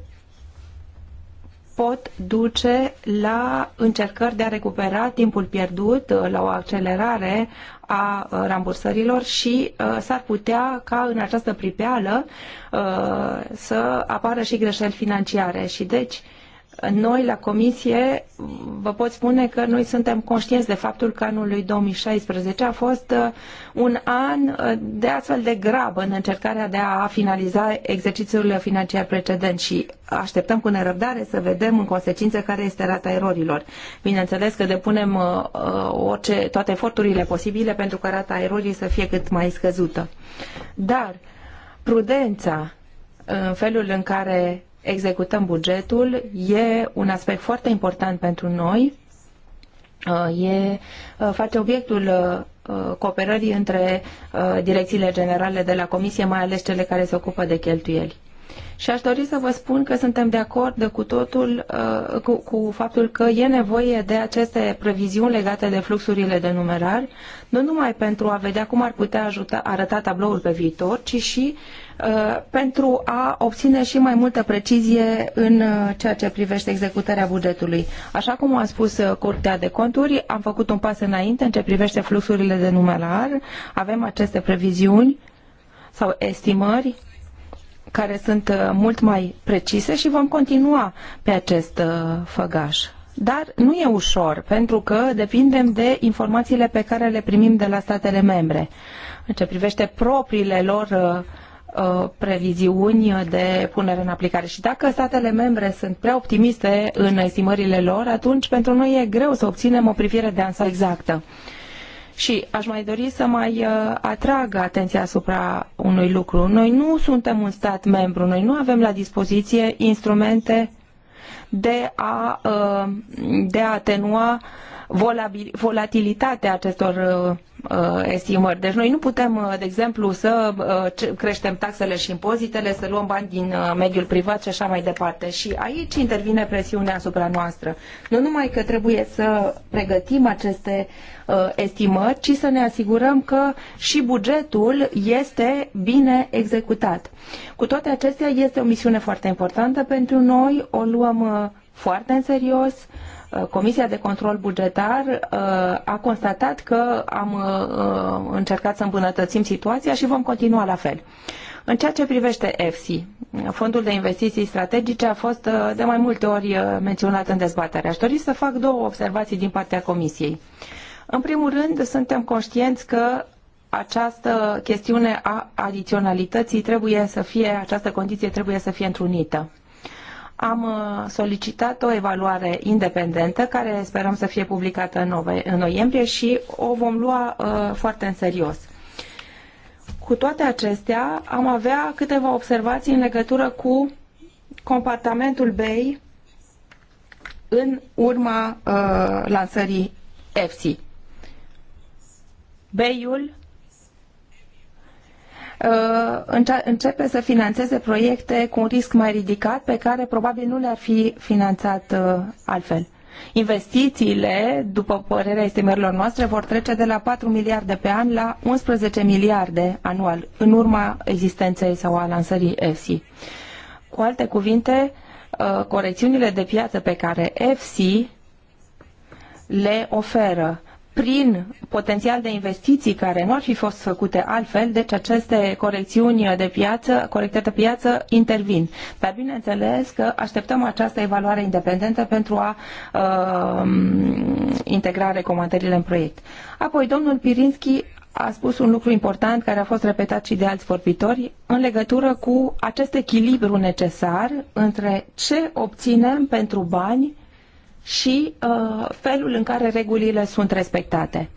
pot duce la încercări de a recupera timpul pierdut, uh, la o accelerare a uh, rambursărilor și uh, s-ar putea ca în această pripeală să apară și greșeli financiare. Și deci noi, la comisie, vă pot spune că noi suntem conștienți de faptul că anul lui 2016 a fost uh, un an uh, de astfel de grabă în încercarea de a finaliza exercițiul financiar precedent și așteptăm cu nerăbdare să vedem în consecință care este rata erorilor. Bineînțeles că depunem uh, orice, toate eforturile posibile pentru ca rata erorii să fie cât mai scăzută. Dar prudența în felul în care executăm bugetul e un aspect foarte important pentru noi. Uh, e, uh, face obiectul uh, cooperării între direcțiile generale de la Comisie, mai ales cele care se ocupă de cheltuieli. Și aș dori să vă spun că suntem de acord cu totul, cu, cu faptul că e nevoie de aceste previziuni legate de fluxurile de numerar, nu numai pentru a vedea cum ar putea ajuta, arăta tabloul pe viitor, ci și uh, Uh, pentru a obține și mai multă precizie în uh, ceea ce privește executarea bugetului. Așa cum a spus uh, Curtea de Conturi, am făcut un pas înainte în ce privește fluxurile de numerar. Avem aceste previziuni sau estimări care sunt mult mai precise și vom continua pe acest făgaș. Dar nu e ușor, pentru că depindem de informațiile pe care le primim de la statele membre. În ce privește propriile lor uh, Uh, previziuni de punere în aplicare. Și dacă statele membre sunt prea optimiste în estimările lor, atunci pentru noi e greu să obținem o privire de ansamblu exactă. Și aș mai dori să mai uh, atrag atenția asupra unui lucru. Noi nu suntem un stat membru, noi nu avem la dispoziție instrumente de a, uh, de a atenua uh, volatilitatea acestor uh, uh, estimări. Deci noi nu putem, uh, de exemplu, să creștem taxele și impozitele, să luăm bani din mediul privat și așa mai departe. Și aici intervine presiunea asupra noastră. Nu numai că trebuie să pregătim aceste estimări, ci să ne asigurăm că și bugetul este bine executat. Cu toate acestea, este o misiune foarte importantă pentru noi, o luăm foarte în serios, Uh, Comisia de Control Bugetar uh, a constatat că am uh, încercat să îmbunătățim situația și vom continua la fel. În ceea ce privește EFSI, Fondul de Investiții Strategice a fost de mai multe ori menționat în dezbatere. Aș dori să fac două observații din partea Comisiei. În primul rând, suntem conștienți că această chestiune a adiționalității trebuie să fie, această condiție trebuie să fie întrunită am uh, solicitat o evaluare independentă care sperăm să fie publicată în noiembrie și o vom lua uh, foarte în serios. Cu toate acestea, am avea câteva observații în legătură cu compartamentul BEI în urma uh, lansării EFSI. BEI-ul Uh, începe să financeze proiecte cu un risc mai ridicat pe care probabil nu le-ar fi finanțat uh, altfel. Investițiile, după părerea estimărilor noastre, vor trece de la 4 miliarde pe an la 11 miliarde anual, în urma existenței sau a lansării EFSI. Cu alte cuvinte, uh, corecțiunile de piață pe care EFSI le oferă prin potențial de investiții care nu ar fi fost făcute altfel, deci aceste corecțiuni de piață, corectări de piață intervin. Dar bineînțeles că așteptăm această evaluare independentă pentru a uh, integra recomandările în proiect. Apoi, domnul Pirinski a spus un lucru important care a fost repetat și de alți vorbitori în legătură cu acest echilibru necesar între ce obținem pentru bani și uh, felul în care regulile sunt respectate.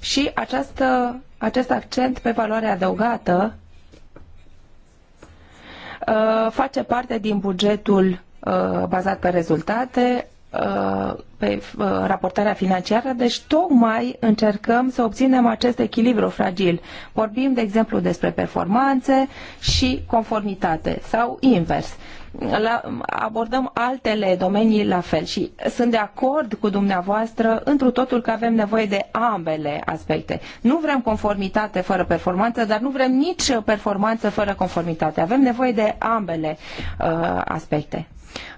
Și această, acest accent pe valoare adăugată uh, face parte din bugetul uh, bazat pe rezultate, uh, pe uh, raportarea financiară, deci tocmai încercăm să obținem acest echilibru fragil. Vorbim, de exemplu, despre performanțe și conformitate sau invers abordăm altele domenii la fel și sunt de acord cu dumneavoastră întru totul că avem nevoie de ambele aspecte. Nu vrem conformitate fără performanță, dar nu vrem nici performanță fără conformitate. Avem nevoie de ambele uh, aspecte.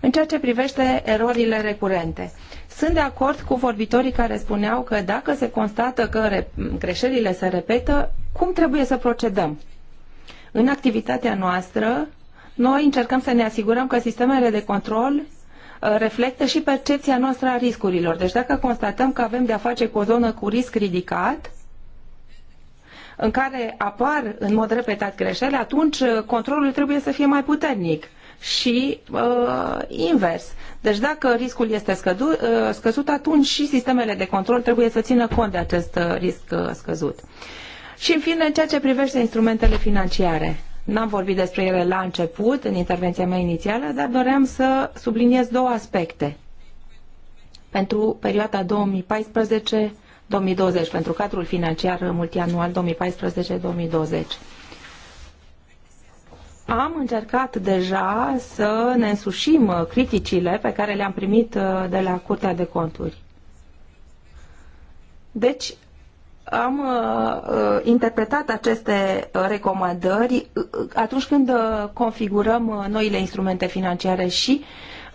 În ceea ce privește erorile recurente, sunt de acord cu vorbitorii care spuneau că dacă se constată că greșelile se repetă, cum trebuie să procedăm? În activitatea noastră noi încercăm să ne asigurăm că sistemele de control uh, reflectă și percepția noastră a riscurilor. Deci dacă constatăm că avem de-a face cu o zonă cu risc ridicat, în care apar în mod repetat greșeli, atunci uh, controlul trebuie să fie mai puternic și uh, invers. Deci dacă riscul este scădu, uh, scăzut, atunci și sistemele de control trebuie să țină cont de acest uh, risc uh, scăzut. Și în fine, în ceea ce privește instrumentele financiare. N-am vorbit despre ele la început, în intervenția mea inițială, dar doream să subliniez două aspecte pentru perioada 2014 2020, pentru cadrul financiar multianual 2014-2020. Am încercat deja să ne însușim criticile pe care le-am primit uh, de la Curtea de Conturi. Deci, am uh, uh, interpretat aceste uh, recomandări uh, atunci când configurăm noile instrumente financiare și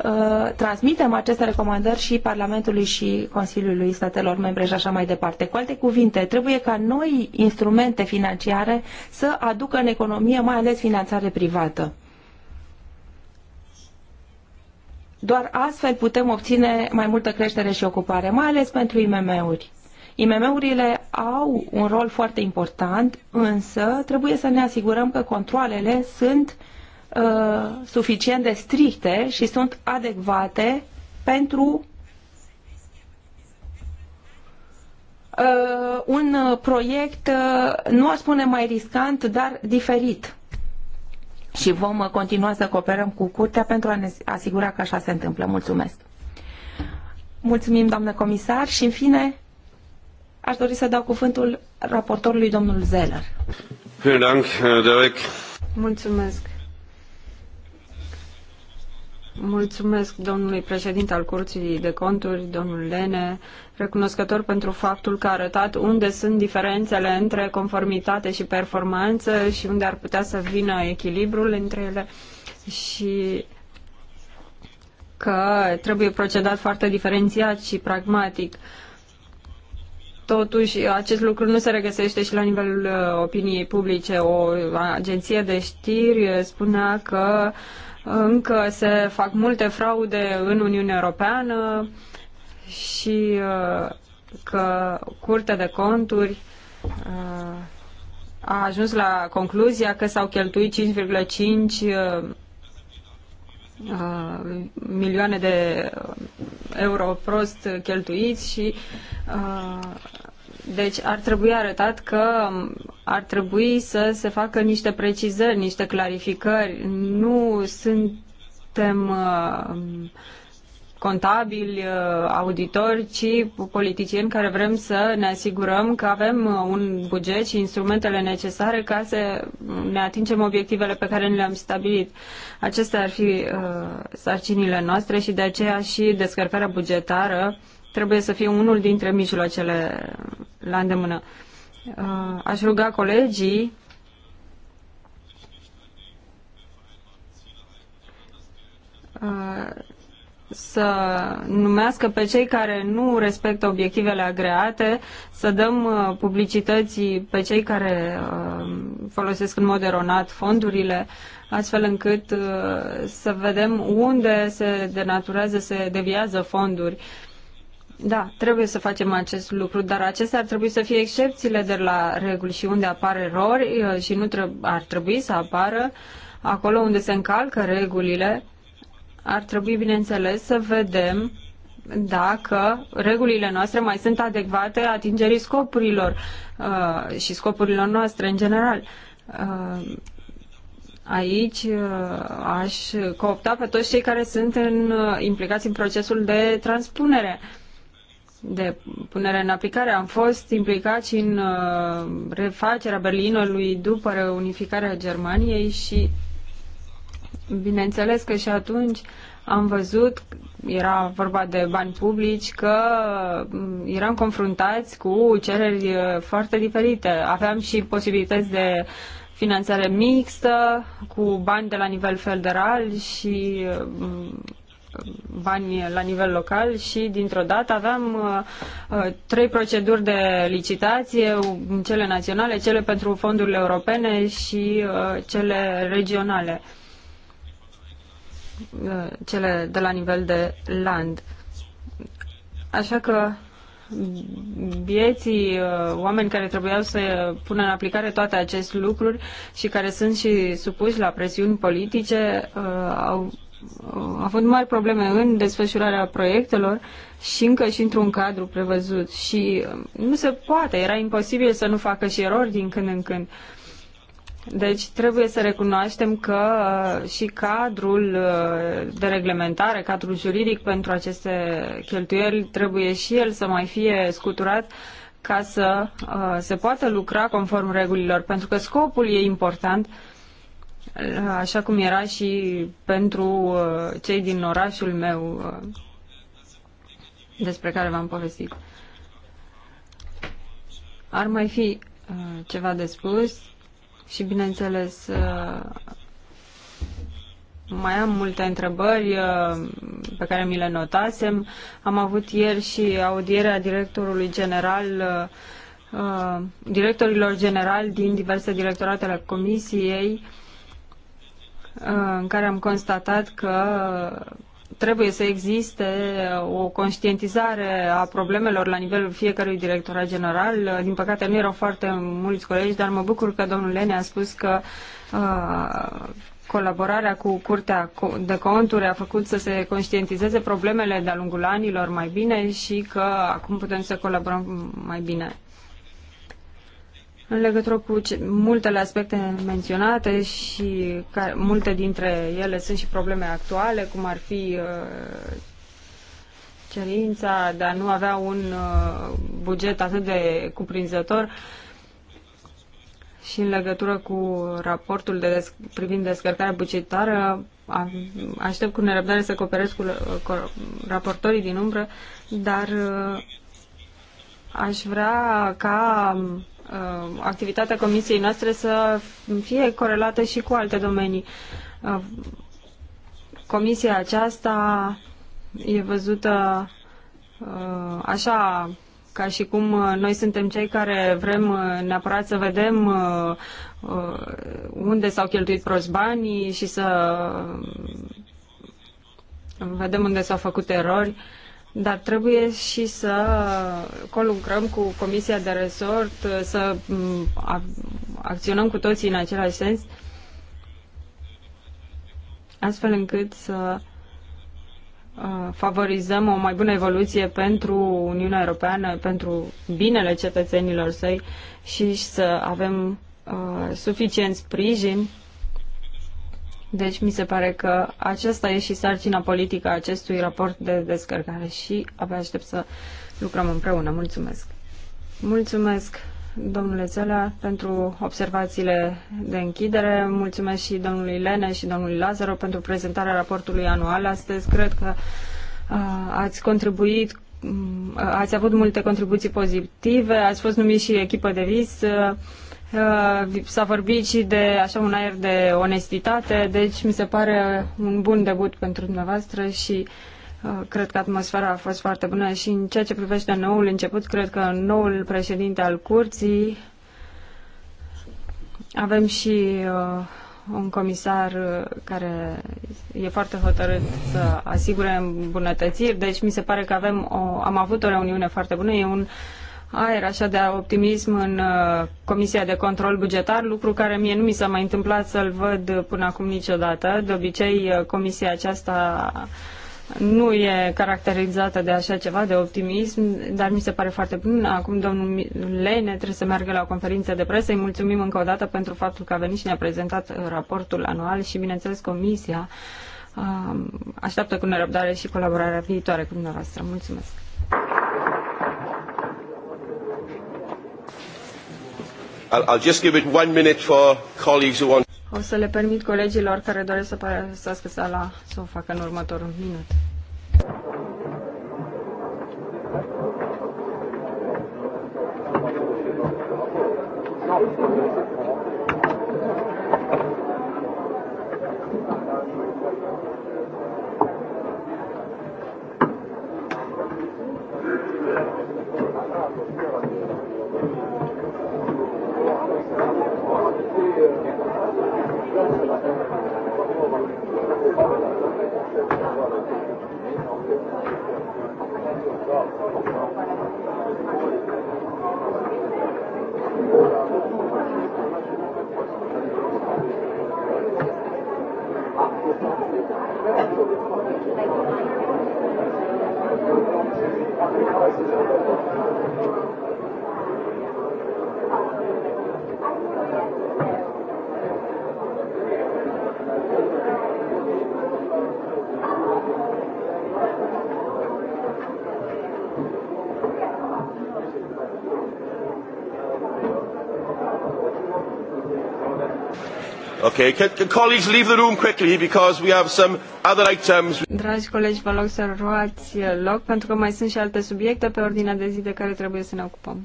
uh, transmitem aceste recomandări și Parlamentului și Consiliului statelor membre și așa mai departe. Cu alte cuvinte, trebuie ca noi instrumente financiare să aducă în economie mai ales finanțare privată. Doar astfel putem obține mai multă creștere și ocupare, mai ales pentru IMM-uri IMM-urile au un rol foarte important, însă trebuie să ne asigurăm că controlele sunt uh, suficient de stricte și sunt adecvate pentru uh, un proiect, uh, nu aș spune mai riscant, dar diferit. Și vom continua să cooperăm cu Curtea pentru a ne asigura că așa se întâmplă. Mulțumesc! Mulțumim, doamnă comisar, și în fine Aș dori să dau cuvântul raportorului domnul Zeller. Mulțumesc. Mulțumesc domnului președinte al Curții de Conturi, domnul Lene, recunoscător pentru faptul că a arătat unde sunt diferențele între conformitate și performanță și unde ar putea să vină echilibrul între ele și că trebuie procedat foarte diferențiat și pragmatic. Uh, Totuși, acest lucru nu se regăsește și la nivelul uh, opiniei publice. O agenție de știri uh, spunea că uh, încă se fac multe fraude în Uniunea Europeană și că Curtea de Conturi a ajuns la concluzia că s-au cheltuit 5,5 Uh, milioane de euro prost cheltuiți și uh, deci ar trebui arătat că ar trebui să se facă niște precizări, niște clarificări. Nu suntem uh, contabili, uh, auditori, ci politicieni care vrem să ne asigurăm că avem uh, un buget și instrumentele necesare ca să ne atingem obiectivele pe care le-am stabilit. Acestea ar fi uh, sarcinile noastre și de aceea și descărcarea bugetară trebuie să fie unul dintre mijloacele uh, la îndemână. Uh, aș ruga colegii să numească pe cei care nu respectă obiectivele agreate, să dăm uh, publicității pe cei care uh, folosesc în mod eronat fondurile, astfel încât uh, să vedem unde se denaturează, se deviază fonduri. Da, trebuie să facem acest lucru, dar acestea ar trebui să fie excepțiile de la reguli și unde apar erori și nu ar trebui să apară acolo unde se încalcă regulile ar trebui, bineînțeles, să vedem dacă regulile noastre mai sunt adecvate atingerii scopurilor uh, și scopurilor noastre în general. Uh, aici uh, aș coopta pe toți cei care sunt în, uh, implicați în procesul de transpunere, de punere în aplicare. Am fost implicați în uh, refacerea Berlinului după reunificarea Germaniei și Bineînțeles că și atunci am văzut, era vorba de bani publici, că mm, eram confruntați cu cereri uh, foarte diferite. Aveam și posibilități de finanțare mixtă, cu bani de la nivel federal și mm, bani la nivel local și dintr-o dată aveam uh, uh, trei proceduri de licitație, cele naționale, cele pentru fondurile europene și cele regionale. Uh, cele de la nivel de land. Așa că vieții uh, oameni care trebuiau să pună în aplicare toate aceste lucruri și care sunt și supuși la presiuni politice uh, au avut mari probleme în desfășurarea proiectelor și încă și într-un cadru prevăzut și nu se poate, era imposibil să nu facă și erori din când în când. Uh, deci trebuie să recunoaștem că uh, și cadrul uh, de reglementare, cadrul juridic pentru aceste cheltuieli trebuie și el să mai fie scuturat ca să uh, se poată lucra conform regulilor, pentru că scopul e important, așa cum era și pentru cei din orașul meu despre care v-am povestit. Ar mai fi ceva de spus și bineînțeles, uh, mai am multe întrebări uh, pe care mi le notasem. Am avut ieri și audierea directorului general, uh, directorilor generali din diverse directorate ale comisiei, în care am constatat că trebuie să existe uh, o conștientizare a problemelor la nivelul fiecărui directorat general. Uh, din păcate nu erau foarte mulți colegi, dar mă bucur că domnul Lene a spus că uh, colaborarea cu Curtea de Conturi a făcut să se conștientizeze problemele de-a lungul anilor mai bine și că acum putem să colaborăm mai bine în legătură cu multele aspecte menționate și care, multe dintre ele sunt și probleme actuale, cum ar fi uh, cerința de a nu avea un uh, buget atât de cuprinzător și în legătură cu raportul de des- privind descărcarea bugetară, aștept cu nerăbdare să cooperez cu, uh, cu raportorii din umbră, dar uh, aș vrea ca um, Uh, activitatea comisiei noastre să fie corelată și cu alte domenii. Uh, comisia aceasta e văzută uh, așa ca și cum noi suntem cei care vrem neapărat să vedem unde s-au cheltuit proști banii și să vedem unde s-au făcut erori. Uh, dar trebuie și să colucrăm cu Comisia de Resort, să mm, acționăm cu toții în același sens, astfel încât să uh, favorizăm o mai bună evoluție pentru Uniunea Europeană, pentru binele cetățenilor săi și să avem uh, suficient sprijin deci mi se pare că aceasta e și sarcina politică a acestui raport de descărcare și abia aștept să lucrăm împreună. Mulțumesc! Mulțumesc, domnule Zela, pentru observațiile de închidere. Mulțumesc și domnului Lene și domnului Lazaro pentru prezentarea raportului anual astăzi. Cred că ați contribuit ați avut multe contribuții pozitive, ați fost numit și echipă de vis Uh, s-a vorbit și de așa un aer de onestitate, deci mi se pare un bun debut pentru dumneavoastră și uh, cred că atmosfera a fost foarte bună și în ceea ce privește noul început, cred că noul președinte al curții avem și uh, un comisar care e foarte hotărât să asigure îmbunătățiri, deci mi se pare că avem o, am avut o reuniune foarte bună, e un uh, aer așa de optimism în uh, Comisia de Control Bugetar, lucru care mie nu mi s-a mai întâmplat să-l văd până acum niciodată. De obicei, uh, comisia aceasta nu e caracterizată de așa ceva, de optimism, dar mi se pare foarte bun. Acum domnul Lene trebuie să meargă la o conferință de presă. Îi mulțumim încă o dată pentru faptul că a venit și ne-a prezentat uh, raportul anual și, bineînțeles, comisia um, așteaptă cu nerăbdare și colaborarea viitoare cu dumneavoastră. Mulțumesc! I'll, just give it one minute for colleagues who want... O să le permit colegilor care doresc să părăsească sala să o facă în următorul minut. Okay, can, can colleagues leave the room quickly because we have some other items. Dragi colegi, vă rog să luați loc pentru că mai sunt și alte subiecte pe ordinea de zi de care trebuie să ne ocupăm.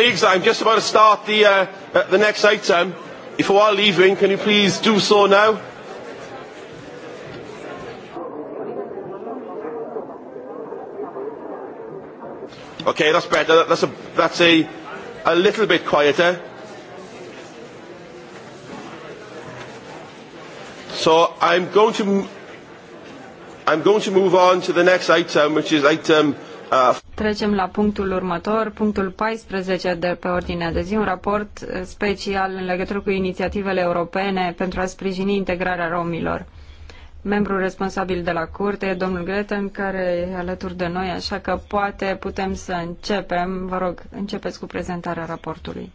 colleagues, I'm just about to start the, uh, uh, the next item. If you are leaving, can you please do so now? Okay, that's better. That's a, that's a, a little bit quieter. So I'm going to, I'm going to move on to the next item, which is item uh, Trecem la punctul următor, punctul 14 de pe ordinea de zi, un raport eh, special în legătură cu inițiativele europene pentru a sprijini integrarea romilor. Membrul responsabil de la curte e domnul Greten, care e alături de noi, așa că poate putem să începem. Vă rog, începeți cu prezentarea raportului.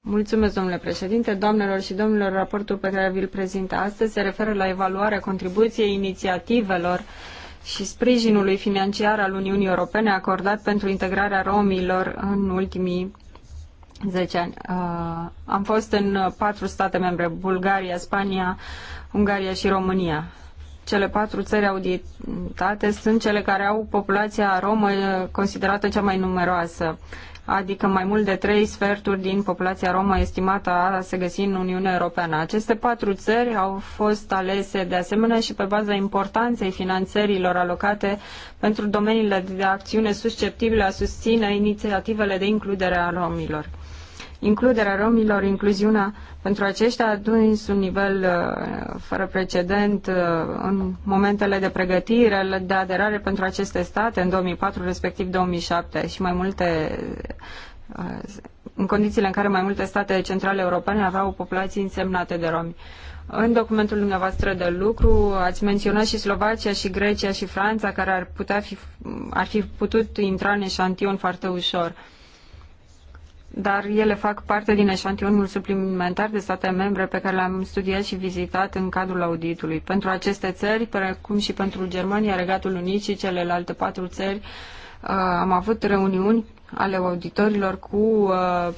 Mulțumesc, domnule președinte. Doamnelor și domnilor, raportul pe care vi-l prezint astăzi se referă la evaluarea contribuției inițiativelor uh, și sprijinului financiar al Uniunii Europene acordat pentru integrarea romilor în ultimii 10 ani. Uh, am fost în patru state membre, Bulgaria, Spania, Ungaria și România. Cele patru țări auditate sunt cele care au populația romă uh, considerată cea mai numeroasă adică mai mult de trei sferturi din populația romă estimată a se găsi în Uniunea Europeană. Aceste patru țări au fost alese de asemenea și pe baza importanței finanțărilor alocate pentru domeniile de acțiune susceptibile a susține inițiativele de includere a romilor includerea romilor, incluziunea pentru aceștia a un nivel uh, fără precedent uh, în momentele de pregătire, de aderare pentru aceste state în 2004, respectiv 2007 și mai multe uh, în condițiile în care mai multe state centrale europene aveau populații însemnate de romi. În documentul dumneavoastră de lucru ați menționat și Slovacia și Grecia și Franța care ar, putea fi, ar fi putut intra în eșantion foarte ușor. Uh, dar ele fac parte din eșantionul suplimentar de state membre pe care le-am studiat și vizitat în cadrul auditului. Pentru aceste țări, precum și pentru Germania, Regatul Unit și celelalte patru țări, uh, am avut reuniuni ale auditorilor cu uh,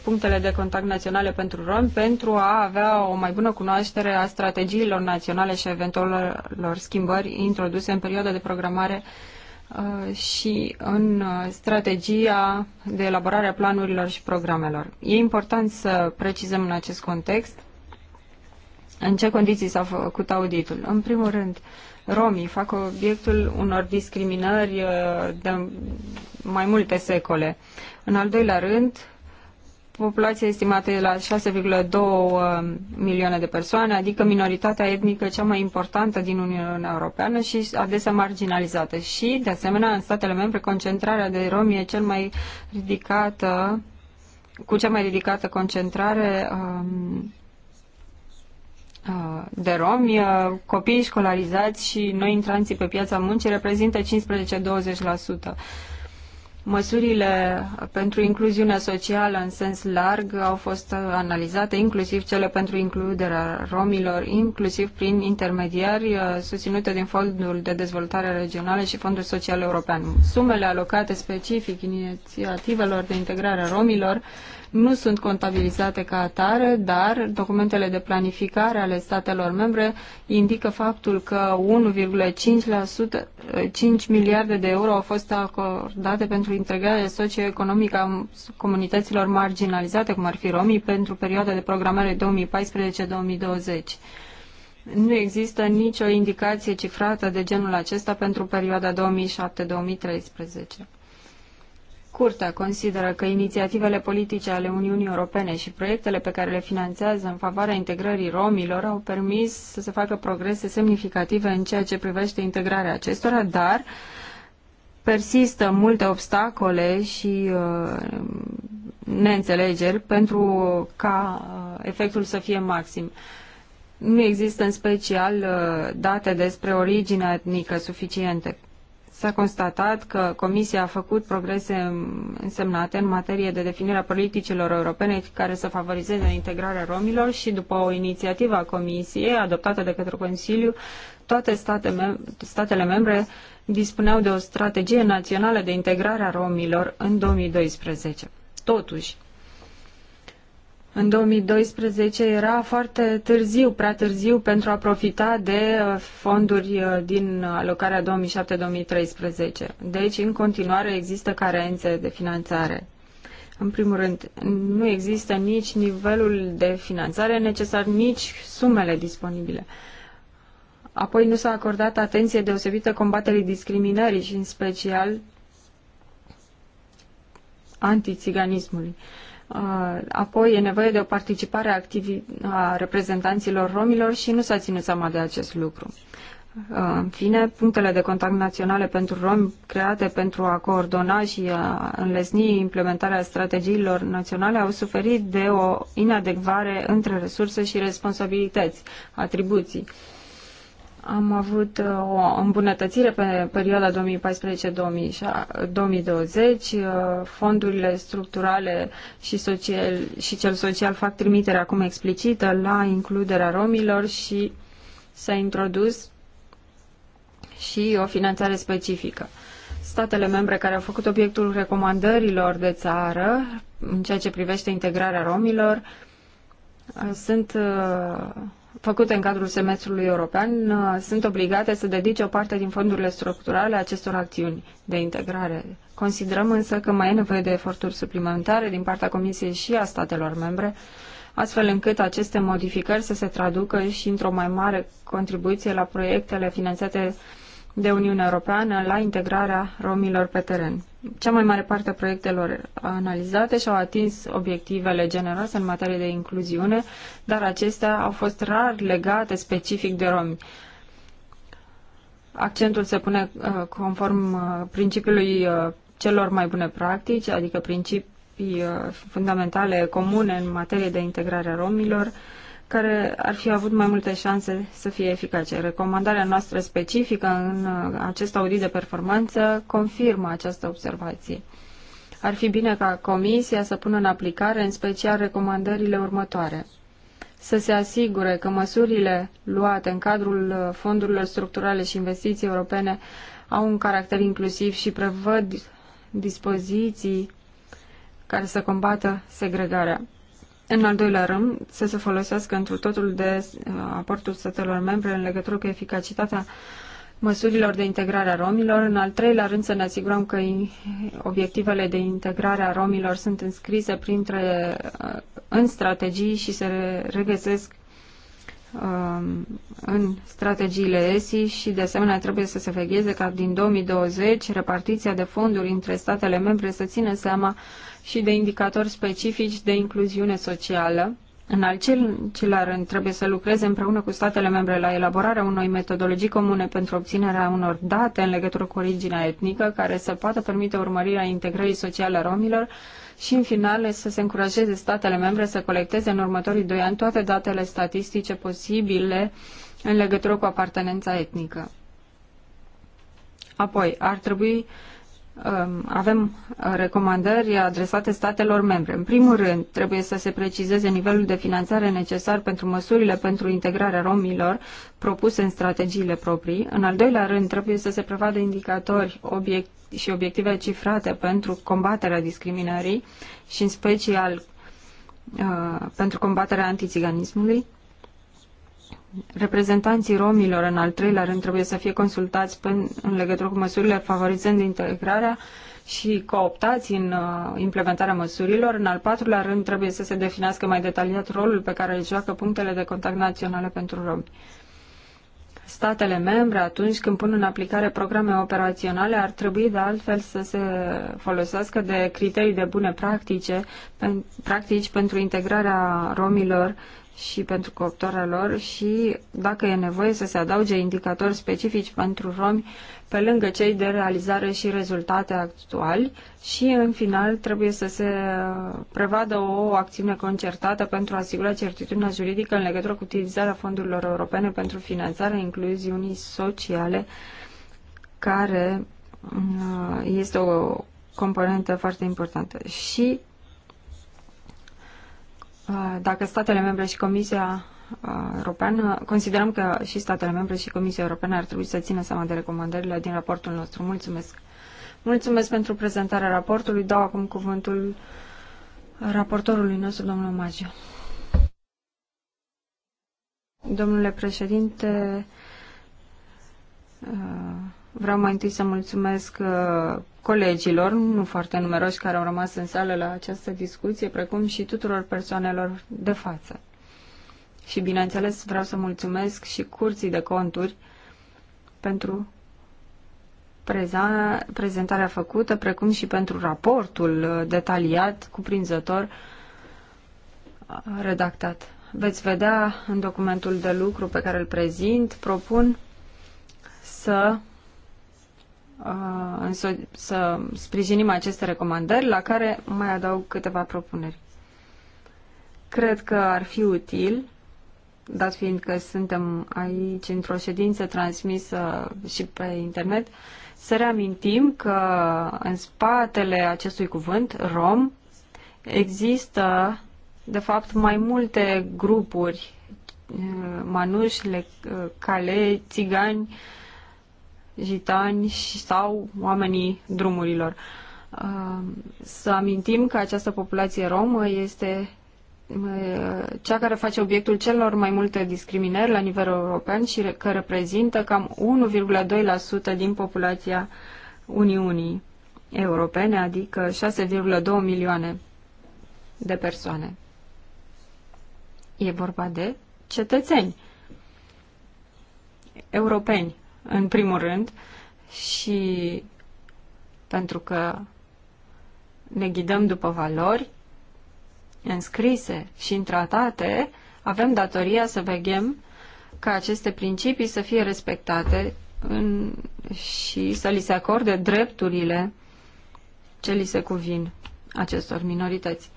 punctele de contact naționale pentru rom pentru a avea o mai bună cunoaștere a strategiilor naționale și eventualelor schimbări introduse în perioada de programare Uh, și în uh, strategia de elaborare a planurilor și programelor. E important să precizăm în acest context în ce condiții s-a făcut auditul. În primul rând, romii fac obiectul unor discriminări uh, de mai multe secole. În al doilea rând, populația estimată e la 6,2 uh, milioane de persoane, adică minoritatea etnică cea mai importantă din Uniunea Europeană și adesea marginalizată. Și, de asemenea, în statele membre, concentrarea de romi e cel mai ridicată, cu cea mai ridicată concentrare um, uh, de romi, uh, copiii școlarizați și noi intranții pe piața muncii reprezintă 15-20%. Măsurile pentru incluziunea socială în sens larg au fost analizate, inclusiv cele pentru includerea romilor, inclusiv prin intermediari uh, susținute din Fondul de Dezvoltare Regională și Fondul Social European. Sumele alocate specific inițiativelor de integrare a romilor nu sunt contabilizate ca atare, dar documentele de planificare ale statelor membre indică faptul că 1,5% 5 miliarde de euro au fost acordate pentru integrarea socioeconomică a comunităților marginalizate, cum ar fi romii, pentru perioada de programare 2014-2020. Nu există nicio indicație cifrată de genul acesta pentru perioada 2007-2013 scurtă consideră că inițiativele politice ale Uniunii Europene și proiectele pe care le finanțează în favoarea integrării romilor au permis să se facă progrese semnificative în ceea ce privește integrarea acestora, dar persistă multe obstacole și uh, neînțelegeri pentru ca uh, efectul să fie maxim. Nu există în special uh, date despre origine etnică suficiente s-a constatat că Comisia a făcut progrese însemnate în materie de definirea politicilor europene care să favorizeze integrarea romilor și după o inițiativă a Comisiei adoptată de către Consiliu, toate state mem statele membre dispuneau de o strategie națională de integrare a romilor în 2012. Totuși, în 2012 era foarte târziu, prea târziu pentru a profita de uh, fonduri uh, din alocarea 2007-2013. Deci, în continuare, există carențe de finanțare. În primul rând, nu există nici nivelul de finanțare necesar, nici sumele disponibile. Apoi nu s-a acordat atenție deosebită combaterii discriminării și în special antițiganismului. Uh, Uh, apoi e nevoie de o participare activă a reprezentanților romilor și nu s-a ținut seama de acest lucru. Uh, în fine, punctele de contact naționale pentru romi create pentru a coordona și a înlesni implementarea strategiilor naționale au suferit de o inadecvare între resurse și responsabilități, atribuții. Am avut uh, o îmbunătățire pe perioada 2014-2020. Uh, fondurile structurale și, social, și cel social fac trimitere acum explicită la includerea romilor și s-a introdus și o finanțare specifică. Statele membre care au făcut obiectul recomandărilor de țară în ceea ce privește integrarea romilor uh, sunt făcute în cadrul semestrului european uh, sunt obligate să dedice o parte din fondurile structurale acestor acțiuni de integrare. Considerăm însă că mai e nevoie de eforturi suplimentare din partea Comisiei și a statelor membre, astfel încât aceste modificări să se traducă și într-o mai mare contribuție la proiectele finanțate de Uniunea Europeană la integrarea romilor pe teren. Cea mai mare parte a proiectelor analizate și-au atins obiectivele generoase în materie de incluziune, dar acestea au fost rar legate specific de romi. Accentul se pune uh, conform uh, principiului uh, celor mai bune practici, adică principii fundamentale comune în materie de integrare a romilor, care ar fi avut mai multe șanse să fie eficace. Recomandarea noastră specifică în uh, acest audit de performanță confirmă această observație. Ar fi bine ca Comisia să pună în aplicare în special recomandările următoare. Să se asigure că măsurile luate în cadrul uh, fondurilor structurale și investiții europene au un caracter inclusiv și prevăd dispoziții care să combată segregarea în al doilea rând, să se folosească întru totul de uh, aportul statelor membre în legătură cu eficacitatea măsurilor de integrare a romilor. În al treilea rând, să ne asigurăm că obiectivele de integrare a romilor sunt înscrise printre, uh, în strategii și se regăsesc um, în strategiile ESI și de asemenea trebuie să se vegheze ca din 2020 repartiția de fonduri între statele membre să țină seama și de indicatori specifici de incluziune socială. În al cincilea rând, trebuie să lucreze împreună cu statele membre la elaborarea unei metodologii comune pentru obținerea unor date în legătură cu originea etnică, care să poată permite urmărirea integrării sociale a romilor și, în final, să se încurajeze statele membre să colecteze în următorii doi ani toate datele statistice posibile în legătură cu apartenența etnică. Apoi, ar trebui Um, avem uh, recomandări adresate statelor membre. În primul rând, trebuie să se precizeze nivelul de finanțare necesar pentru măsurile pentru integrarea romilor propuse în strategiile proprii. În al doilea rând, trebuie să se prevadă indicatori obiect și obiective cifrate pentru combaterea discriminării și în special uh, pentru combaterea antiziganismului reprezentanții romilor în al treilea rând trebuie să fie consultați pe, în legătură cu măsurile favorizând integrarea și cooptați în uh, implementarea măsurilor. În al patrulea rând trebuie să se definească mai detaliat rolul pe care îl joacă punctele de contact naționale pentru romi. Statele membre, atunci când pun în aplicare programe operaționale, ar trebui de altfel să se folosească de criterii de bune practice, pen, practici pentru integrarea romilor și pentru cooptarea lor și, dacă e nevoie, să se adauge indicatori specifici pentru romi pe lângă cei de realizare și rezultate actuali și, în final, trebuie să se prevadă o acțiune concertată pentru a asigura certitudinea juridică în legătură cu utilizarea fondurilor europene pentru finanțarea incluziunii sociale, care uh, este o componentă foarte importantă. Și Uh, dacă statele membre și Comisia uh, Europeană, considerăm că și statele membre și Comisia Europeană ar trebui să țină seama de recomandările din raportul nostru. Mulțumesc! Mulțumesc pentru prezentarea raportului. Dau acum cuvântul raportorului nostru, domnul Magiu. Domnule președinte, uh, Vreau mai întâi să mulțumesc uh, colegilor, nu foarte numeroși, care au rămas în sală la această discuție, precum și tuturor persoanelor de față. Și, bineînțeles, vreau să mulțumesc și curții de conturi pentru prezentarea făcută, precum și pentru raportul uh, detaliat, cuprinzător, uh, redactat. Veți vedea în documentul de lucru pe care îl prezint, propun să Uh, să sprijinim aceste recomandări, la care mai adaug câteva propuneri. Cred că ar fi util, dat fiind că suntem aici într-o ședință transmisă și pe internet, să reamintim că în spatele acestui cuvânt, rom, există, de fapt, mai multe grupuri, uh, manuși, uh, cale, țigani, gitani sau oamenii drumurilor. Uh, să amintim că această populație romă este uh, cea care face obiectul celor mai multe discriminări la nivel european și că reprezintă cam 1,2% din populația Uniunii Europene, adică 6,2 milioane de persoane. E vorba de cetățeni europeni în primul rând, și pentru că ne ghidăm după valori înscrise și în tratate, avem datoria să veghem ca aceste principii să fie respectate în, și să li se acorde drepturile ce li se cuvin acestor minorități.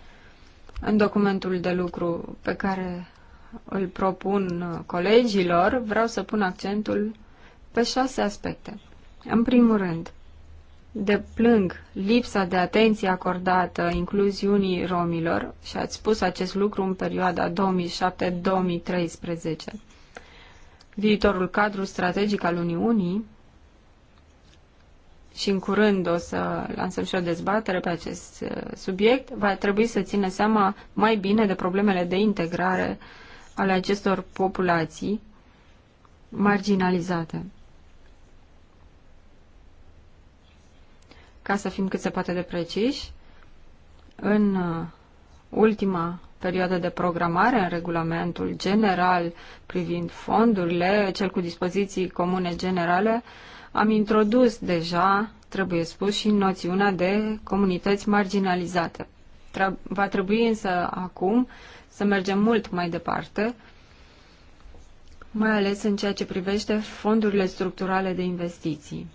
În documentul de lucru pe care îl propun colegilor, vreau să pun accentul pe șase aspecte. În primul rând, plâng lipsa de atenție acordată incluziunii romilor și ați spus acest lucru în perioada 2007-2013. Viitorul cadru strategic al Uniunii și în curând o să lansăm și o dezbatere pe acest uh, subiect, va trebui să țină seama mai bine de problemele de integrare ale acestor populații marginalizate. ca să fim cât se poate de preciși, în uh, ultima perioadă de programare în regulamentul general privind fondurile, cel cu dispoziții comune generale, am introdus deja, trebuie spus, și noțiunea de comunități marginalizate. Va trebui însă acum să mergem mult mai departe, mai ales în ceea ce privește fondurile structurale de investiții.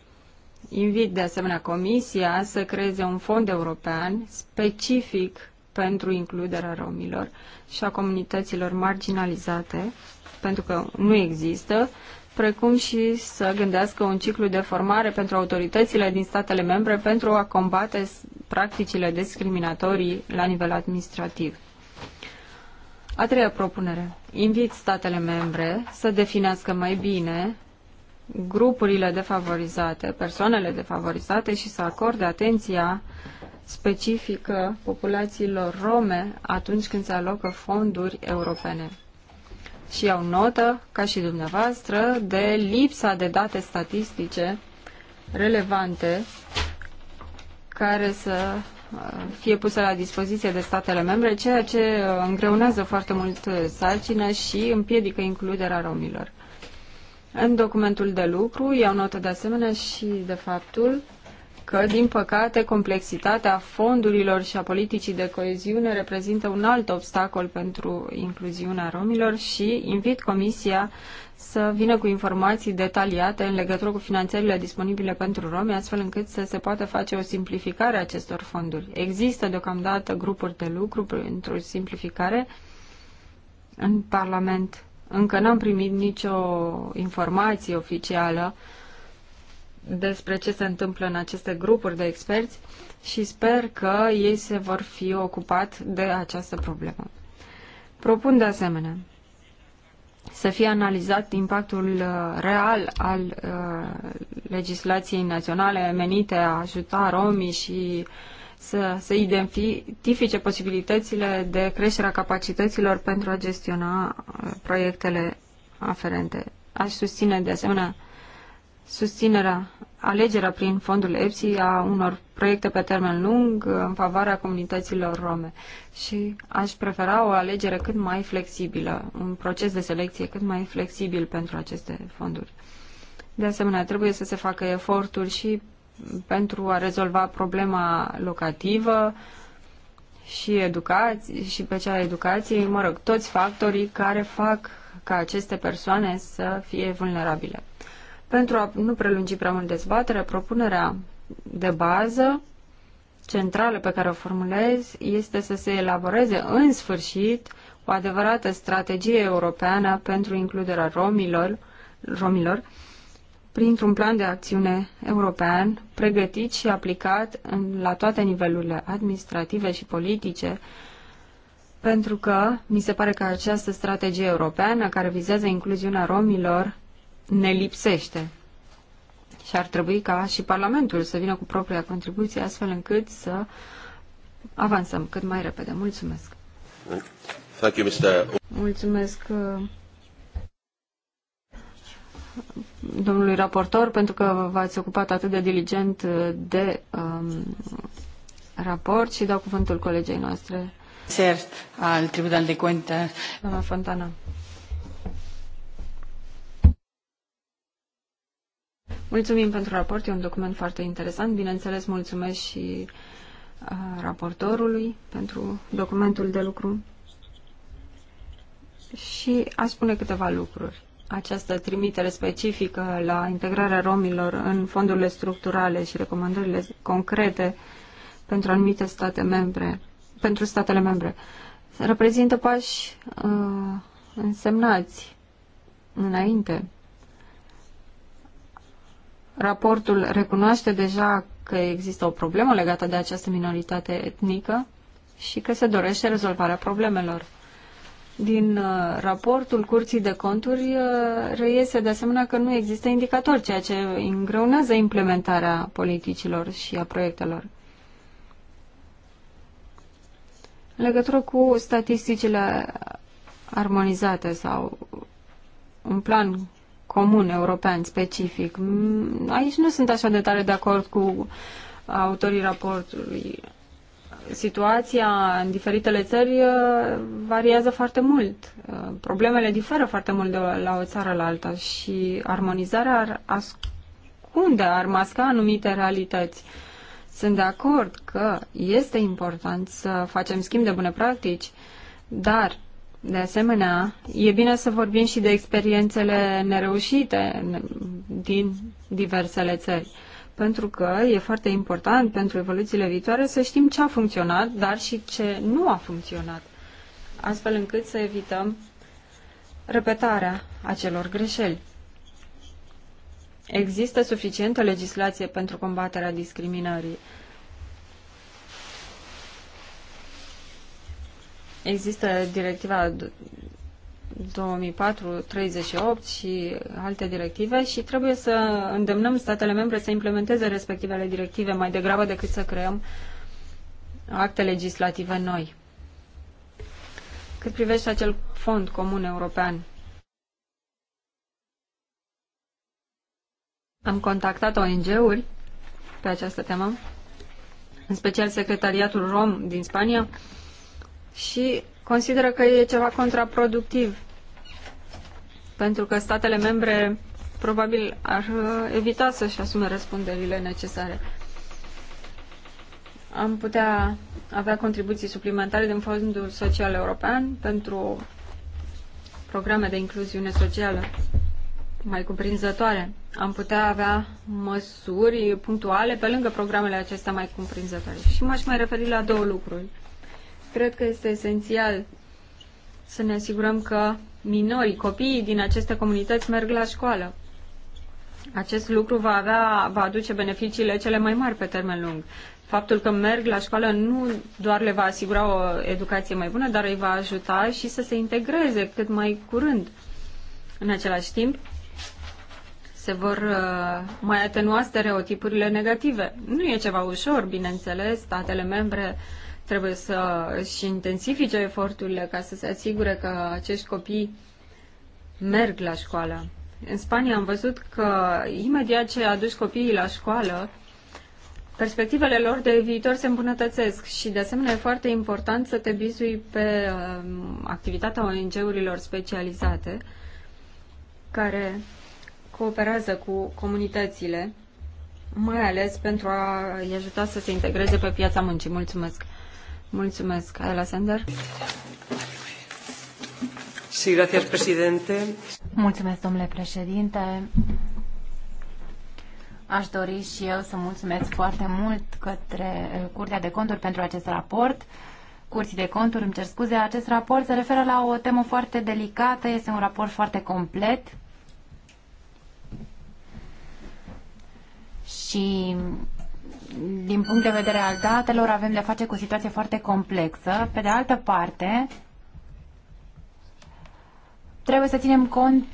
Invit de asemenea Comisia să creeze un fond european specific pentru includerea romilor și a comunităților marginalizate, pentru că nu există, precum și să gândească un ciclu de formare pentru autoritățile din statele membre pentru a combate practicile discriminatorii la nivel administrativ. A treia propunere. Invit statele membre să definească mai bine grupurile defavorizate, persoanele defavorizate și să acorde atenția specifică populațiilor rome atunci când se alocă fonduri europene. Și au notă, ca și dumneavoastră, de lipsa de date statistice relevante care să uh, fie pusă la dispoziție de statele membre, ceea ce uh, îngreunează foarte mult uh, sarcina și împiedică includerea romilor. În documentul de lucru iau notă de asemenea și de faptul că, din păcate, complexitatea fondurilor și a politicii de coeziune reprezintă un alt obstacol pentru incluziunea romilor și invit Comisia să vină cu informații detaliate în legătură cu finanțările disponibile pentru romi, astfel încât să se poată face o simplificare a acestor fonduri. Există deocamdată grupuri de lucru pentru simplificare în Parlament încă n-am primit nicio informație oficială despre ce se întâmplă în aceste grupuri de experți și sper că ei se vor fi ocupat de această problemă. Propun de asemenea să fie analizat impactul uh, real al uh, legislației naționale menite a ajuta romii și uh, să se identifice posibilitățile de creșterea capacităților pentru a gestiona uh, proiectele aferente. Aș susține de asemenea susținerea, alegerea prin fondul EPSI a unor proiecte pe termen lung uh, în favoarea comunităților rome și aș prefera o alegere cât mai flexibilă, un proces de selecție cât mai flexibil pentru aceste fonduri. De asemenea, trebuie să se facă eforturi și pentru a rezolva problema locativă și educații și pe cea a educației, mă rog, toți factorii care fac ca aceste persoane să fie vulnerabile. Pentru a nu prelungi prea mult dezbaterea, propunerea de bază centrală pe care o formulez este să se elaboreze în sfârșit o adevărată strategie europeană pentru includerea romilor, romilor printr-un plan de acțiune european pregătit și aplicat în, la toate nivelurile administrative și politice, pentru că mi se pare că această strategie europeană care vizează incluziunea romilor ne lipsește. Și ar trebui ca și Parlamentul să vină cu propria contribuție astfel încât să avansăm cât mai repede. Mulțumesc! Mulțumesc, uh, domnului raportor pentru că v-ați ocupat atât de diligent uh, de um, raport și dau cuvântul colegei noastre. Cert al Tribunal de Cuentas. Doamna Fontana. Mulțumim pentru raport, e un document foarte interesant. Bineînțeles, mulțumesc și uh, raportorului pentru documentul de lucru. Și a spune câteva lucruri această trimitere specifică la integrarea romilor în fondurile structurale și recomandările concrete pentru anumite state membre, pentru statele membre, reprezintă pași uh, însemnați înainte. Raportul recunoaște deja că există o problemă legată de această minoritate etnică și că se dorește rezolvarea problemelor. Din uh, raportul Curții de Conturi uh, reiese de asemenea că nu există indicatori, ceea ce îngreunează implementarea politicilor și a proiectelor. În legătură cu statisticile armonizate sau un plan comun european specific, aici nu sunt așa de tare de acord cu autorii raportului situația în diferitele țări uh, variază foarte mult. Uh, problemele diferă foarte mult de la o țară la alta și armonizarea ar ascunde, ar masca anumite realități. Sunt de acord că este important să facem schimb de bune practici, dar, de asemenea, e bine să vorbim și de experiențele nereușite din diversele țări pentru că e foarte important pentru evoluțiile viitoare să știm ce a funcționat, dar și ce nu a funcționat, astfel încât să evităm repetarea acelor greșeli. Există suficientă legislație pentru combaterea discriminării. Există directiva 2004-38 și alte directive și trebuie să îndemnăm statele membre să implementeze respectivele directive mai degrabă decât să creăm acte legislative noi. Cât privește acel fond comun european, am contactat ONG-uri pe această temă, în special Secretariatul Rom din Spania, și consideră că e ceva contraproductiv, pentru că statele membre probabil ar uh, evita să-și asume răspunderile necesare. Am putea avea contribuții suplimentare din Fondul Social European pentru programe de incluziune socială mai cuprinzătoare. Am putea avea măsuri punctuale pe lângă programele acestea mai cuprinzătoare. Și m-aș mai referi la două lucruri cred că este esențial să ne asigurăm că minorii, copiii din aceste comunități merg la școală. Acest lucru va, avea, va aduce beneficiile cele mai mari pe termen lung. Faptul că merg la școală nu doar le va asigura o educație mai bună, dar îi va ajuta și să se integreze cât mai curând. În același timp, se vor uh, mai atenua stereotipurile negative. Nu e ceva ușor, bineînțeles, statele membre uh, trebuie să și intensifice eforturile ca să se asigure că acești copii merg la școală. În Spania am văzut că imediat ce aduci copiii la școală, perspectivele lor de viitor se îmbunătățesc și de asemenea e foarte important să te bizui pe um, activitatea ONG-urilor specializate care cooperează cu comunitățile, mai ales pentru a-i ajuta să se integreze pe piața muncii. Mulțumesc! Mulțumesc, Ayala Sender. Sí, gracias, presidente. Mulțumesc, domnule președinte. Aș dori și eu să mulțumesc foarte mult către eh, Curtea de Conturi pentru acest raport. Curții de Conturi, îmi cer scuze, acest raport se referă la o temă foarte delicată, este un raport foarte complet și din punct de vedere al datelor, avem de-a face cu o situație foarte complexă. Pe de altă parte, trebuie să ținem cont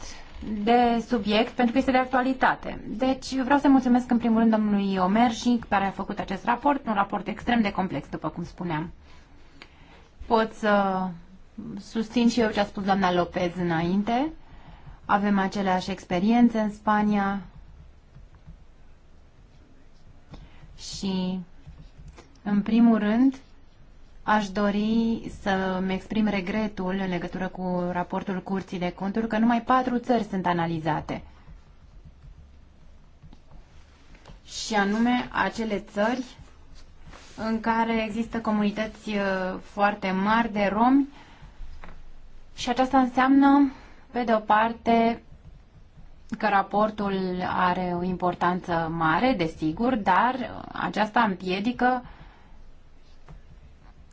de subiect pentru că este de actualitate. Deci vreau să mulțumesc în primul rând domnului Omerjic care a făcut acest raport, un raport extrem de complex, după cum spuneam. Pot să susțin și eu ce a spus doamna Lopez înainte. Avem aceleași experiențe în Spania, și, în primul rând, Aș dori să-mi exprim regretul în legătură cu raportul Curții de Conturi că numai patru țări sunt analizate. Și anume acele țări în care există comunități uh, foarte mari de romi și aceasta înseamnă, pe de o parte, că raportul are o importanță mare, desigur, dar aceasta împiedică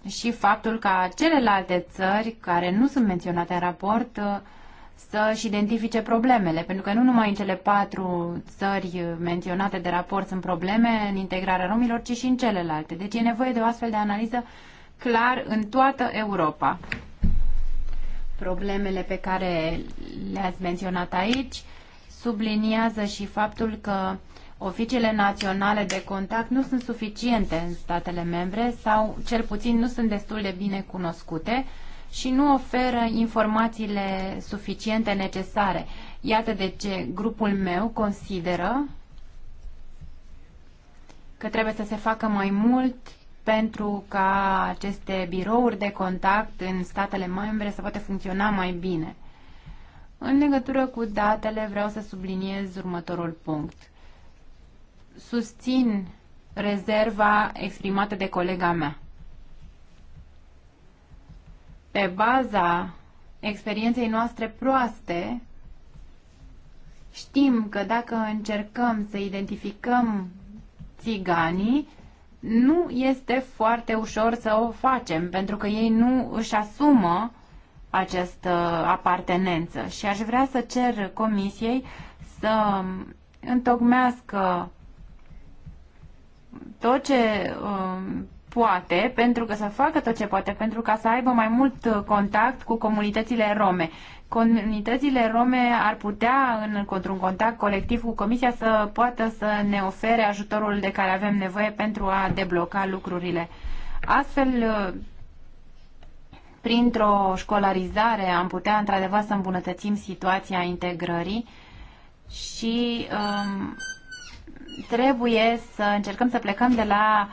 și faptul ca celelalte țări care nu sunt menționate în raport să-și identifice problemele, pentru că nu numai în cele patru țări menționate de raport sunt probleme în integrarea romilor, ci și în celelalte. Deci e nevoie de o astfel de analiză clar în toată Europa. Problemele pe care le-ați menționat aici subliniază și faptul că oficiile naționale de contact nu sunt suficiente în statele membre sau cel puțin nu sunt destul de bine cunoscute și nu oferă informațiile suficiente necesare. Iată de ce grupul meu consideră că trebuie să se facă mai mult pentru ca aceste birouri de contact în statele membre să poată funcționa mai bine. În legătură cu datele, vreau să subliniez următorul punct. Susțin rezerva exprimată de colega mea. Pe baza experienței noastre proaste, știm că dacă încercăm să identificăm țiganii, nu este foarte ușor să o facem, pentru că ei nu își asumă această apartenență și aș vrea să cer comisiei să întocmească tot ce um, poate, pentru că să facă tot ce poate, pentru ca să aibă mai mult contact cu comunitățile rome. Comunitățile rome ar putea, în, într-un contact colectiv cu Comisia, să poată să ne ofere ajutorul de care avem nevoie pentru a debloca lucrurile. Astfel, printr-o școlarizare am putea într-adevăr să îmbunătățim situația integrării și um, trebuie să încercăm să plecăm de la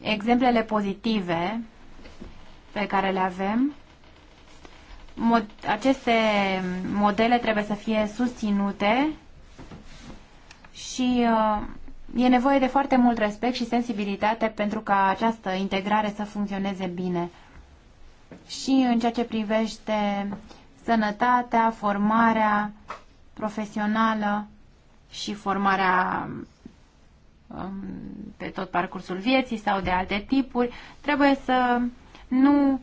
exemplele pozitive pe care le avem. Mod, aceste modele trebuie să fie susținute și uh, e nevoie de foarte mult respect și sensibilitate pentru ca această integrare să funcționeze bine și în ceea ce privește sănătatea, formarea profesională și formarea um, pe tot parcursul vieții sau de alte tipuri. Trebuie să nu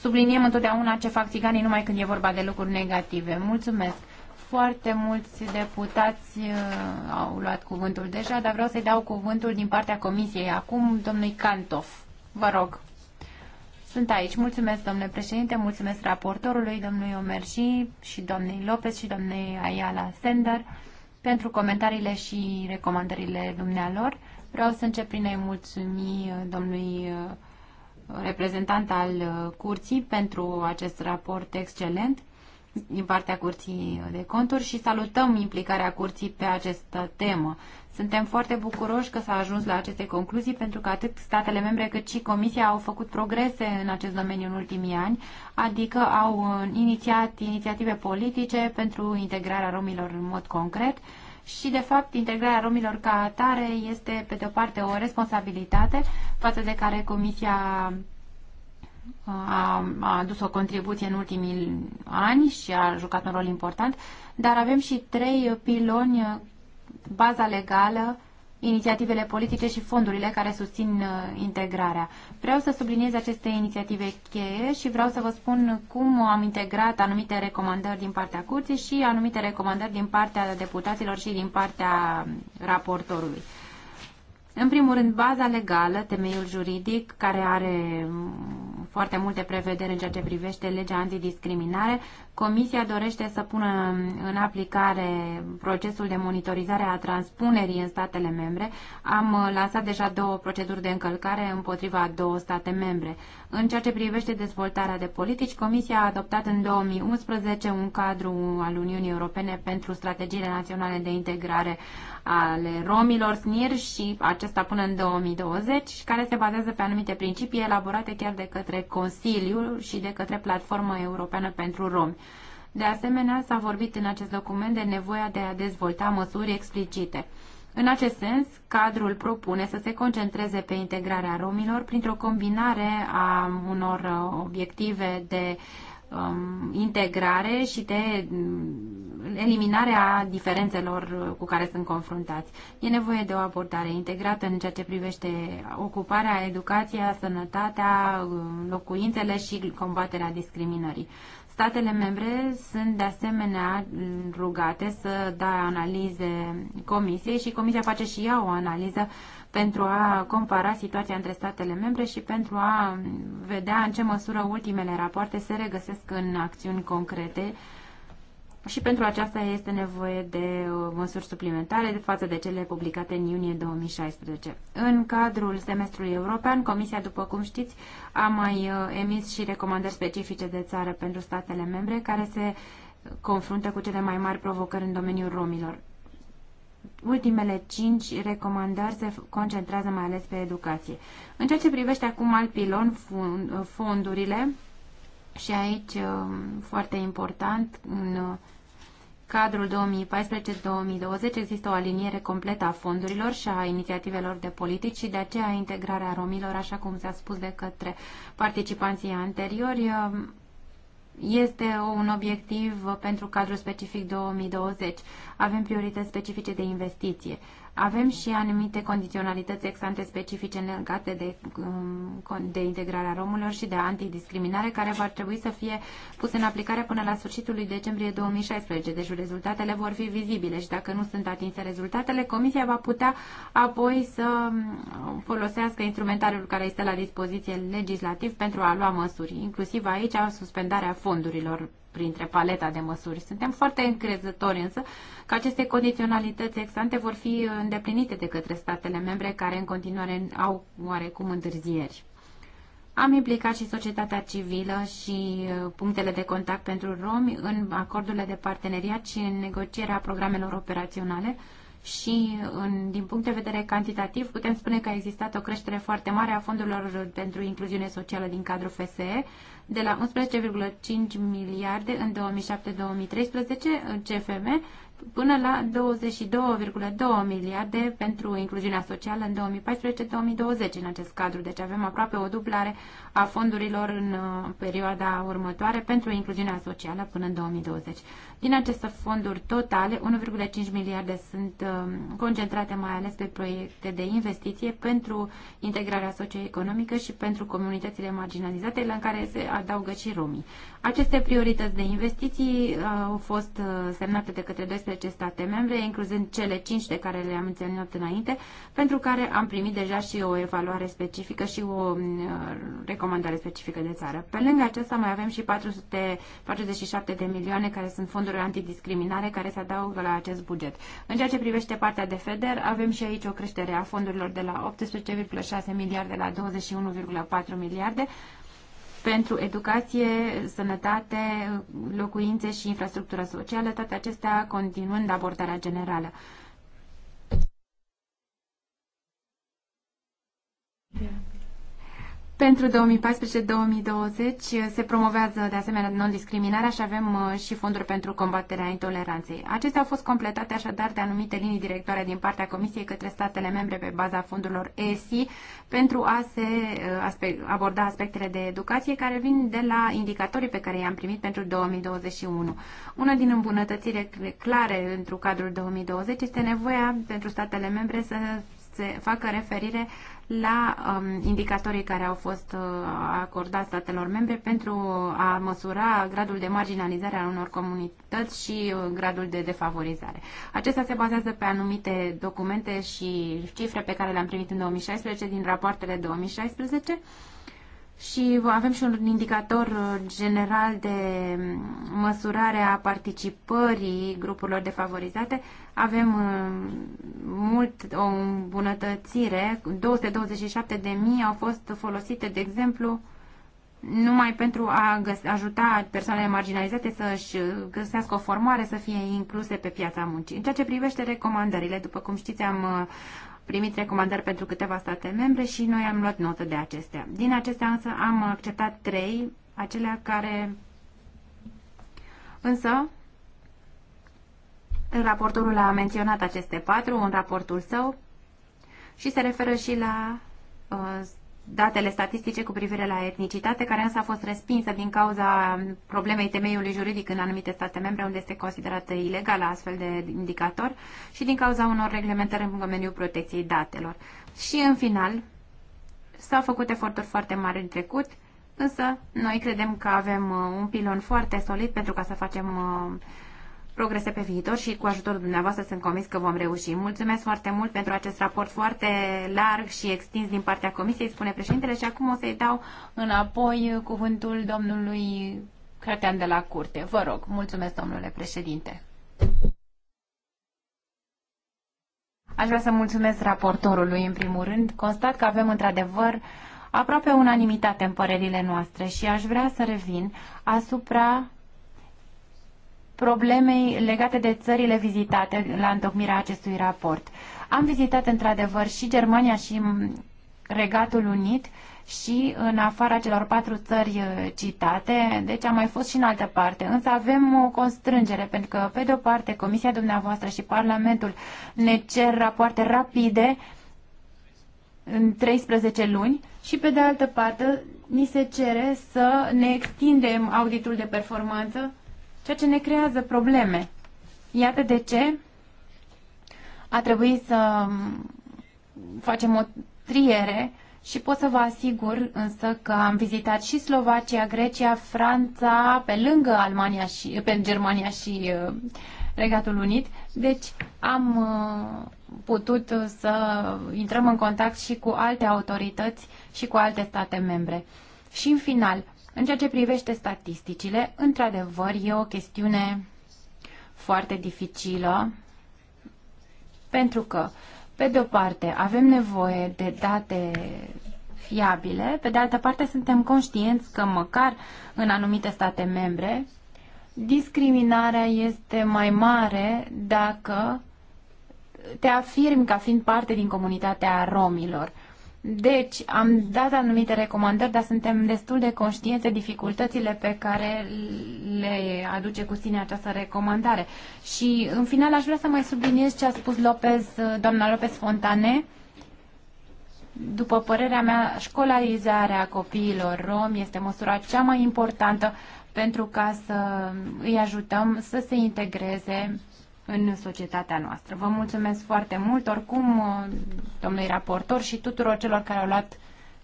subliniem întotdeauna ce fac țiganii numai când e vorba de lucruri negative. Mulțumesc! Foarte mulți deputați uh, au luat cuvântul deja, dar vreau să-i dau cuvântul din partea comisiei acum domnului Cantov. Vă rog! Sunt aici. Mulțumesc, domnule președinte, mulțumesc raportorului, domnului Omerji și domnului Lopez și doamnei Ayala Sender pentru comentariile și recomandările dumnealor. Vreau să încep prin a-i mulțumi uh, domnului uh, reprezentant al uh, curții pentru acest raport excelent din partea Curții de Conturi și salutăm implicarea Curții pe această temă. Suntem foarte bucuroși că s-a ajuns la aceste concluzii pentru că atât statele membre cât și Comisia au făcut progrese în acest domeniu în ultimii ani, adică au uh, inițiat inițiative politice pentru integrarea romilor în mod concret și, de fapt, integrarea romilor ca atare este, pe de o parte, o responsabilitate față de care Comisia a, a adus o contribuție în ultimii ani și a jucat un rol important, dar avem și trei piloni, baza legală, inițiativele politice și fondurile care susțin uh, integrarea. Vreau să subliniez aceste inițiative cheie și vreau să vă spun cum am integrat anumite recomandări din partea curții și anumite recomandări din partea deputaților și din partea um, raportorului. În primul rând, baza legală, temeiul juridic, care are foarte multe prevederi în ceea ce privește legea antidiscriminare, Comisia dorește să pună în aplicare procesul de monitorizare a transpunerii în statele membre. Am uh, lansat deja două proceduri de încălcare împotriva două state membre. În ceea ce privește dezvoltarea de politici, Comisia a adoptat în 2011 un cadru al Uniunii Europene pentru strategiile naționale de integrare ale romilor SNIR și acesta până în 2020, care se bazează pe anumite principii elaborate chiar de către Consiliu și de către Platforma Europeană pentru Romi. De asemenea, s-a vorbit în acest document de nevoia de a dezvolta măsuri explicite. În acest sens, cadrul propune să se concentreze pe integrarea romilor printr-o combinare a unor uh, obiective de um, integrare și de mm, eliminarea diferențelor uh, cu care sunt confruntați. E nevoie de o abordare integrată în ceea ce privește ocuparea, educația, sănătatea, uh, locuințele și combaterea discriminării. Statele membre sunt de asemenea rugate să dea analize comisiei și comisia face și ea o analiză pentru a compara situația între statele membre și pentru a vedea în ce măsură ultimele rapoarte se regăsesc în acțiuni concrete și pentru aceasta este nevoie de uh, măsuri suplimentare de față de cele publicate în iunie 2016. În cadrul semestrului european, Comisia, după cum știți, a mai uh, emis și recomandări specifice de țară pentru statele membre care se uh, confruntă cu cele mai mari provocări în domeniul romilor. Ultimele cinci recomandări se concentrează mai ales pe educație. În ceea ce privește acum al pilon, fondurile, și aici um, foarte important în cadrul 2014-2020 există o aliniere completă a fondurilor și a inițiativelor de politici și de aceea integrarea romilor, așa cum s-a spus de către participanții anteriori, este un obiectiv pentru cadrul specific 2020. Avem priorități specifice de investiție. Avem și anumite condiționalități exante specifice legate de, um, de integrarea romilor și de antidiscriminare, care vor trebui să fie puse în aplicare până la sfârșitul lui decembrie 2016. Deci rezultatele vor fi vizibile și dacă nu sunt atinse rezultatele, Comisia va putea apoi să um, folosească instrumentarul care este la dispoziție legislativ pentru a lua măsuri, inclusiv aici suspendarea fondurilor printre paleta de măsuri. Suntem foarte încrezători însă că aceste condiționalități exante vor fi îndeplinite de către statele membre care în continuare au oarecum întârzieri. Am implicat și societatea civilă și uh, punctele de contact pentru romi în acordurile de parteneriat și în negocierea programelor operaționale și uh, în, din punct de vedere cantitativ putem spune că a existat o creștere foarte mare a fondurilor pentru incluziune socială din cadrul FSE, de la 11,5 miliarde în 2007-2013 CFM până la 22,2 miliarde pentru incluziunea socială în 2014-2020 în acest cadru. Deci avem aproape o dublare a fondurilor în uh, perioada următoare pentru incluziunea socială până în 2020. Din aceste fonduri totale, 1,5 miliarde sunt um, concentrate mai ales pe proiecte de investiție pentru integrarea socioeconomică și pentru comunitățile marginalizate, la care se adaugă și romii. Aceste priorități de investiții uh, au fost uh, semnate de către 12 state membre, incluzând cele 5 de care le-am menționat înainte, pentru care am primit deja și o evaluare specifică și o recomandare recomandare specifică de țară. Pe lângă acesta mai avem și 447 de milioane care sunt fonduri antidiscriminare care se adaugă la acest buget. În ceea ce privește partea de FEDER, avem și aici o creștere a fondurilor de la 18,6 miliarde la 21,4 miliarde pentru educație, sănătate, locuințe și infrastructură socială, toate acestea continuând abordarea generală. Yeah. Pentru 2014-2020 eh, se promovează de asemenea non-discriminarea și avem eh, și fonduri pentru combaterea intoleranței. Acestea au fost completate așadar de anumite linii directoare din partea Comisiei către statele membre pe baza fondurilor ESI pentru a se eh, aborda aspectele de educație care vin de la indicatorii pe care i-am primit pentru 2021. Una din îmbunătățire clare pentru cadrul 2020 este nevoia pentru statele membre să se facă referire la um, indicatorii care au fost uh, acordați statelor membre pentru a măsura gradul de marginalizare al unor comunități și uh, gradul de defavorizare. Acesta se bazează pe anumite documente și cifre pe care le-am primit în 2016 din rapoartele 2016 și avem și un indicator uh, general de mm, măsurare a participării grupurilor defavorizate avem uh, mult o îmbunătățire. 227.000 au fost folosite, de exemplu, numai pentru a ajuta persoanele marginalizate să-și găsească o formare, să fie incluse pe piața muncii. În ceea ce privește recomandările, după cum știți, am uh, primit recomandări pentru câteva state membre și noi am luat notă de acestea. Din acestea însă am acceptat trei, acelea care însă Raportorul a menționat aceste patru în raportul său și se referă și la uh, datele statistice cu privire la etnicitate, care însă a fost respinsă din cauza problemei temeiului juridic în anumite state membre, unde este considerată ilegală astfel de indicator, și din cauza unor reglementări în domeniul protecției datelor. Și în final, s-au făcut eforturi foarte mari în trecut, însă noi credem că avem uh, un pilon foarte solid pentru ca să facem uh, progrese pe viitor și cu ajutorul dumneavoastră sunt convins că vom reuși. Mulțumesc foarte mult pentru acest raport foarte larg și extins din partea Comisiei, spune președintele, și acum o să-i dau înapoi cuvântul domnului Cretean de la Curte. Vă rog, mulțumesc, domnule președinte. Aș vrea să mulțumesc raportorului, în primul rând. Constat că avem, într-adevăr, aproape unanimitate în părerile noastre și aș vrea să revin asupra problemei legate de țările vizitate la întocmirea acestui raport. Am vizitat într-adevăr și Germania și Regatul Unit și în afara celor patru țări uh, citate, deci am mai fost și în altă parte. Însă avem o constrângere, pentru că, pe de o parte, Comisia dumneavoastră și Parlamentul ne cer rapoarte rapide în 13 luni și, pe de altă parte, ni se cere să ne extindem auditul de performanță ceea ce ne creează probleme. Iată de ce a trebuit să facem o triere și pot să vă asigur însă că am vizitat și Slovacia, Grecia, Franța, pe lângă Almania și, pe Germania și uh, Regatul Unit. Deci am uh, putut să intrăm în contact și cu alte autorități și cu alte state membre. Și în final, în ceea ce privește statisticile, într-adevăr, e o chestiune foarte dificilă, pentru că, pe de o parte, avem nevoie de date fiabile, pe de altă parte, suntem conștienți că, măcar în anumite state membre, discriminarea este mai mare dacă te afirmi ca fiind parte din comunitatea romilor. Deci, am dat anumite recomandări, dar suntem destul de conștienți de dificultățile pe care le aduce cu sine această recomandare. Și, în final, aș vrea să mai subliniez ce a spus Lopez, doamna Lopez Fontane. După părerea mea, școlarizarea copiilor rom este măsura cea mai importantă pentru ca să îi ajutăm să se integreze în societatea noastră. Vă mulțumesc foarte mult, oricum, domnului raportor și tuturor celor care au luat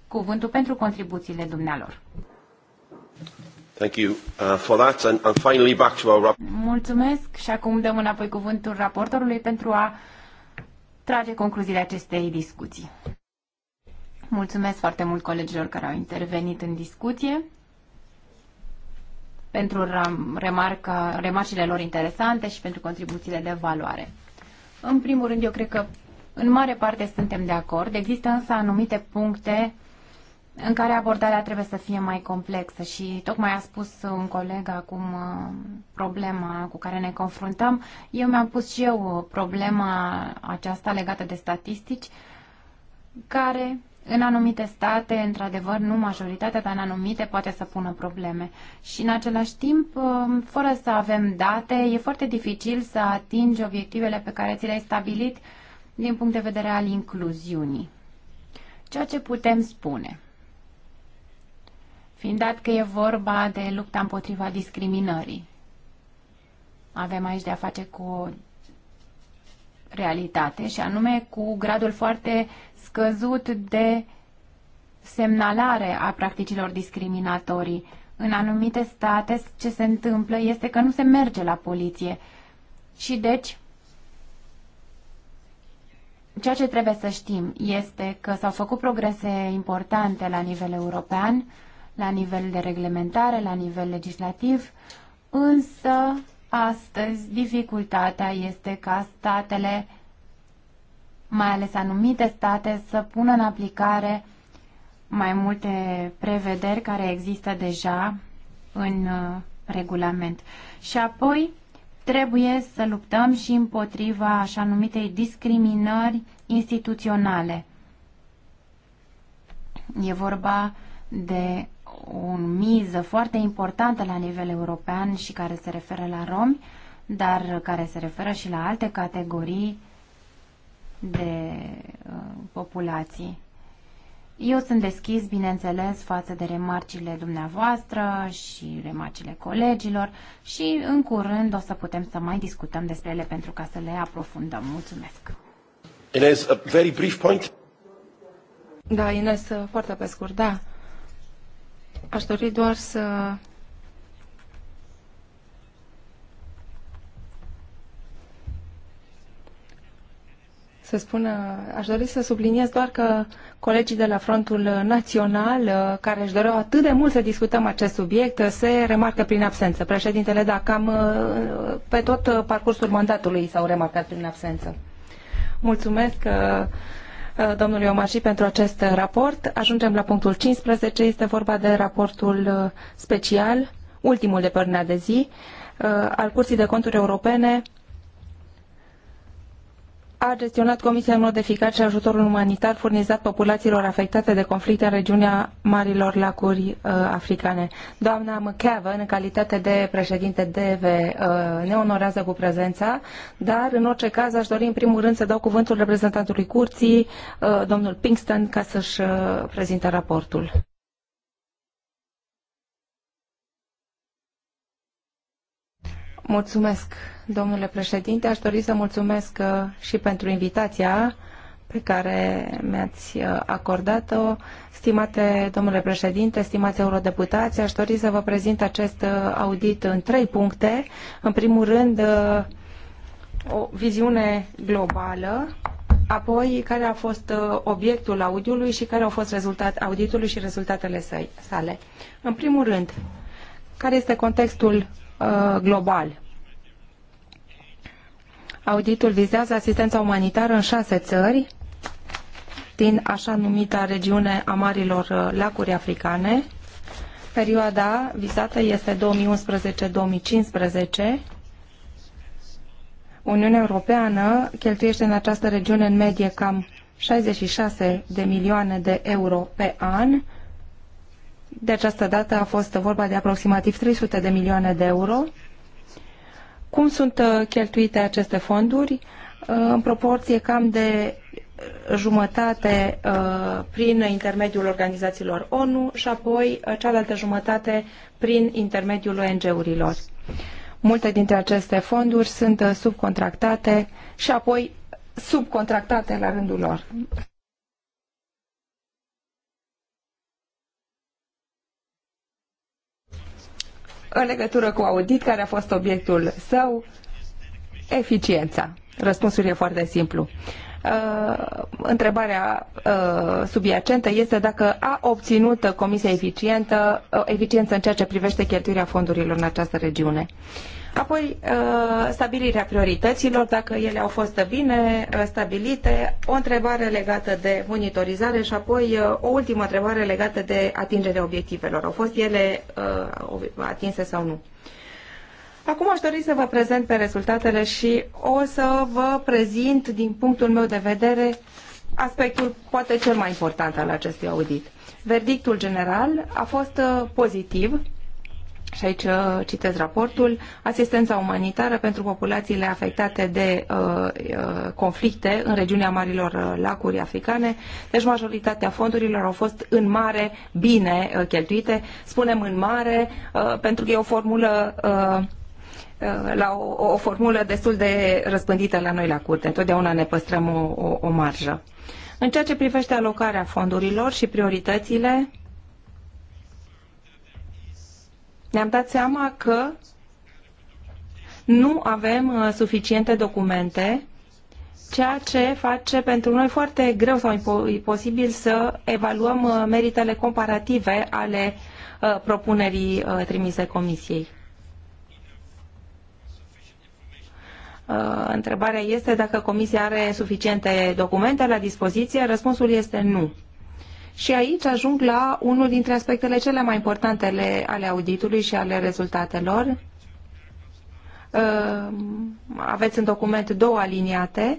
cuvântul pentru contribuțiile dumnealor. Thank you uh, for that and, and finally back to our Mulțumesc și acum dăm înapoi cuvântul raportorului pentru a trage concluziile acestei discuții. Mulțumesc foarte mult colegilor care au intervenit în discuție pentru remarca, remarcile lor interesante și pentru contribuțiile de valoare. În primul rând, eu cred că în mare parte suntem de acord. Există însă anumite puncte în care abordarea trebuie să fie mai complexă și tocmai a spus un coleg acum uh, problema cu care ne confruntăm. Eu mi-am pus și eu uh, problema aceasta legată de statistici care în anumite state, într-adevăr, nu majoritatea, dar în anumite poate să pună probleme. Și în același timp, um, fără să avem date, e foarte dificil să atingi obiectivele pe care ți le-ai stabilit din punct de vedere al incluziunii. Ceea ce putem spune, fiind dat că e vorba de lupta împotriva discriminării, avem aici de a face cu o realitate și anume cu gradul foarte scăzut de semnalare a practicilor discriminatorii. În anumite state ce se întâmplă este că nu se merge la poliție. Și deci, ceea ce trebuie să știm este că s-au făcut progrese importante la nivel european, la nivel de reglementare, la nivel legislativ, însă astăzi dificultatea este ca statele mai ales anumite state, să pună în aplicare mai multe prevederi care există deja în uh, regulament. Și apoi trebuie să luptăm și împotriva așa numitei discriminări instituționale. E vorba de o miză foarte importantă la nivel european și care se referă la romi, dar care se referă și la alte categorii de uh, populații. Eu sunt deschis, bineînțeles, față de remarcile dumneavoastră și remarcile colegilor și în curând o să putem să mai discutăm despre ele pentru ca să le aprofundăm. Mulțumesc! Ines, a very brief point. Da, Ines, foarte pe scurt, da. Aș dori doar să să spună aș dori să subliniez doar că colegii de la Frontul Național, uh, care își doreau atât de mult să discutăm acest subiect, uh, se remarcă prin absență. Președintele, da, cam uh, pe tot parcursul mandatului s-au remarcat prin absență. Mulțumesc domnului și pentru acest raport. Ajungem la punctul 15. Este vorba de raportul special, ultimul de pe de zi, al Curții de Conturi Europene a gestionat Comisia în mod eficace ajutorul umanitar furnizat populațiilor afectate de conflicte în regiunea Marilor Lacuri uh, Africane. Doamna McCavan, în calitate de președinte DEVE, uh, ne onorează cu prezența, dar în orice caz aș dori în primul rând să dau cuvântul reprezentantului curții, uh, domnul Pinkston, ca să-și uh, prezinte raportul. Mulțumesc, domnule președinte. Aș dori să mulțumesc uh, și pentru invitația pe care mi-ați uh, acordat-o. Stimate domnule președinte, stimați eurodeputați, aș dori să vă prezint acest uh, audit în trei puncte. În primul rând, o viziune globală, apoi care a fost obiectul audiului și care au fost rezultat, auditului și rezultatele sale. În primul rând, care este contextul uh, global Auditul vizează asistența umanitară în șase țări din așa numita regiune a Marilor uh, Lacuri Africane. Perioada vizată este 2011-2015. Uniunea Europeană cheltuiește în această regiune în medie cam 66 de milioane de euro pe an. De această dată a fost vorba de aproximativ 300 de milioane de euro cum sunt uh, cheltuite aceste fonduri? Uh, în proporție cam de uh, jumătate prin intermediul organizațiilor ONU și apoi cealaltă jumătate prin intermediul ONG-urilor. Multe dintre aceste fonduri sunt subcontractate și apoi subcontractate la rândul lor. în legătură cu audit care a fost obiectul său, eficiența. Răspunsul e foarte simplu. Uh, întrebarea uh, subiacentă este dacă a obținut Comisia eficientă, uh, eficiență în ceea ce privește cheltuirea fondurilor în această regiune. Uh, Apoi, uh, stabilirea priorităților, dacă ele au fost bine uh, stabilite, o întrebare legată de monitorizare și apoi uh, o ultimă întrebare legată de atingerea obiectivelor. Au fost ele atinse sau nu? Acum aș dori să vă prezent pe rezultatele și o să vă prezint, din punctul meu de vedere, aspectul poate cel mai important al acestui audit. Verdictul general a fost pozitiv și aici uh, citez raportul, asistența umanitară pentru populațiile afectate de uh, uh conflicte în regiunea Marilor uh, Lacuri Africane. Deci majoritatea fondurilor au fost în mare bine uh, cheltuite. Spunem în mare uh, pentru că e o formulă uh, la o, o formulă destul de răspândită la noi la curte. Întotdeauna ne păstrăm o, o, o marjă. În ceea ce privește alocarea fondurilor și prioritățile, ne-am dat seama că nu avem uh, suficiente documente, ceea ce face pentru noi foarte greu sau imposibil să evaluăm uh, meritele comparative ale uh, propunerii trimise Comisiei. Întrebarea este dacă Comisia are suficiente documente la dispoziție. Răspunsul este nu. Și aici ajung la unul dintre aspectele cele mai importante ale, ale auditului și ale rezultatelor. Uh, aveți în document două aliniate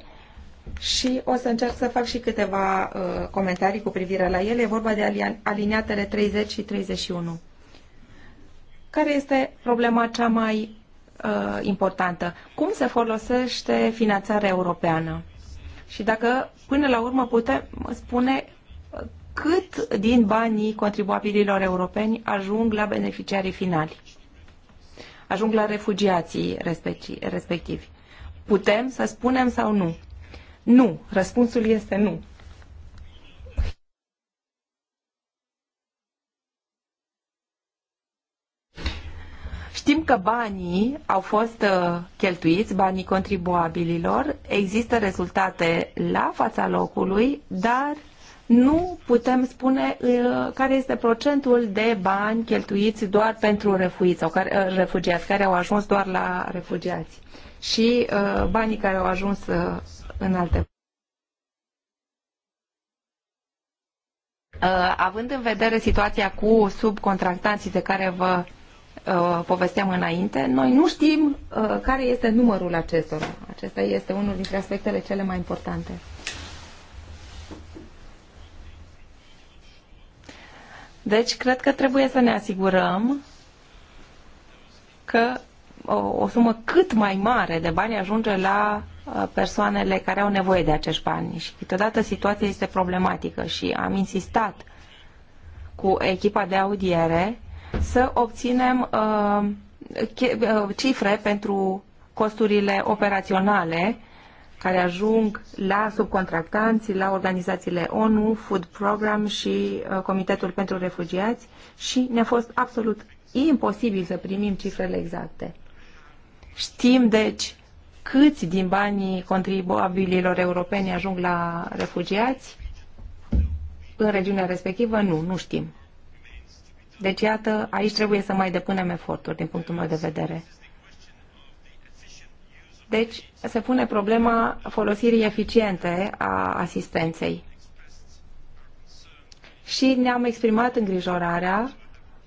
și o să încerc să fac și câteva uh, comentarii cu privire la ele. E vorba de aliniatele 30 și 31. Care este problema cea mai uh, importantă? Cum se folosește finanțarea europeană? Și dacă până la urmă putem spune cât din banii contribuabililor europeni ajung la beneficiarii finali, ajung la refugiații respectivi. Putem să spunem sau nu? Nu. Răspunsul este nu. Știm că banii au fost uh, cheltuiți, banii contribuabililor, există rezultate la fața locului, dar nu putem spune uh, care este procentul de bani cheltuiți doar pentru refugiați sau care, uh, refugiați, care au ajuns doar la refugiați și uh, banii care au ajuns în alte. Având în vedere situația cu subcontractanții de care vă povesteam înainte, noi nu știm care este numărul acestora. Acesta este unul dintre aspectele cele mai importante. Deci, cred că trebuie să ne asigurăm că o, o sumă cât mai mare de bani ajunge la uh, persoanele care au nevoie de acești bani și câteodată situația este problematică și am insistat cu echipa de audiere să obținem uh, uh cifre pentru costurile operaționale uh, care ajung la subcontractanți, la organizațiile ONU, Food Program și uh, Comitetul pentru Refugiați și ne-a fost absolut imposibil să primim cifrele exacte. Știm, deci, câți din banii contribuabililor europeni ajung la refugiați în regiunea respectivă? Nu, nu știm. Deci, iată, aici trebuie să mai depunem eforturi, din punctul meu de vedere. Deci se pune problema folosirii eficiente a asistenței. Și ne-am exprimat îngrijorarea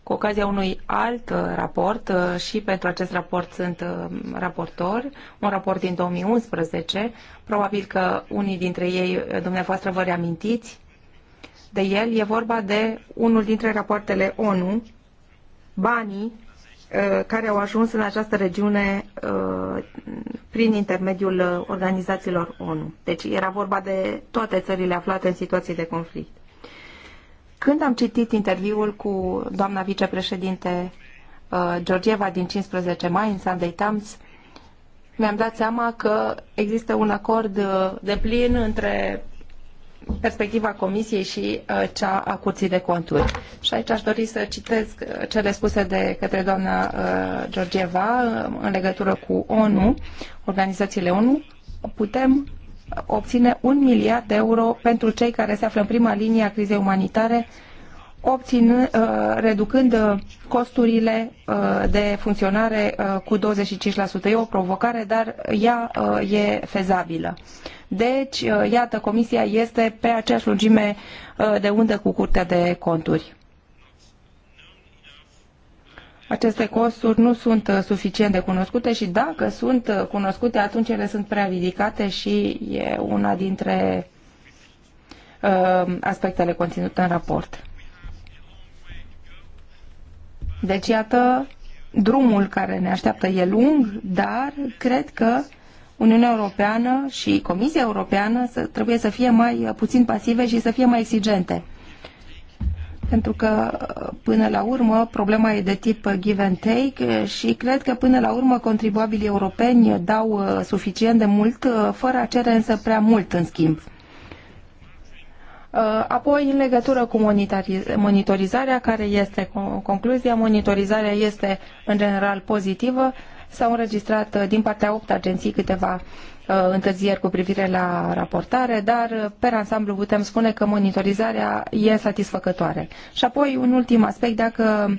cu ocazia unui alt uh, raport uh, și pentru acest raport sunt uh, raportor, un raport din 2011, probabil că unii dintre ei, dumneavoastră, vă reamintiți de el, e vorba de unul dintre rapoartele ONU, banii Uh, care au ajuns în această regiune uh, prin intermediul uh, organizațiilor ONU. Deci era vorba de toate țările aflate în situații de conflict. Când am citit interviul cu doamna vicepreședinte Georgieva din 15 mai în Sunday Times, mi-am dat seama că există un acord de plin între perspectiva Comisiei și uh, cea a Curții de Conturi. Și aici aș dori să citesc uh, cele spuse de către doamna uh, Georgieva în legătură cu ONU, organizațiile ONU. Putem obține un miliard de euro pentru cei care se află în prima linie a crizei umanitare, obțin, reducând costurile de funcționare cu 25%. E o provocare, dar ea e fezabilă. Deci, uh, iată, Comisia este pe aceeași lungime uh, de undă cu Curtea de Conturi. Aceste costuri nu sunt uh, suficient de cunoscute și dacă sunt cunoscute, atunci ele sunt prea ridicate și e una dintre aspectele conținute în raport. Deci, iată, drumul care ne așteaptă e lung, dar cred că Uniunea Europeană și Comisia Europeană să, trebuie să fie mai uh, puțin pasive și să fie mai exigente. Pentru că, uh, până la urmă, problema e de tip uh, give and take și cred că, până la urmă, contribuabilii europeni dau suficient de mult, fără a cere însă prea mult, în schimb. Apoi, în legătură cu monitorizarea, care este concluzia, monitorizarea este în general pozitivă, S-au înregistrat uh, din partea 8 agenții câteva uh, întârzieri cu privire la raportare, dar uh, pe ansamblu putem spune că monitorizarea e satisfăcătoare. Și apoi un ultim aspect, dacă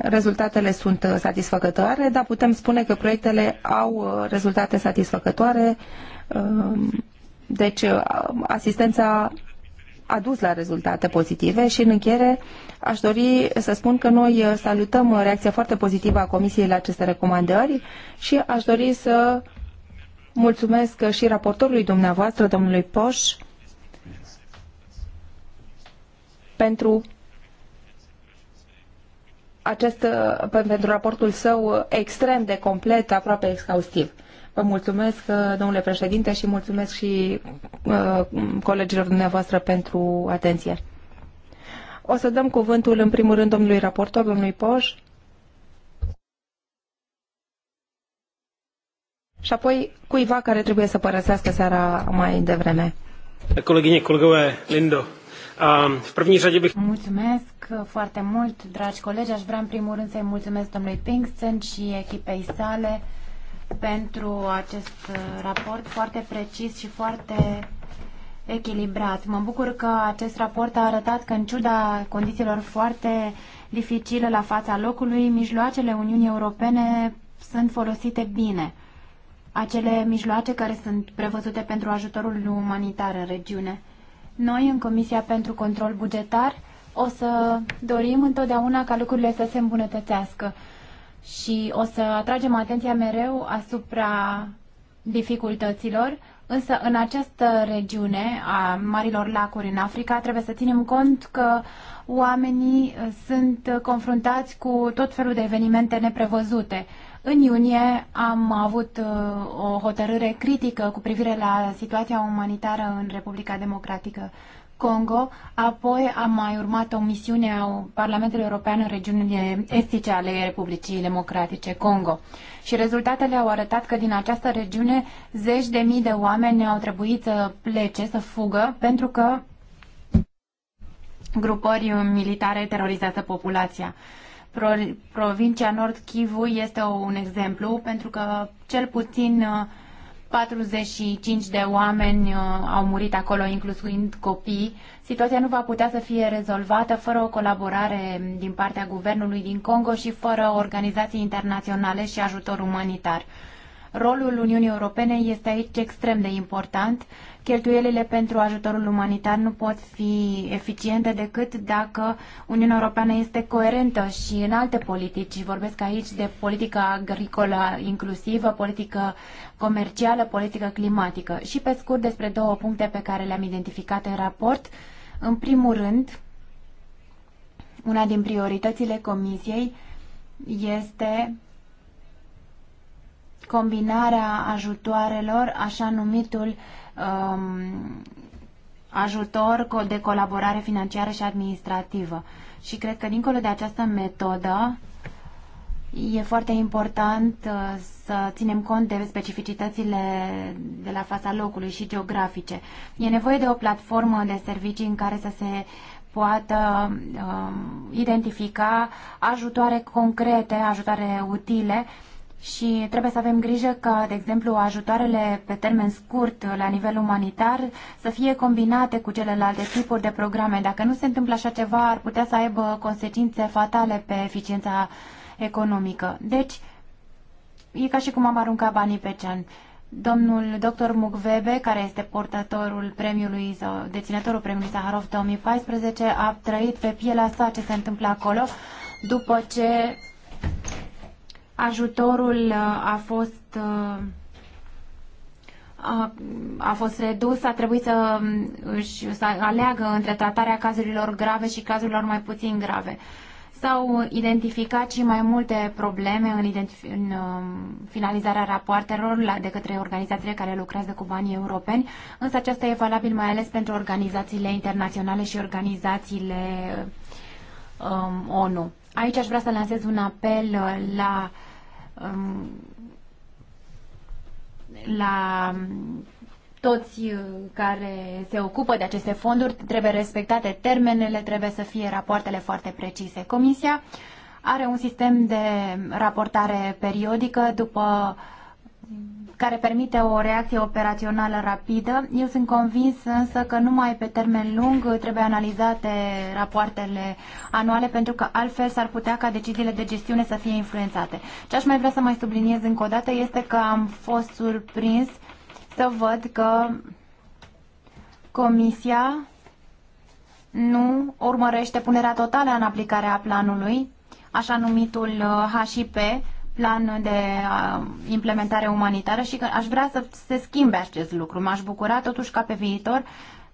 rezultatele sunt satisfăcătoare, dar putem spune că proiectele au rezultate satisfăcătoare. Deci asistența a dus la rezultate pozitive și în încheiere aș dori să spun că noi uh, salutăm uh, reacția foarte pozitivă a Comisiei la aceste recomandări și aș dori să mulțumesc uh, și raportorului dumneavoastră, domnului Poș, pentru acest, pentru raportul său extrem de complet, aproape exhaustiv. Vă mulțumesc, uh, domnule președinte, și mulțumesc și uh, colegilor dumneavoastră pentru atenție. O să dăm cuvântul în primul rând domnului raportor, domnului Poș. Și apoi cuiva care trebuie să părăsească seara mai devreme. Colegine, colegove, Lindo. În primul rând... Mulțumesc foarte mult, dragi colegi. Aș vrea în primul rând să-i mulțumesc domnului Pinkston și echipei sale pentru acest uh, raport foarte precis și foarte echilibrat. Mă bucur că acest raport a arătat că, în ciuda condițiilor foarte dificile la fața locului, mijloacele Uniunii Europene sunt folosite bine. Acele mijloace care sunt prevăzute pentru ajutorul umanitar în regiune. Noi, în Comisia pentru Control Bugetar, o să dorim întotdeauna ca lucrurile să se îmbunătățească și o să atragem atenția mereu asupra dificultăților, însă în această regiune a Marilor Lacuri în Africa trebuie să ținem cont că oamenii sunt confruntați cu tot felul de evenimente neprevăzute. În iunie am avut uh, o hotărâre critică cu privire la situația umanitară în Republica Democratică Congo, apoi a mai urmat o misiune a Parlamentului European în regiunile estice ale Republicii Democratice Congo. Și rezultatele au arătat că din această regiune zeci de mii de oameni au trebuit să plece, să fugă, pentru că grupări militare terorizează populația. Pro, provincia Nord Kivu este un exemplu pentru că cel puțin uh, 45 de oameni uh, au murit acolo, inclusiv copii. Situația nu va putea să fie rezolvată fără o colaborare din partea guvernului din Congo și fără organizații internaționale și ajutor umanitar. Rolul Uniunii Europene este aici extrem de important. Cheltuielile pentru ajutorul umanitar nu pot fi eficiente decât dacă Uniunea Europeană este coerentă și în alte politici. Vorbesc aici de politică agricolă inclusivă, politică comercială, politică climatică. Și pe scurt despre două puncte pe care le-am identificat în raport. În primul rând, una din prioritățile Comisiei este combinarea ajutoarelor, așa numitul um, ajutor de colaborare financiară și administrativă. Și cred că dincolo de această metodă e foarte important uh, să ținem cont de specificitățile de la fața locului și geografice. E nevoie de o platformă de servicii în care să se poată um, identifica ajutoare concrete, ajutoare utile uh, și trebuie să avem grijă că, de exemplu, ajutoarele pe termen scurt la nivel umanitar să fie combinate cu celelalte tipuri de programe. Dacă nu se întâmplă așa ceva, ar putea să aibă consecințe fatale pe eficiența economică. Deci, e ca și cum am aruncat banii pe cean. Domnul dr. Mugvebe, care este portatorul premiului deținătorul premiului Saharov 2014, a trăit pe pielea sa ce se întâmplă acolo după ce ajutorul uh, a fost uh, a, a fost redus, a trebuit să um, își să aleagă între tratarea cazurilor grave și cazurilor mai puțin grave. S-au identificat și mai multe probleme în, în um, finalizarea rapoartelor la, de către organizațiile care lucrează cu banii europeni, însă aceasta e valabil mai ales pentru organizațiile internaționale și organizațiile um, ONU. Aici aș vrea să lansez un apel uh, la um, la um, toți uh, care se ocupă de aceste fonduri, trebuie respectate termenele, trebuie să fie rapoartele foarte precise. Comisia are un sistem de raportare periodică după care permite o reacție operațională rapidă. Eu sunt convins însă că numai pe termen lung trebuie analizate rapoartele anuale pentru că altfel s-ar putea ca deciziile de gestiune să fie influențate. Ce aș mai vrea să mai subliniez încă o dată este că am fost surprins să văd că Comisia nu urmărește punerea totală în aplicare a planului, așa numitul HIP, uh, plan de implementare umanitară și că aș vrea să se schimbe acest lucru. M-aș bucura totuși ca pe viitor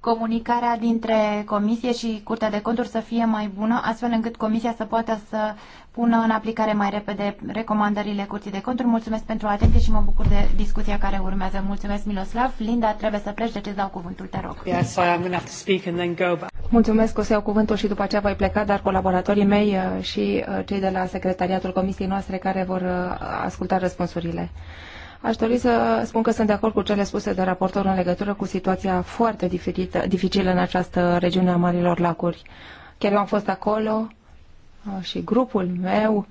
comunicarea dintre Comisie și Curtea de Conturi să fie mai bună, astfel încât Comisia să poată să pună în aplicare mai repede recomandările Curții de Conturi. Mulțumesc pentru atenție și mă bucur de discuția care urmează. Mulțumesc, Miloslav. Linda, trebuie să pleci, deci îți dau cuvântul, te rog. Uh, Mulțumesc, o să iau cuvântul și după aceea voi pleca, dar colaboratorii mei uh, și uh, cei de la secretariatul comisiei noastre care vor asculta răspunsurile. Aș dori să spun că sunt de acord cu cele spuse de raportor în legătură cu situația foarte diferită, dificilă în această regiune a Marilor Lacuri. Chiar eu am fost acolo uh, și grupul meu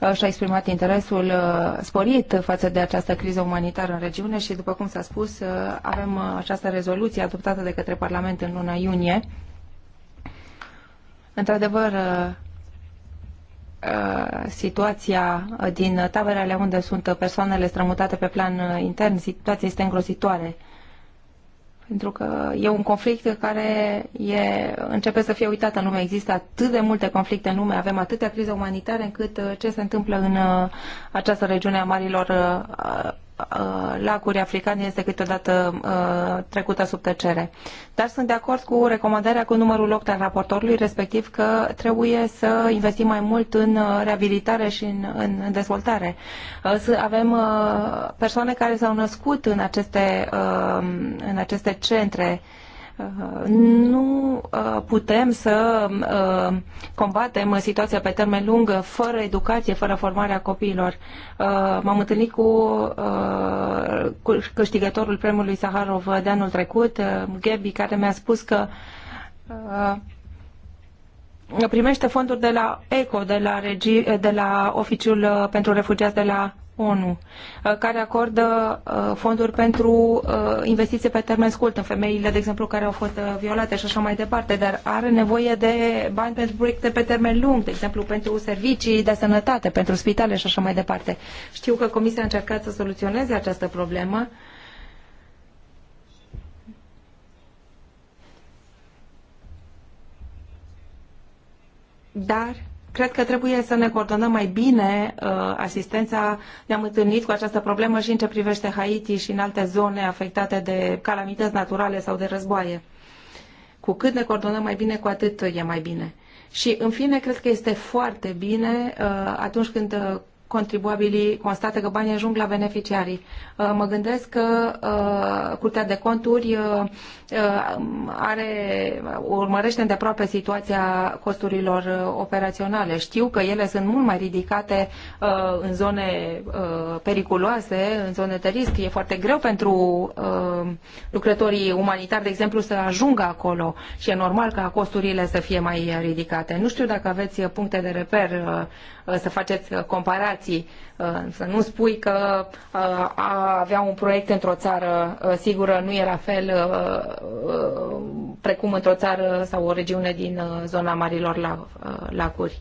uh, și-a exprimat interesul uh, sporit față de această criză umanitară în regiune și, după cum s-a spus, avem această rezoluție adoptată de către Parlament în luna iunie. Într-adevăr, Uh, situația uh, din taberele unde sunt persoanele strămutate pe plan uh, intern, situația este îngrozitoare. Pentru că e un conflict care e, începe să fie uitat în lume. Există atât de multe conflicte în lume, avem atâtea crize umanitare încât ce se întâmplă în această regiune a Marilor Uh, lacuri africane este câteodată uh, trecută sub tăcere. Dar sunt de acord cu recomandarea cu numărul 8 al raportorului, respectiv că trebuie să investim mai mult în uh, reabilitare și în, în dezvoltare. Să avem persoane care s-au născut în aceste, în aceste centre nu uh, putem să uh, combatem situația pe termen lung fără educație, fără formarea copiilor. Uh, m-am întâlnit cu câștigătorul premiului Saharov de anul trecut, Gabi, care mi-a spus că primește fonduri de la ECO, de la, regi, de la Oficiul pentru Refugiați de la ONU, uh, care acordă uh, fonduri pentru uh, investiții pe termen scurt în femeile, de exemplu, care au fost violate și așa mai departe, dar are nevoie de bani pentru proiecte pe termen lung, de exemplu, pentru servicii de sănătate, pentru spitale și așa mai departe. Știu că Comisia a încercat să soluționeze această problemă. Dar Cred că trebuie să ne coordonăm mai bine uh, asistența. Ne-am întâlnit cu această problemă și în ce privește Haiti și în alte zone afectate de calamități naturale sau de războaie. Cu cât ne coordonăm mai bine, cu atât e mai bine. Și, în fine, cred că este foarte bine uh, atunci când uh, contribuabilii constată că banii ajung la beneficiarii. Uh, mă gândesc că uh, Curtea de Conturi uh, are, urmărește îndeaproape situația costurilor operaționale. Știu că ele sunt mult mai ridicate în zone periculoase, în zone de risc. E foarte greu pentru lucrătorii umanitari, de exemplu, să ajungă acolo și e normal ca costurile să fie mai ridicate. Nu știu dacă aveți puncte de reper să faceți comparare acuzații, uh, să nu spui că uh, a avea un proiect într-o țară uh, sigură nu e la fel precum într-o țară sau o regiune din zona Marilor Lacuri.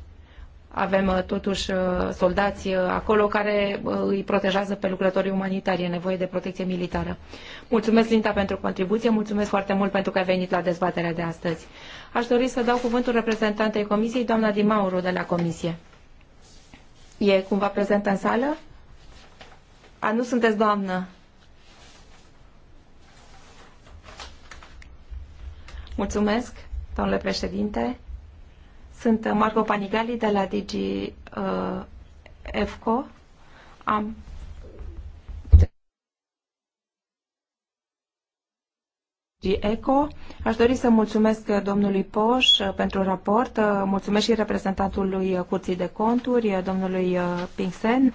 Avem totuși soldați acolo care îi protejează pe lucrătorii umanitari. E nevoie de protecție militară. Mulțumesc, Linta, pentru contribuție. Mulțumesc foarte mult pentru că ai venit la dezbaterea de astăzi. Aș dori să dau cuvântul reprezentantei Comisiei, doamna Dimauru de la Comisie. E cumva prezentă în sală? A, nu sunteți doamnă. Mulțumesc, domnule președinte. Sunt Marco Panigali de la Digi uh, Am și ECO. Aș dori să mulțumesc domnului Poș uh, pentru raport, uh, mulțumesc și reprezentantului Curții de Conturi, uh, domnului Pinsen.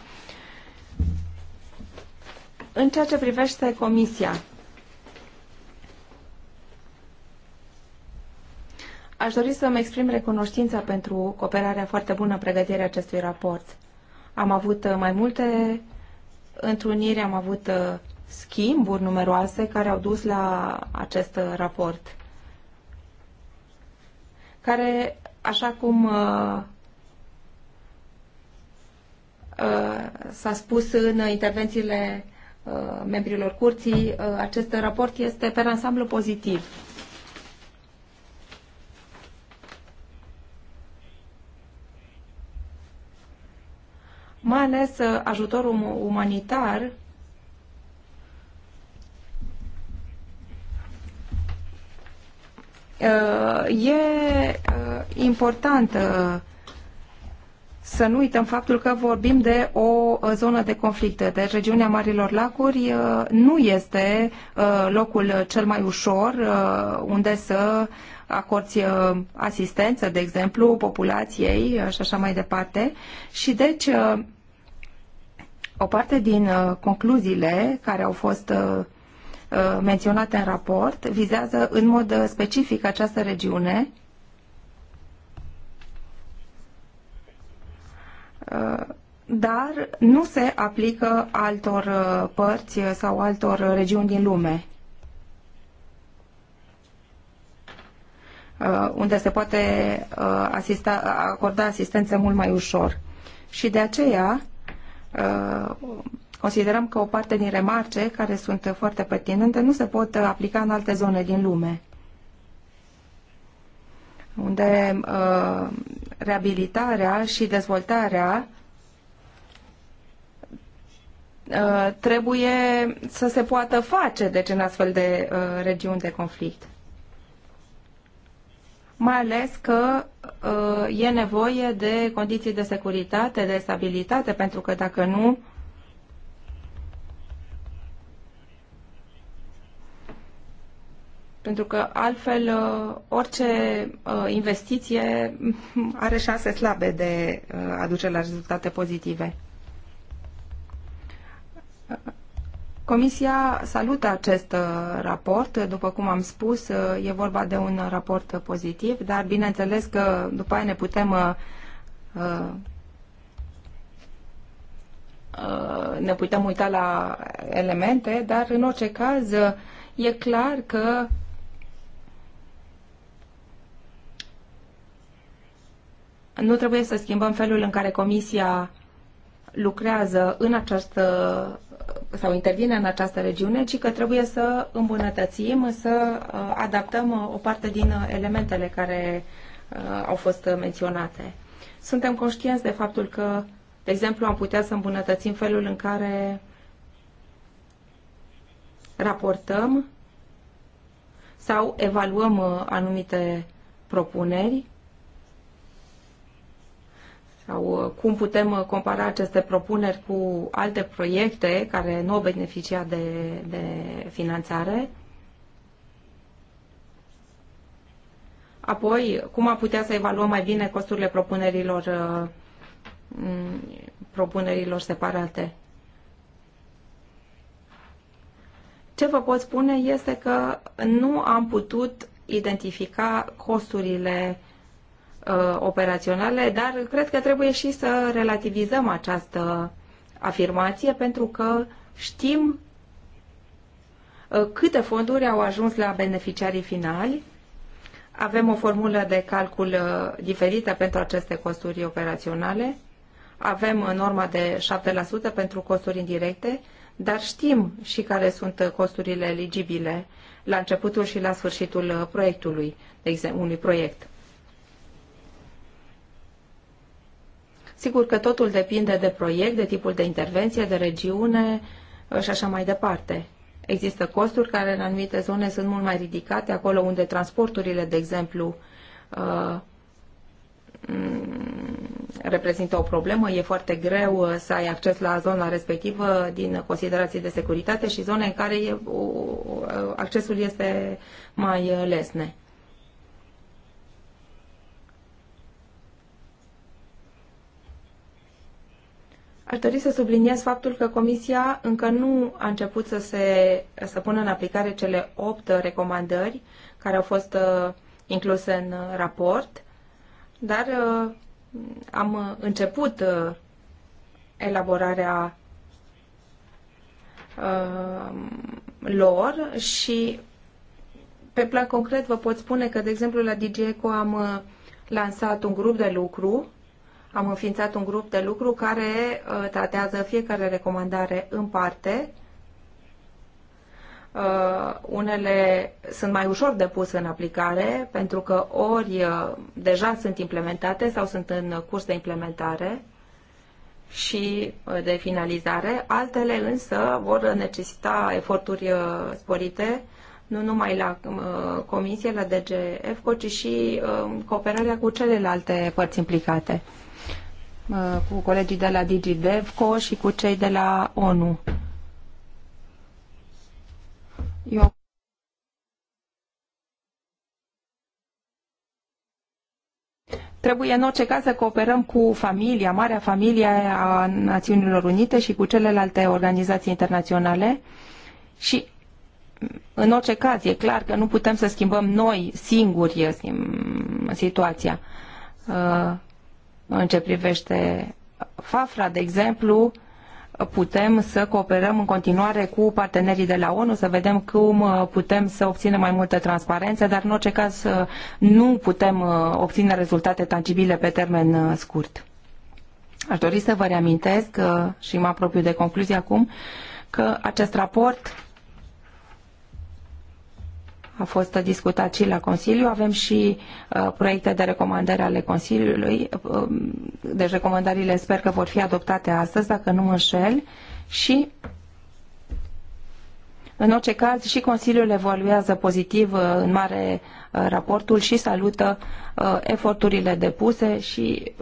În ceea ce privește Comisia, aș dori să-mi exprim recunoștința pentru cooperarea foarte bună în pregătirea acestui raport. Am avut mai multe întruniri, am avut schimburi numeroase care au dus la acest raport, care, așa cum uh, uh, s-a spus în intervențiile uh, membrilor curții, uh, acest raport este pe ansamblu pozitiv. mai ales uh, ajutorul umanitar Uh, e uh, important uh, să nu uităm faptul că vorbim de o zonă de conflict, de deci, regiunea Marilor Lacuri nu este locul cel mai ușor unde să acorți asistență, de exemplu, populației și așa mai departe. Și deci o parte din concluziile care au fost Uh, menționate în raport vizează în mod uh, specific această regiune. Uh, dar nu se aplică altor părți sau altor regiuni din lume. unde se poate asista, acorda asistență mult mai ușor. Și de aceea Considerăm că o parte din remarce, care sunt foarte pertinente, nu se pot aplica în alte zone din lume, unde uh, reabilitarea și dezvoltarea uh, trebuie să se poată face deci, în astfel de uh, regiuni de conflict mai ales că uh, e nevoie de condiții de securitate, de stabilitate, pentru că dacă nu, Pentru că altfel uh, orice uh, investiție are șanse slabe de uh, a duce la rezultate pozitive. Comisia salută acest raport, după cum am spus, e vorba de un raport pozitiv, dar bineînțeles că după aia ne putem ne putem uita la elemente, dar în orice caz e clar că nu trebuie să schimbăm felul în care Comisia lucrează în această sau intervine în această regiune, ci că trebuie să îmbunătățim, să uh, adaptăm uh, o parte din uh, elementele care au fost menționate. Suntem conștienți de faptul că, de exemplu, am putea să îmbunătățim felul în care raportăm sau evaluăm anumite propuneri sau uh, cum putem uh, compara aceste propuneri cu alte proiecte care nu au beneficiat de, de finanțare. Apoi, cum am putea să evaluăm mai bine costurile propunerilor, uh, propunerilor separate? Ce vă pot spune este că nu am putut identifica costurile Uh, operaționale, dar cred că trebuie și să relativizăm această afirmație pentru că știm uh, câte fonduri au ajuns la beneficiarii finali. Avem o formulă de calcul uh, diferită pentru aceste costuri operaționale. Avem norma de 7% pentru costuri indirecte, dar știm și care sunt costurile eligibile la începutul și la sfârșitul proiectului, de exemplu, unui proiect. Sigur că totul depinde de proiect, de tipul de intervenție, de regiune uh, și așa mai departe. Există costuri care în anumite zone sunt mult mai ridicate, acolo unde transporturile, de exemplu, uh, mm, reprezintă o problemă, e foarte greu uh, să ai acces la zona respectivă din considerații de securitate și zone în care e, accesul este mai lesne. Aș dori să subliniez faptul că Comisia încă nu a început să, se, să pună în aplicare cele opt recomandări care au fost uh, incluse în uh, raport, dar uh, am început elaborarea lor și pe plan concret vă pot spune că, de exemplu, la DGECO am lansat un grup de lucru am înființat un grup de lucru care uh, tratează fiecare recomandare în parte. Uh, unele sunt mai ușor de pus în aplicare pentru că ori uh, deja sunt implementate sau sunt în curs de implementare și de finalizare, altele însă vor necesita eforturi sporite, nu numai la Comisie, la DGF, ci și cooperarea cu celelalte părți implicate. Uh, cu colegii de la DigiDevco și cu cei de la ONU. Eu Trebuie în orice caz să cooperăm cu familia, marea familie a Națiunilor Unite și cu celelalte organizații internaționale și în orice caz e clar că nu putem să schimbăm noi singuri situația. Uh, în ce privește FAFRA, de exemplu, putem să cooperăm în continuare cu partenerii de la ONU, să vedem cum uh, putem să obținem mai multă transparență, dar în orice caz uh, nu putem uh, obține rezultate tangibile pe termen scurt. Aș dori să vă reamintesc și mă apropiu de concluzie acum că acest raport a fost discutat și la Consiliu. Avem și uh, proiecte de recomandări ale Consiliului. Uh, deci recomandările sper că vor fi adoptate astăzi, dacă nu mă înșel. Și în orice caz, și Consiliul evaluează pozitiv uh, în mare uh, raportul și salută uh, eforturile depuse și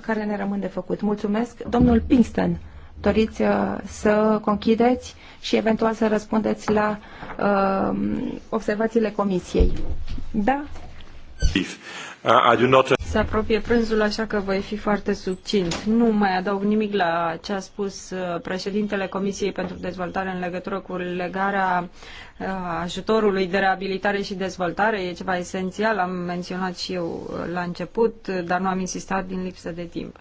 care ne rămân de făcut. Mulțumesc. Domnul Pinkston doriți uh, să conchideți și eventual să răspundeți la uh, observațiile comisiei. Da? Uh, Se apropie prânzul, așa că voi fi foarte subțint. Nu mai adaug nimic la ce a spus uh, președintele Comisiei pentru Dezvoltare în legătură cu legarea ajutorului de reabilitare și dezvoltare. E ceva esențial, am menționat și eu la început, dar nu am insistat din lipsă de timp.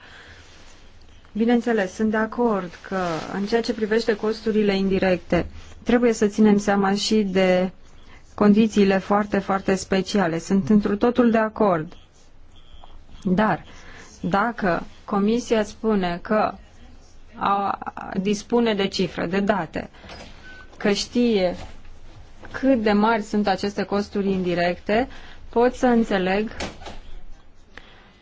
Bineînțeles, sunt de acord că în ceea ce privește costurile indirecte, trebuie să ținem seama și de condițiile foarte, foarte speciale. Sunt întru totul de acord. Dar dacă Comisia spune că a, dispune de cifre, de date, că știe cât de mari sunt aceste costuri indirecte, pot să înțeleg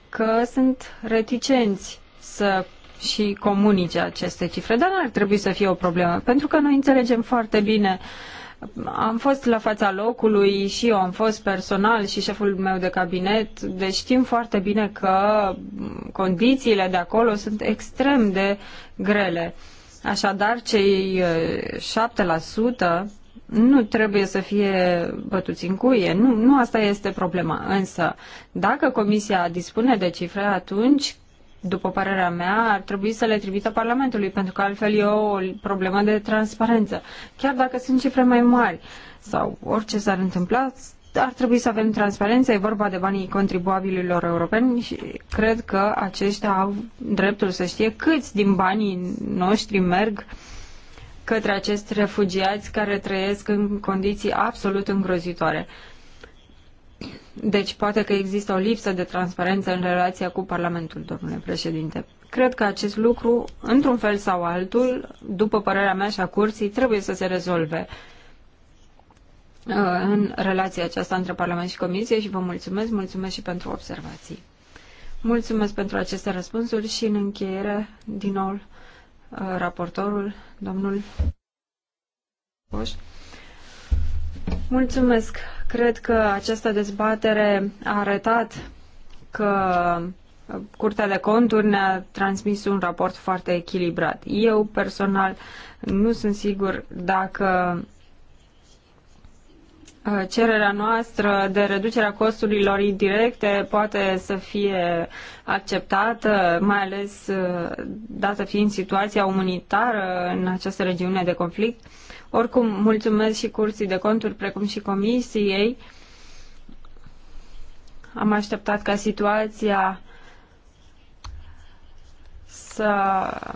că sunt reticenți să și comunice aceste cifre, dar nu ar trebui să fie o problemă, pentru că noi înțelegem foarte bine am fost la fața locului și eu am fost personal și șeful meu de cabinet, deci știm foarte bine că condițiile de acolo sunt extrem de grele. Așadar, cei 7% eh, nu trebuie să fie bătuți în cuie. Nu, nu asta este problema. Însă, dacă comisia dispune de cifre, atunci după părerea mea, ar trebui să le trimită Parlamentului, pentru că altfel e o problemă de transparență. Chiar dacă sunt cifre mai mari sau orice s-ar întâmpla, ar trebui să avem transparență, e vorba de banii contribuabililor europeni și cred că aceștia au dreptul să știe câți din banii noștri merg către acești refugiați care trăiesc în condiții absolut îngrozitoare. Deci poate că există o lipsă de transparență în relația cu Parlamentul, domnule președinte. Cred că acest lucru, într-un fel sau altul, după părerea mea și a curții, trebuie să se rezolve uh, în relația aceasta între Parlament și Comisie și vă mulțumesc, mulțumesc și pentru observații. Mulțumesc pentru aceste răspunsuri și în încheiere, din nou, uh, raportorul, domnul Poș. Mulțumesc Cred că această dezbatere a arătat că uh, Curtea de Conturi ne-a transmis un raport foarte echilibrat. Eu personal nu sunt sigur dacă uh, cererea noastră de reducerea costurilor indirecte poate să fie acceptată, mai ales uh, dată fiind situația umanitară în această regiune de conflict. Oricum, mulțumesc și curții de conturi, precum și comisiei. Am așteptat ca situația să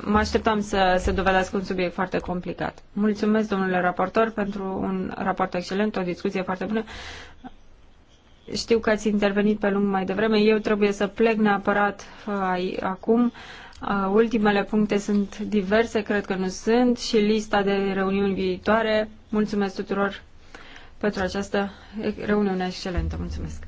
mă așteptam să se dovedească un subiect foarte complicat. Mulțumesc, domnule raportor, pentru un raport excelent, o discuție foarte bună. Știu că ați intervenit pe lung mai devreme. Eu trebuie să plec neapărat uh, acum. Ultimele puncte sunt diverse, cred că nu sunt, și lista de reuniuni viitoare. Mulțumesc tuturor pentru această reuniune excelentă. Mulțumesc!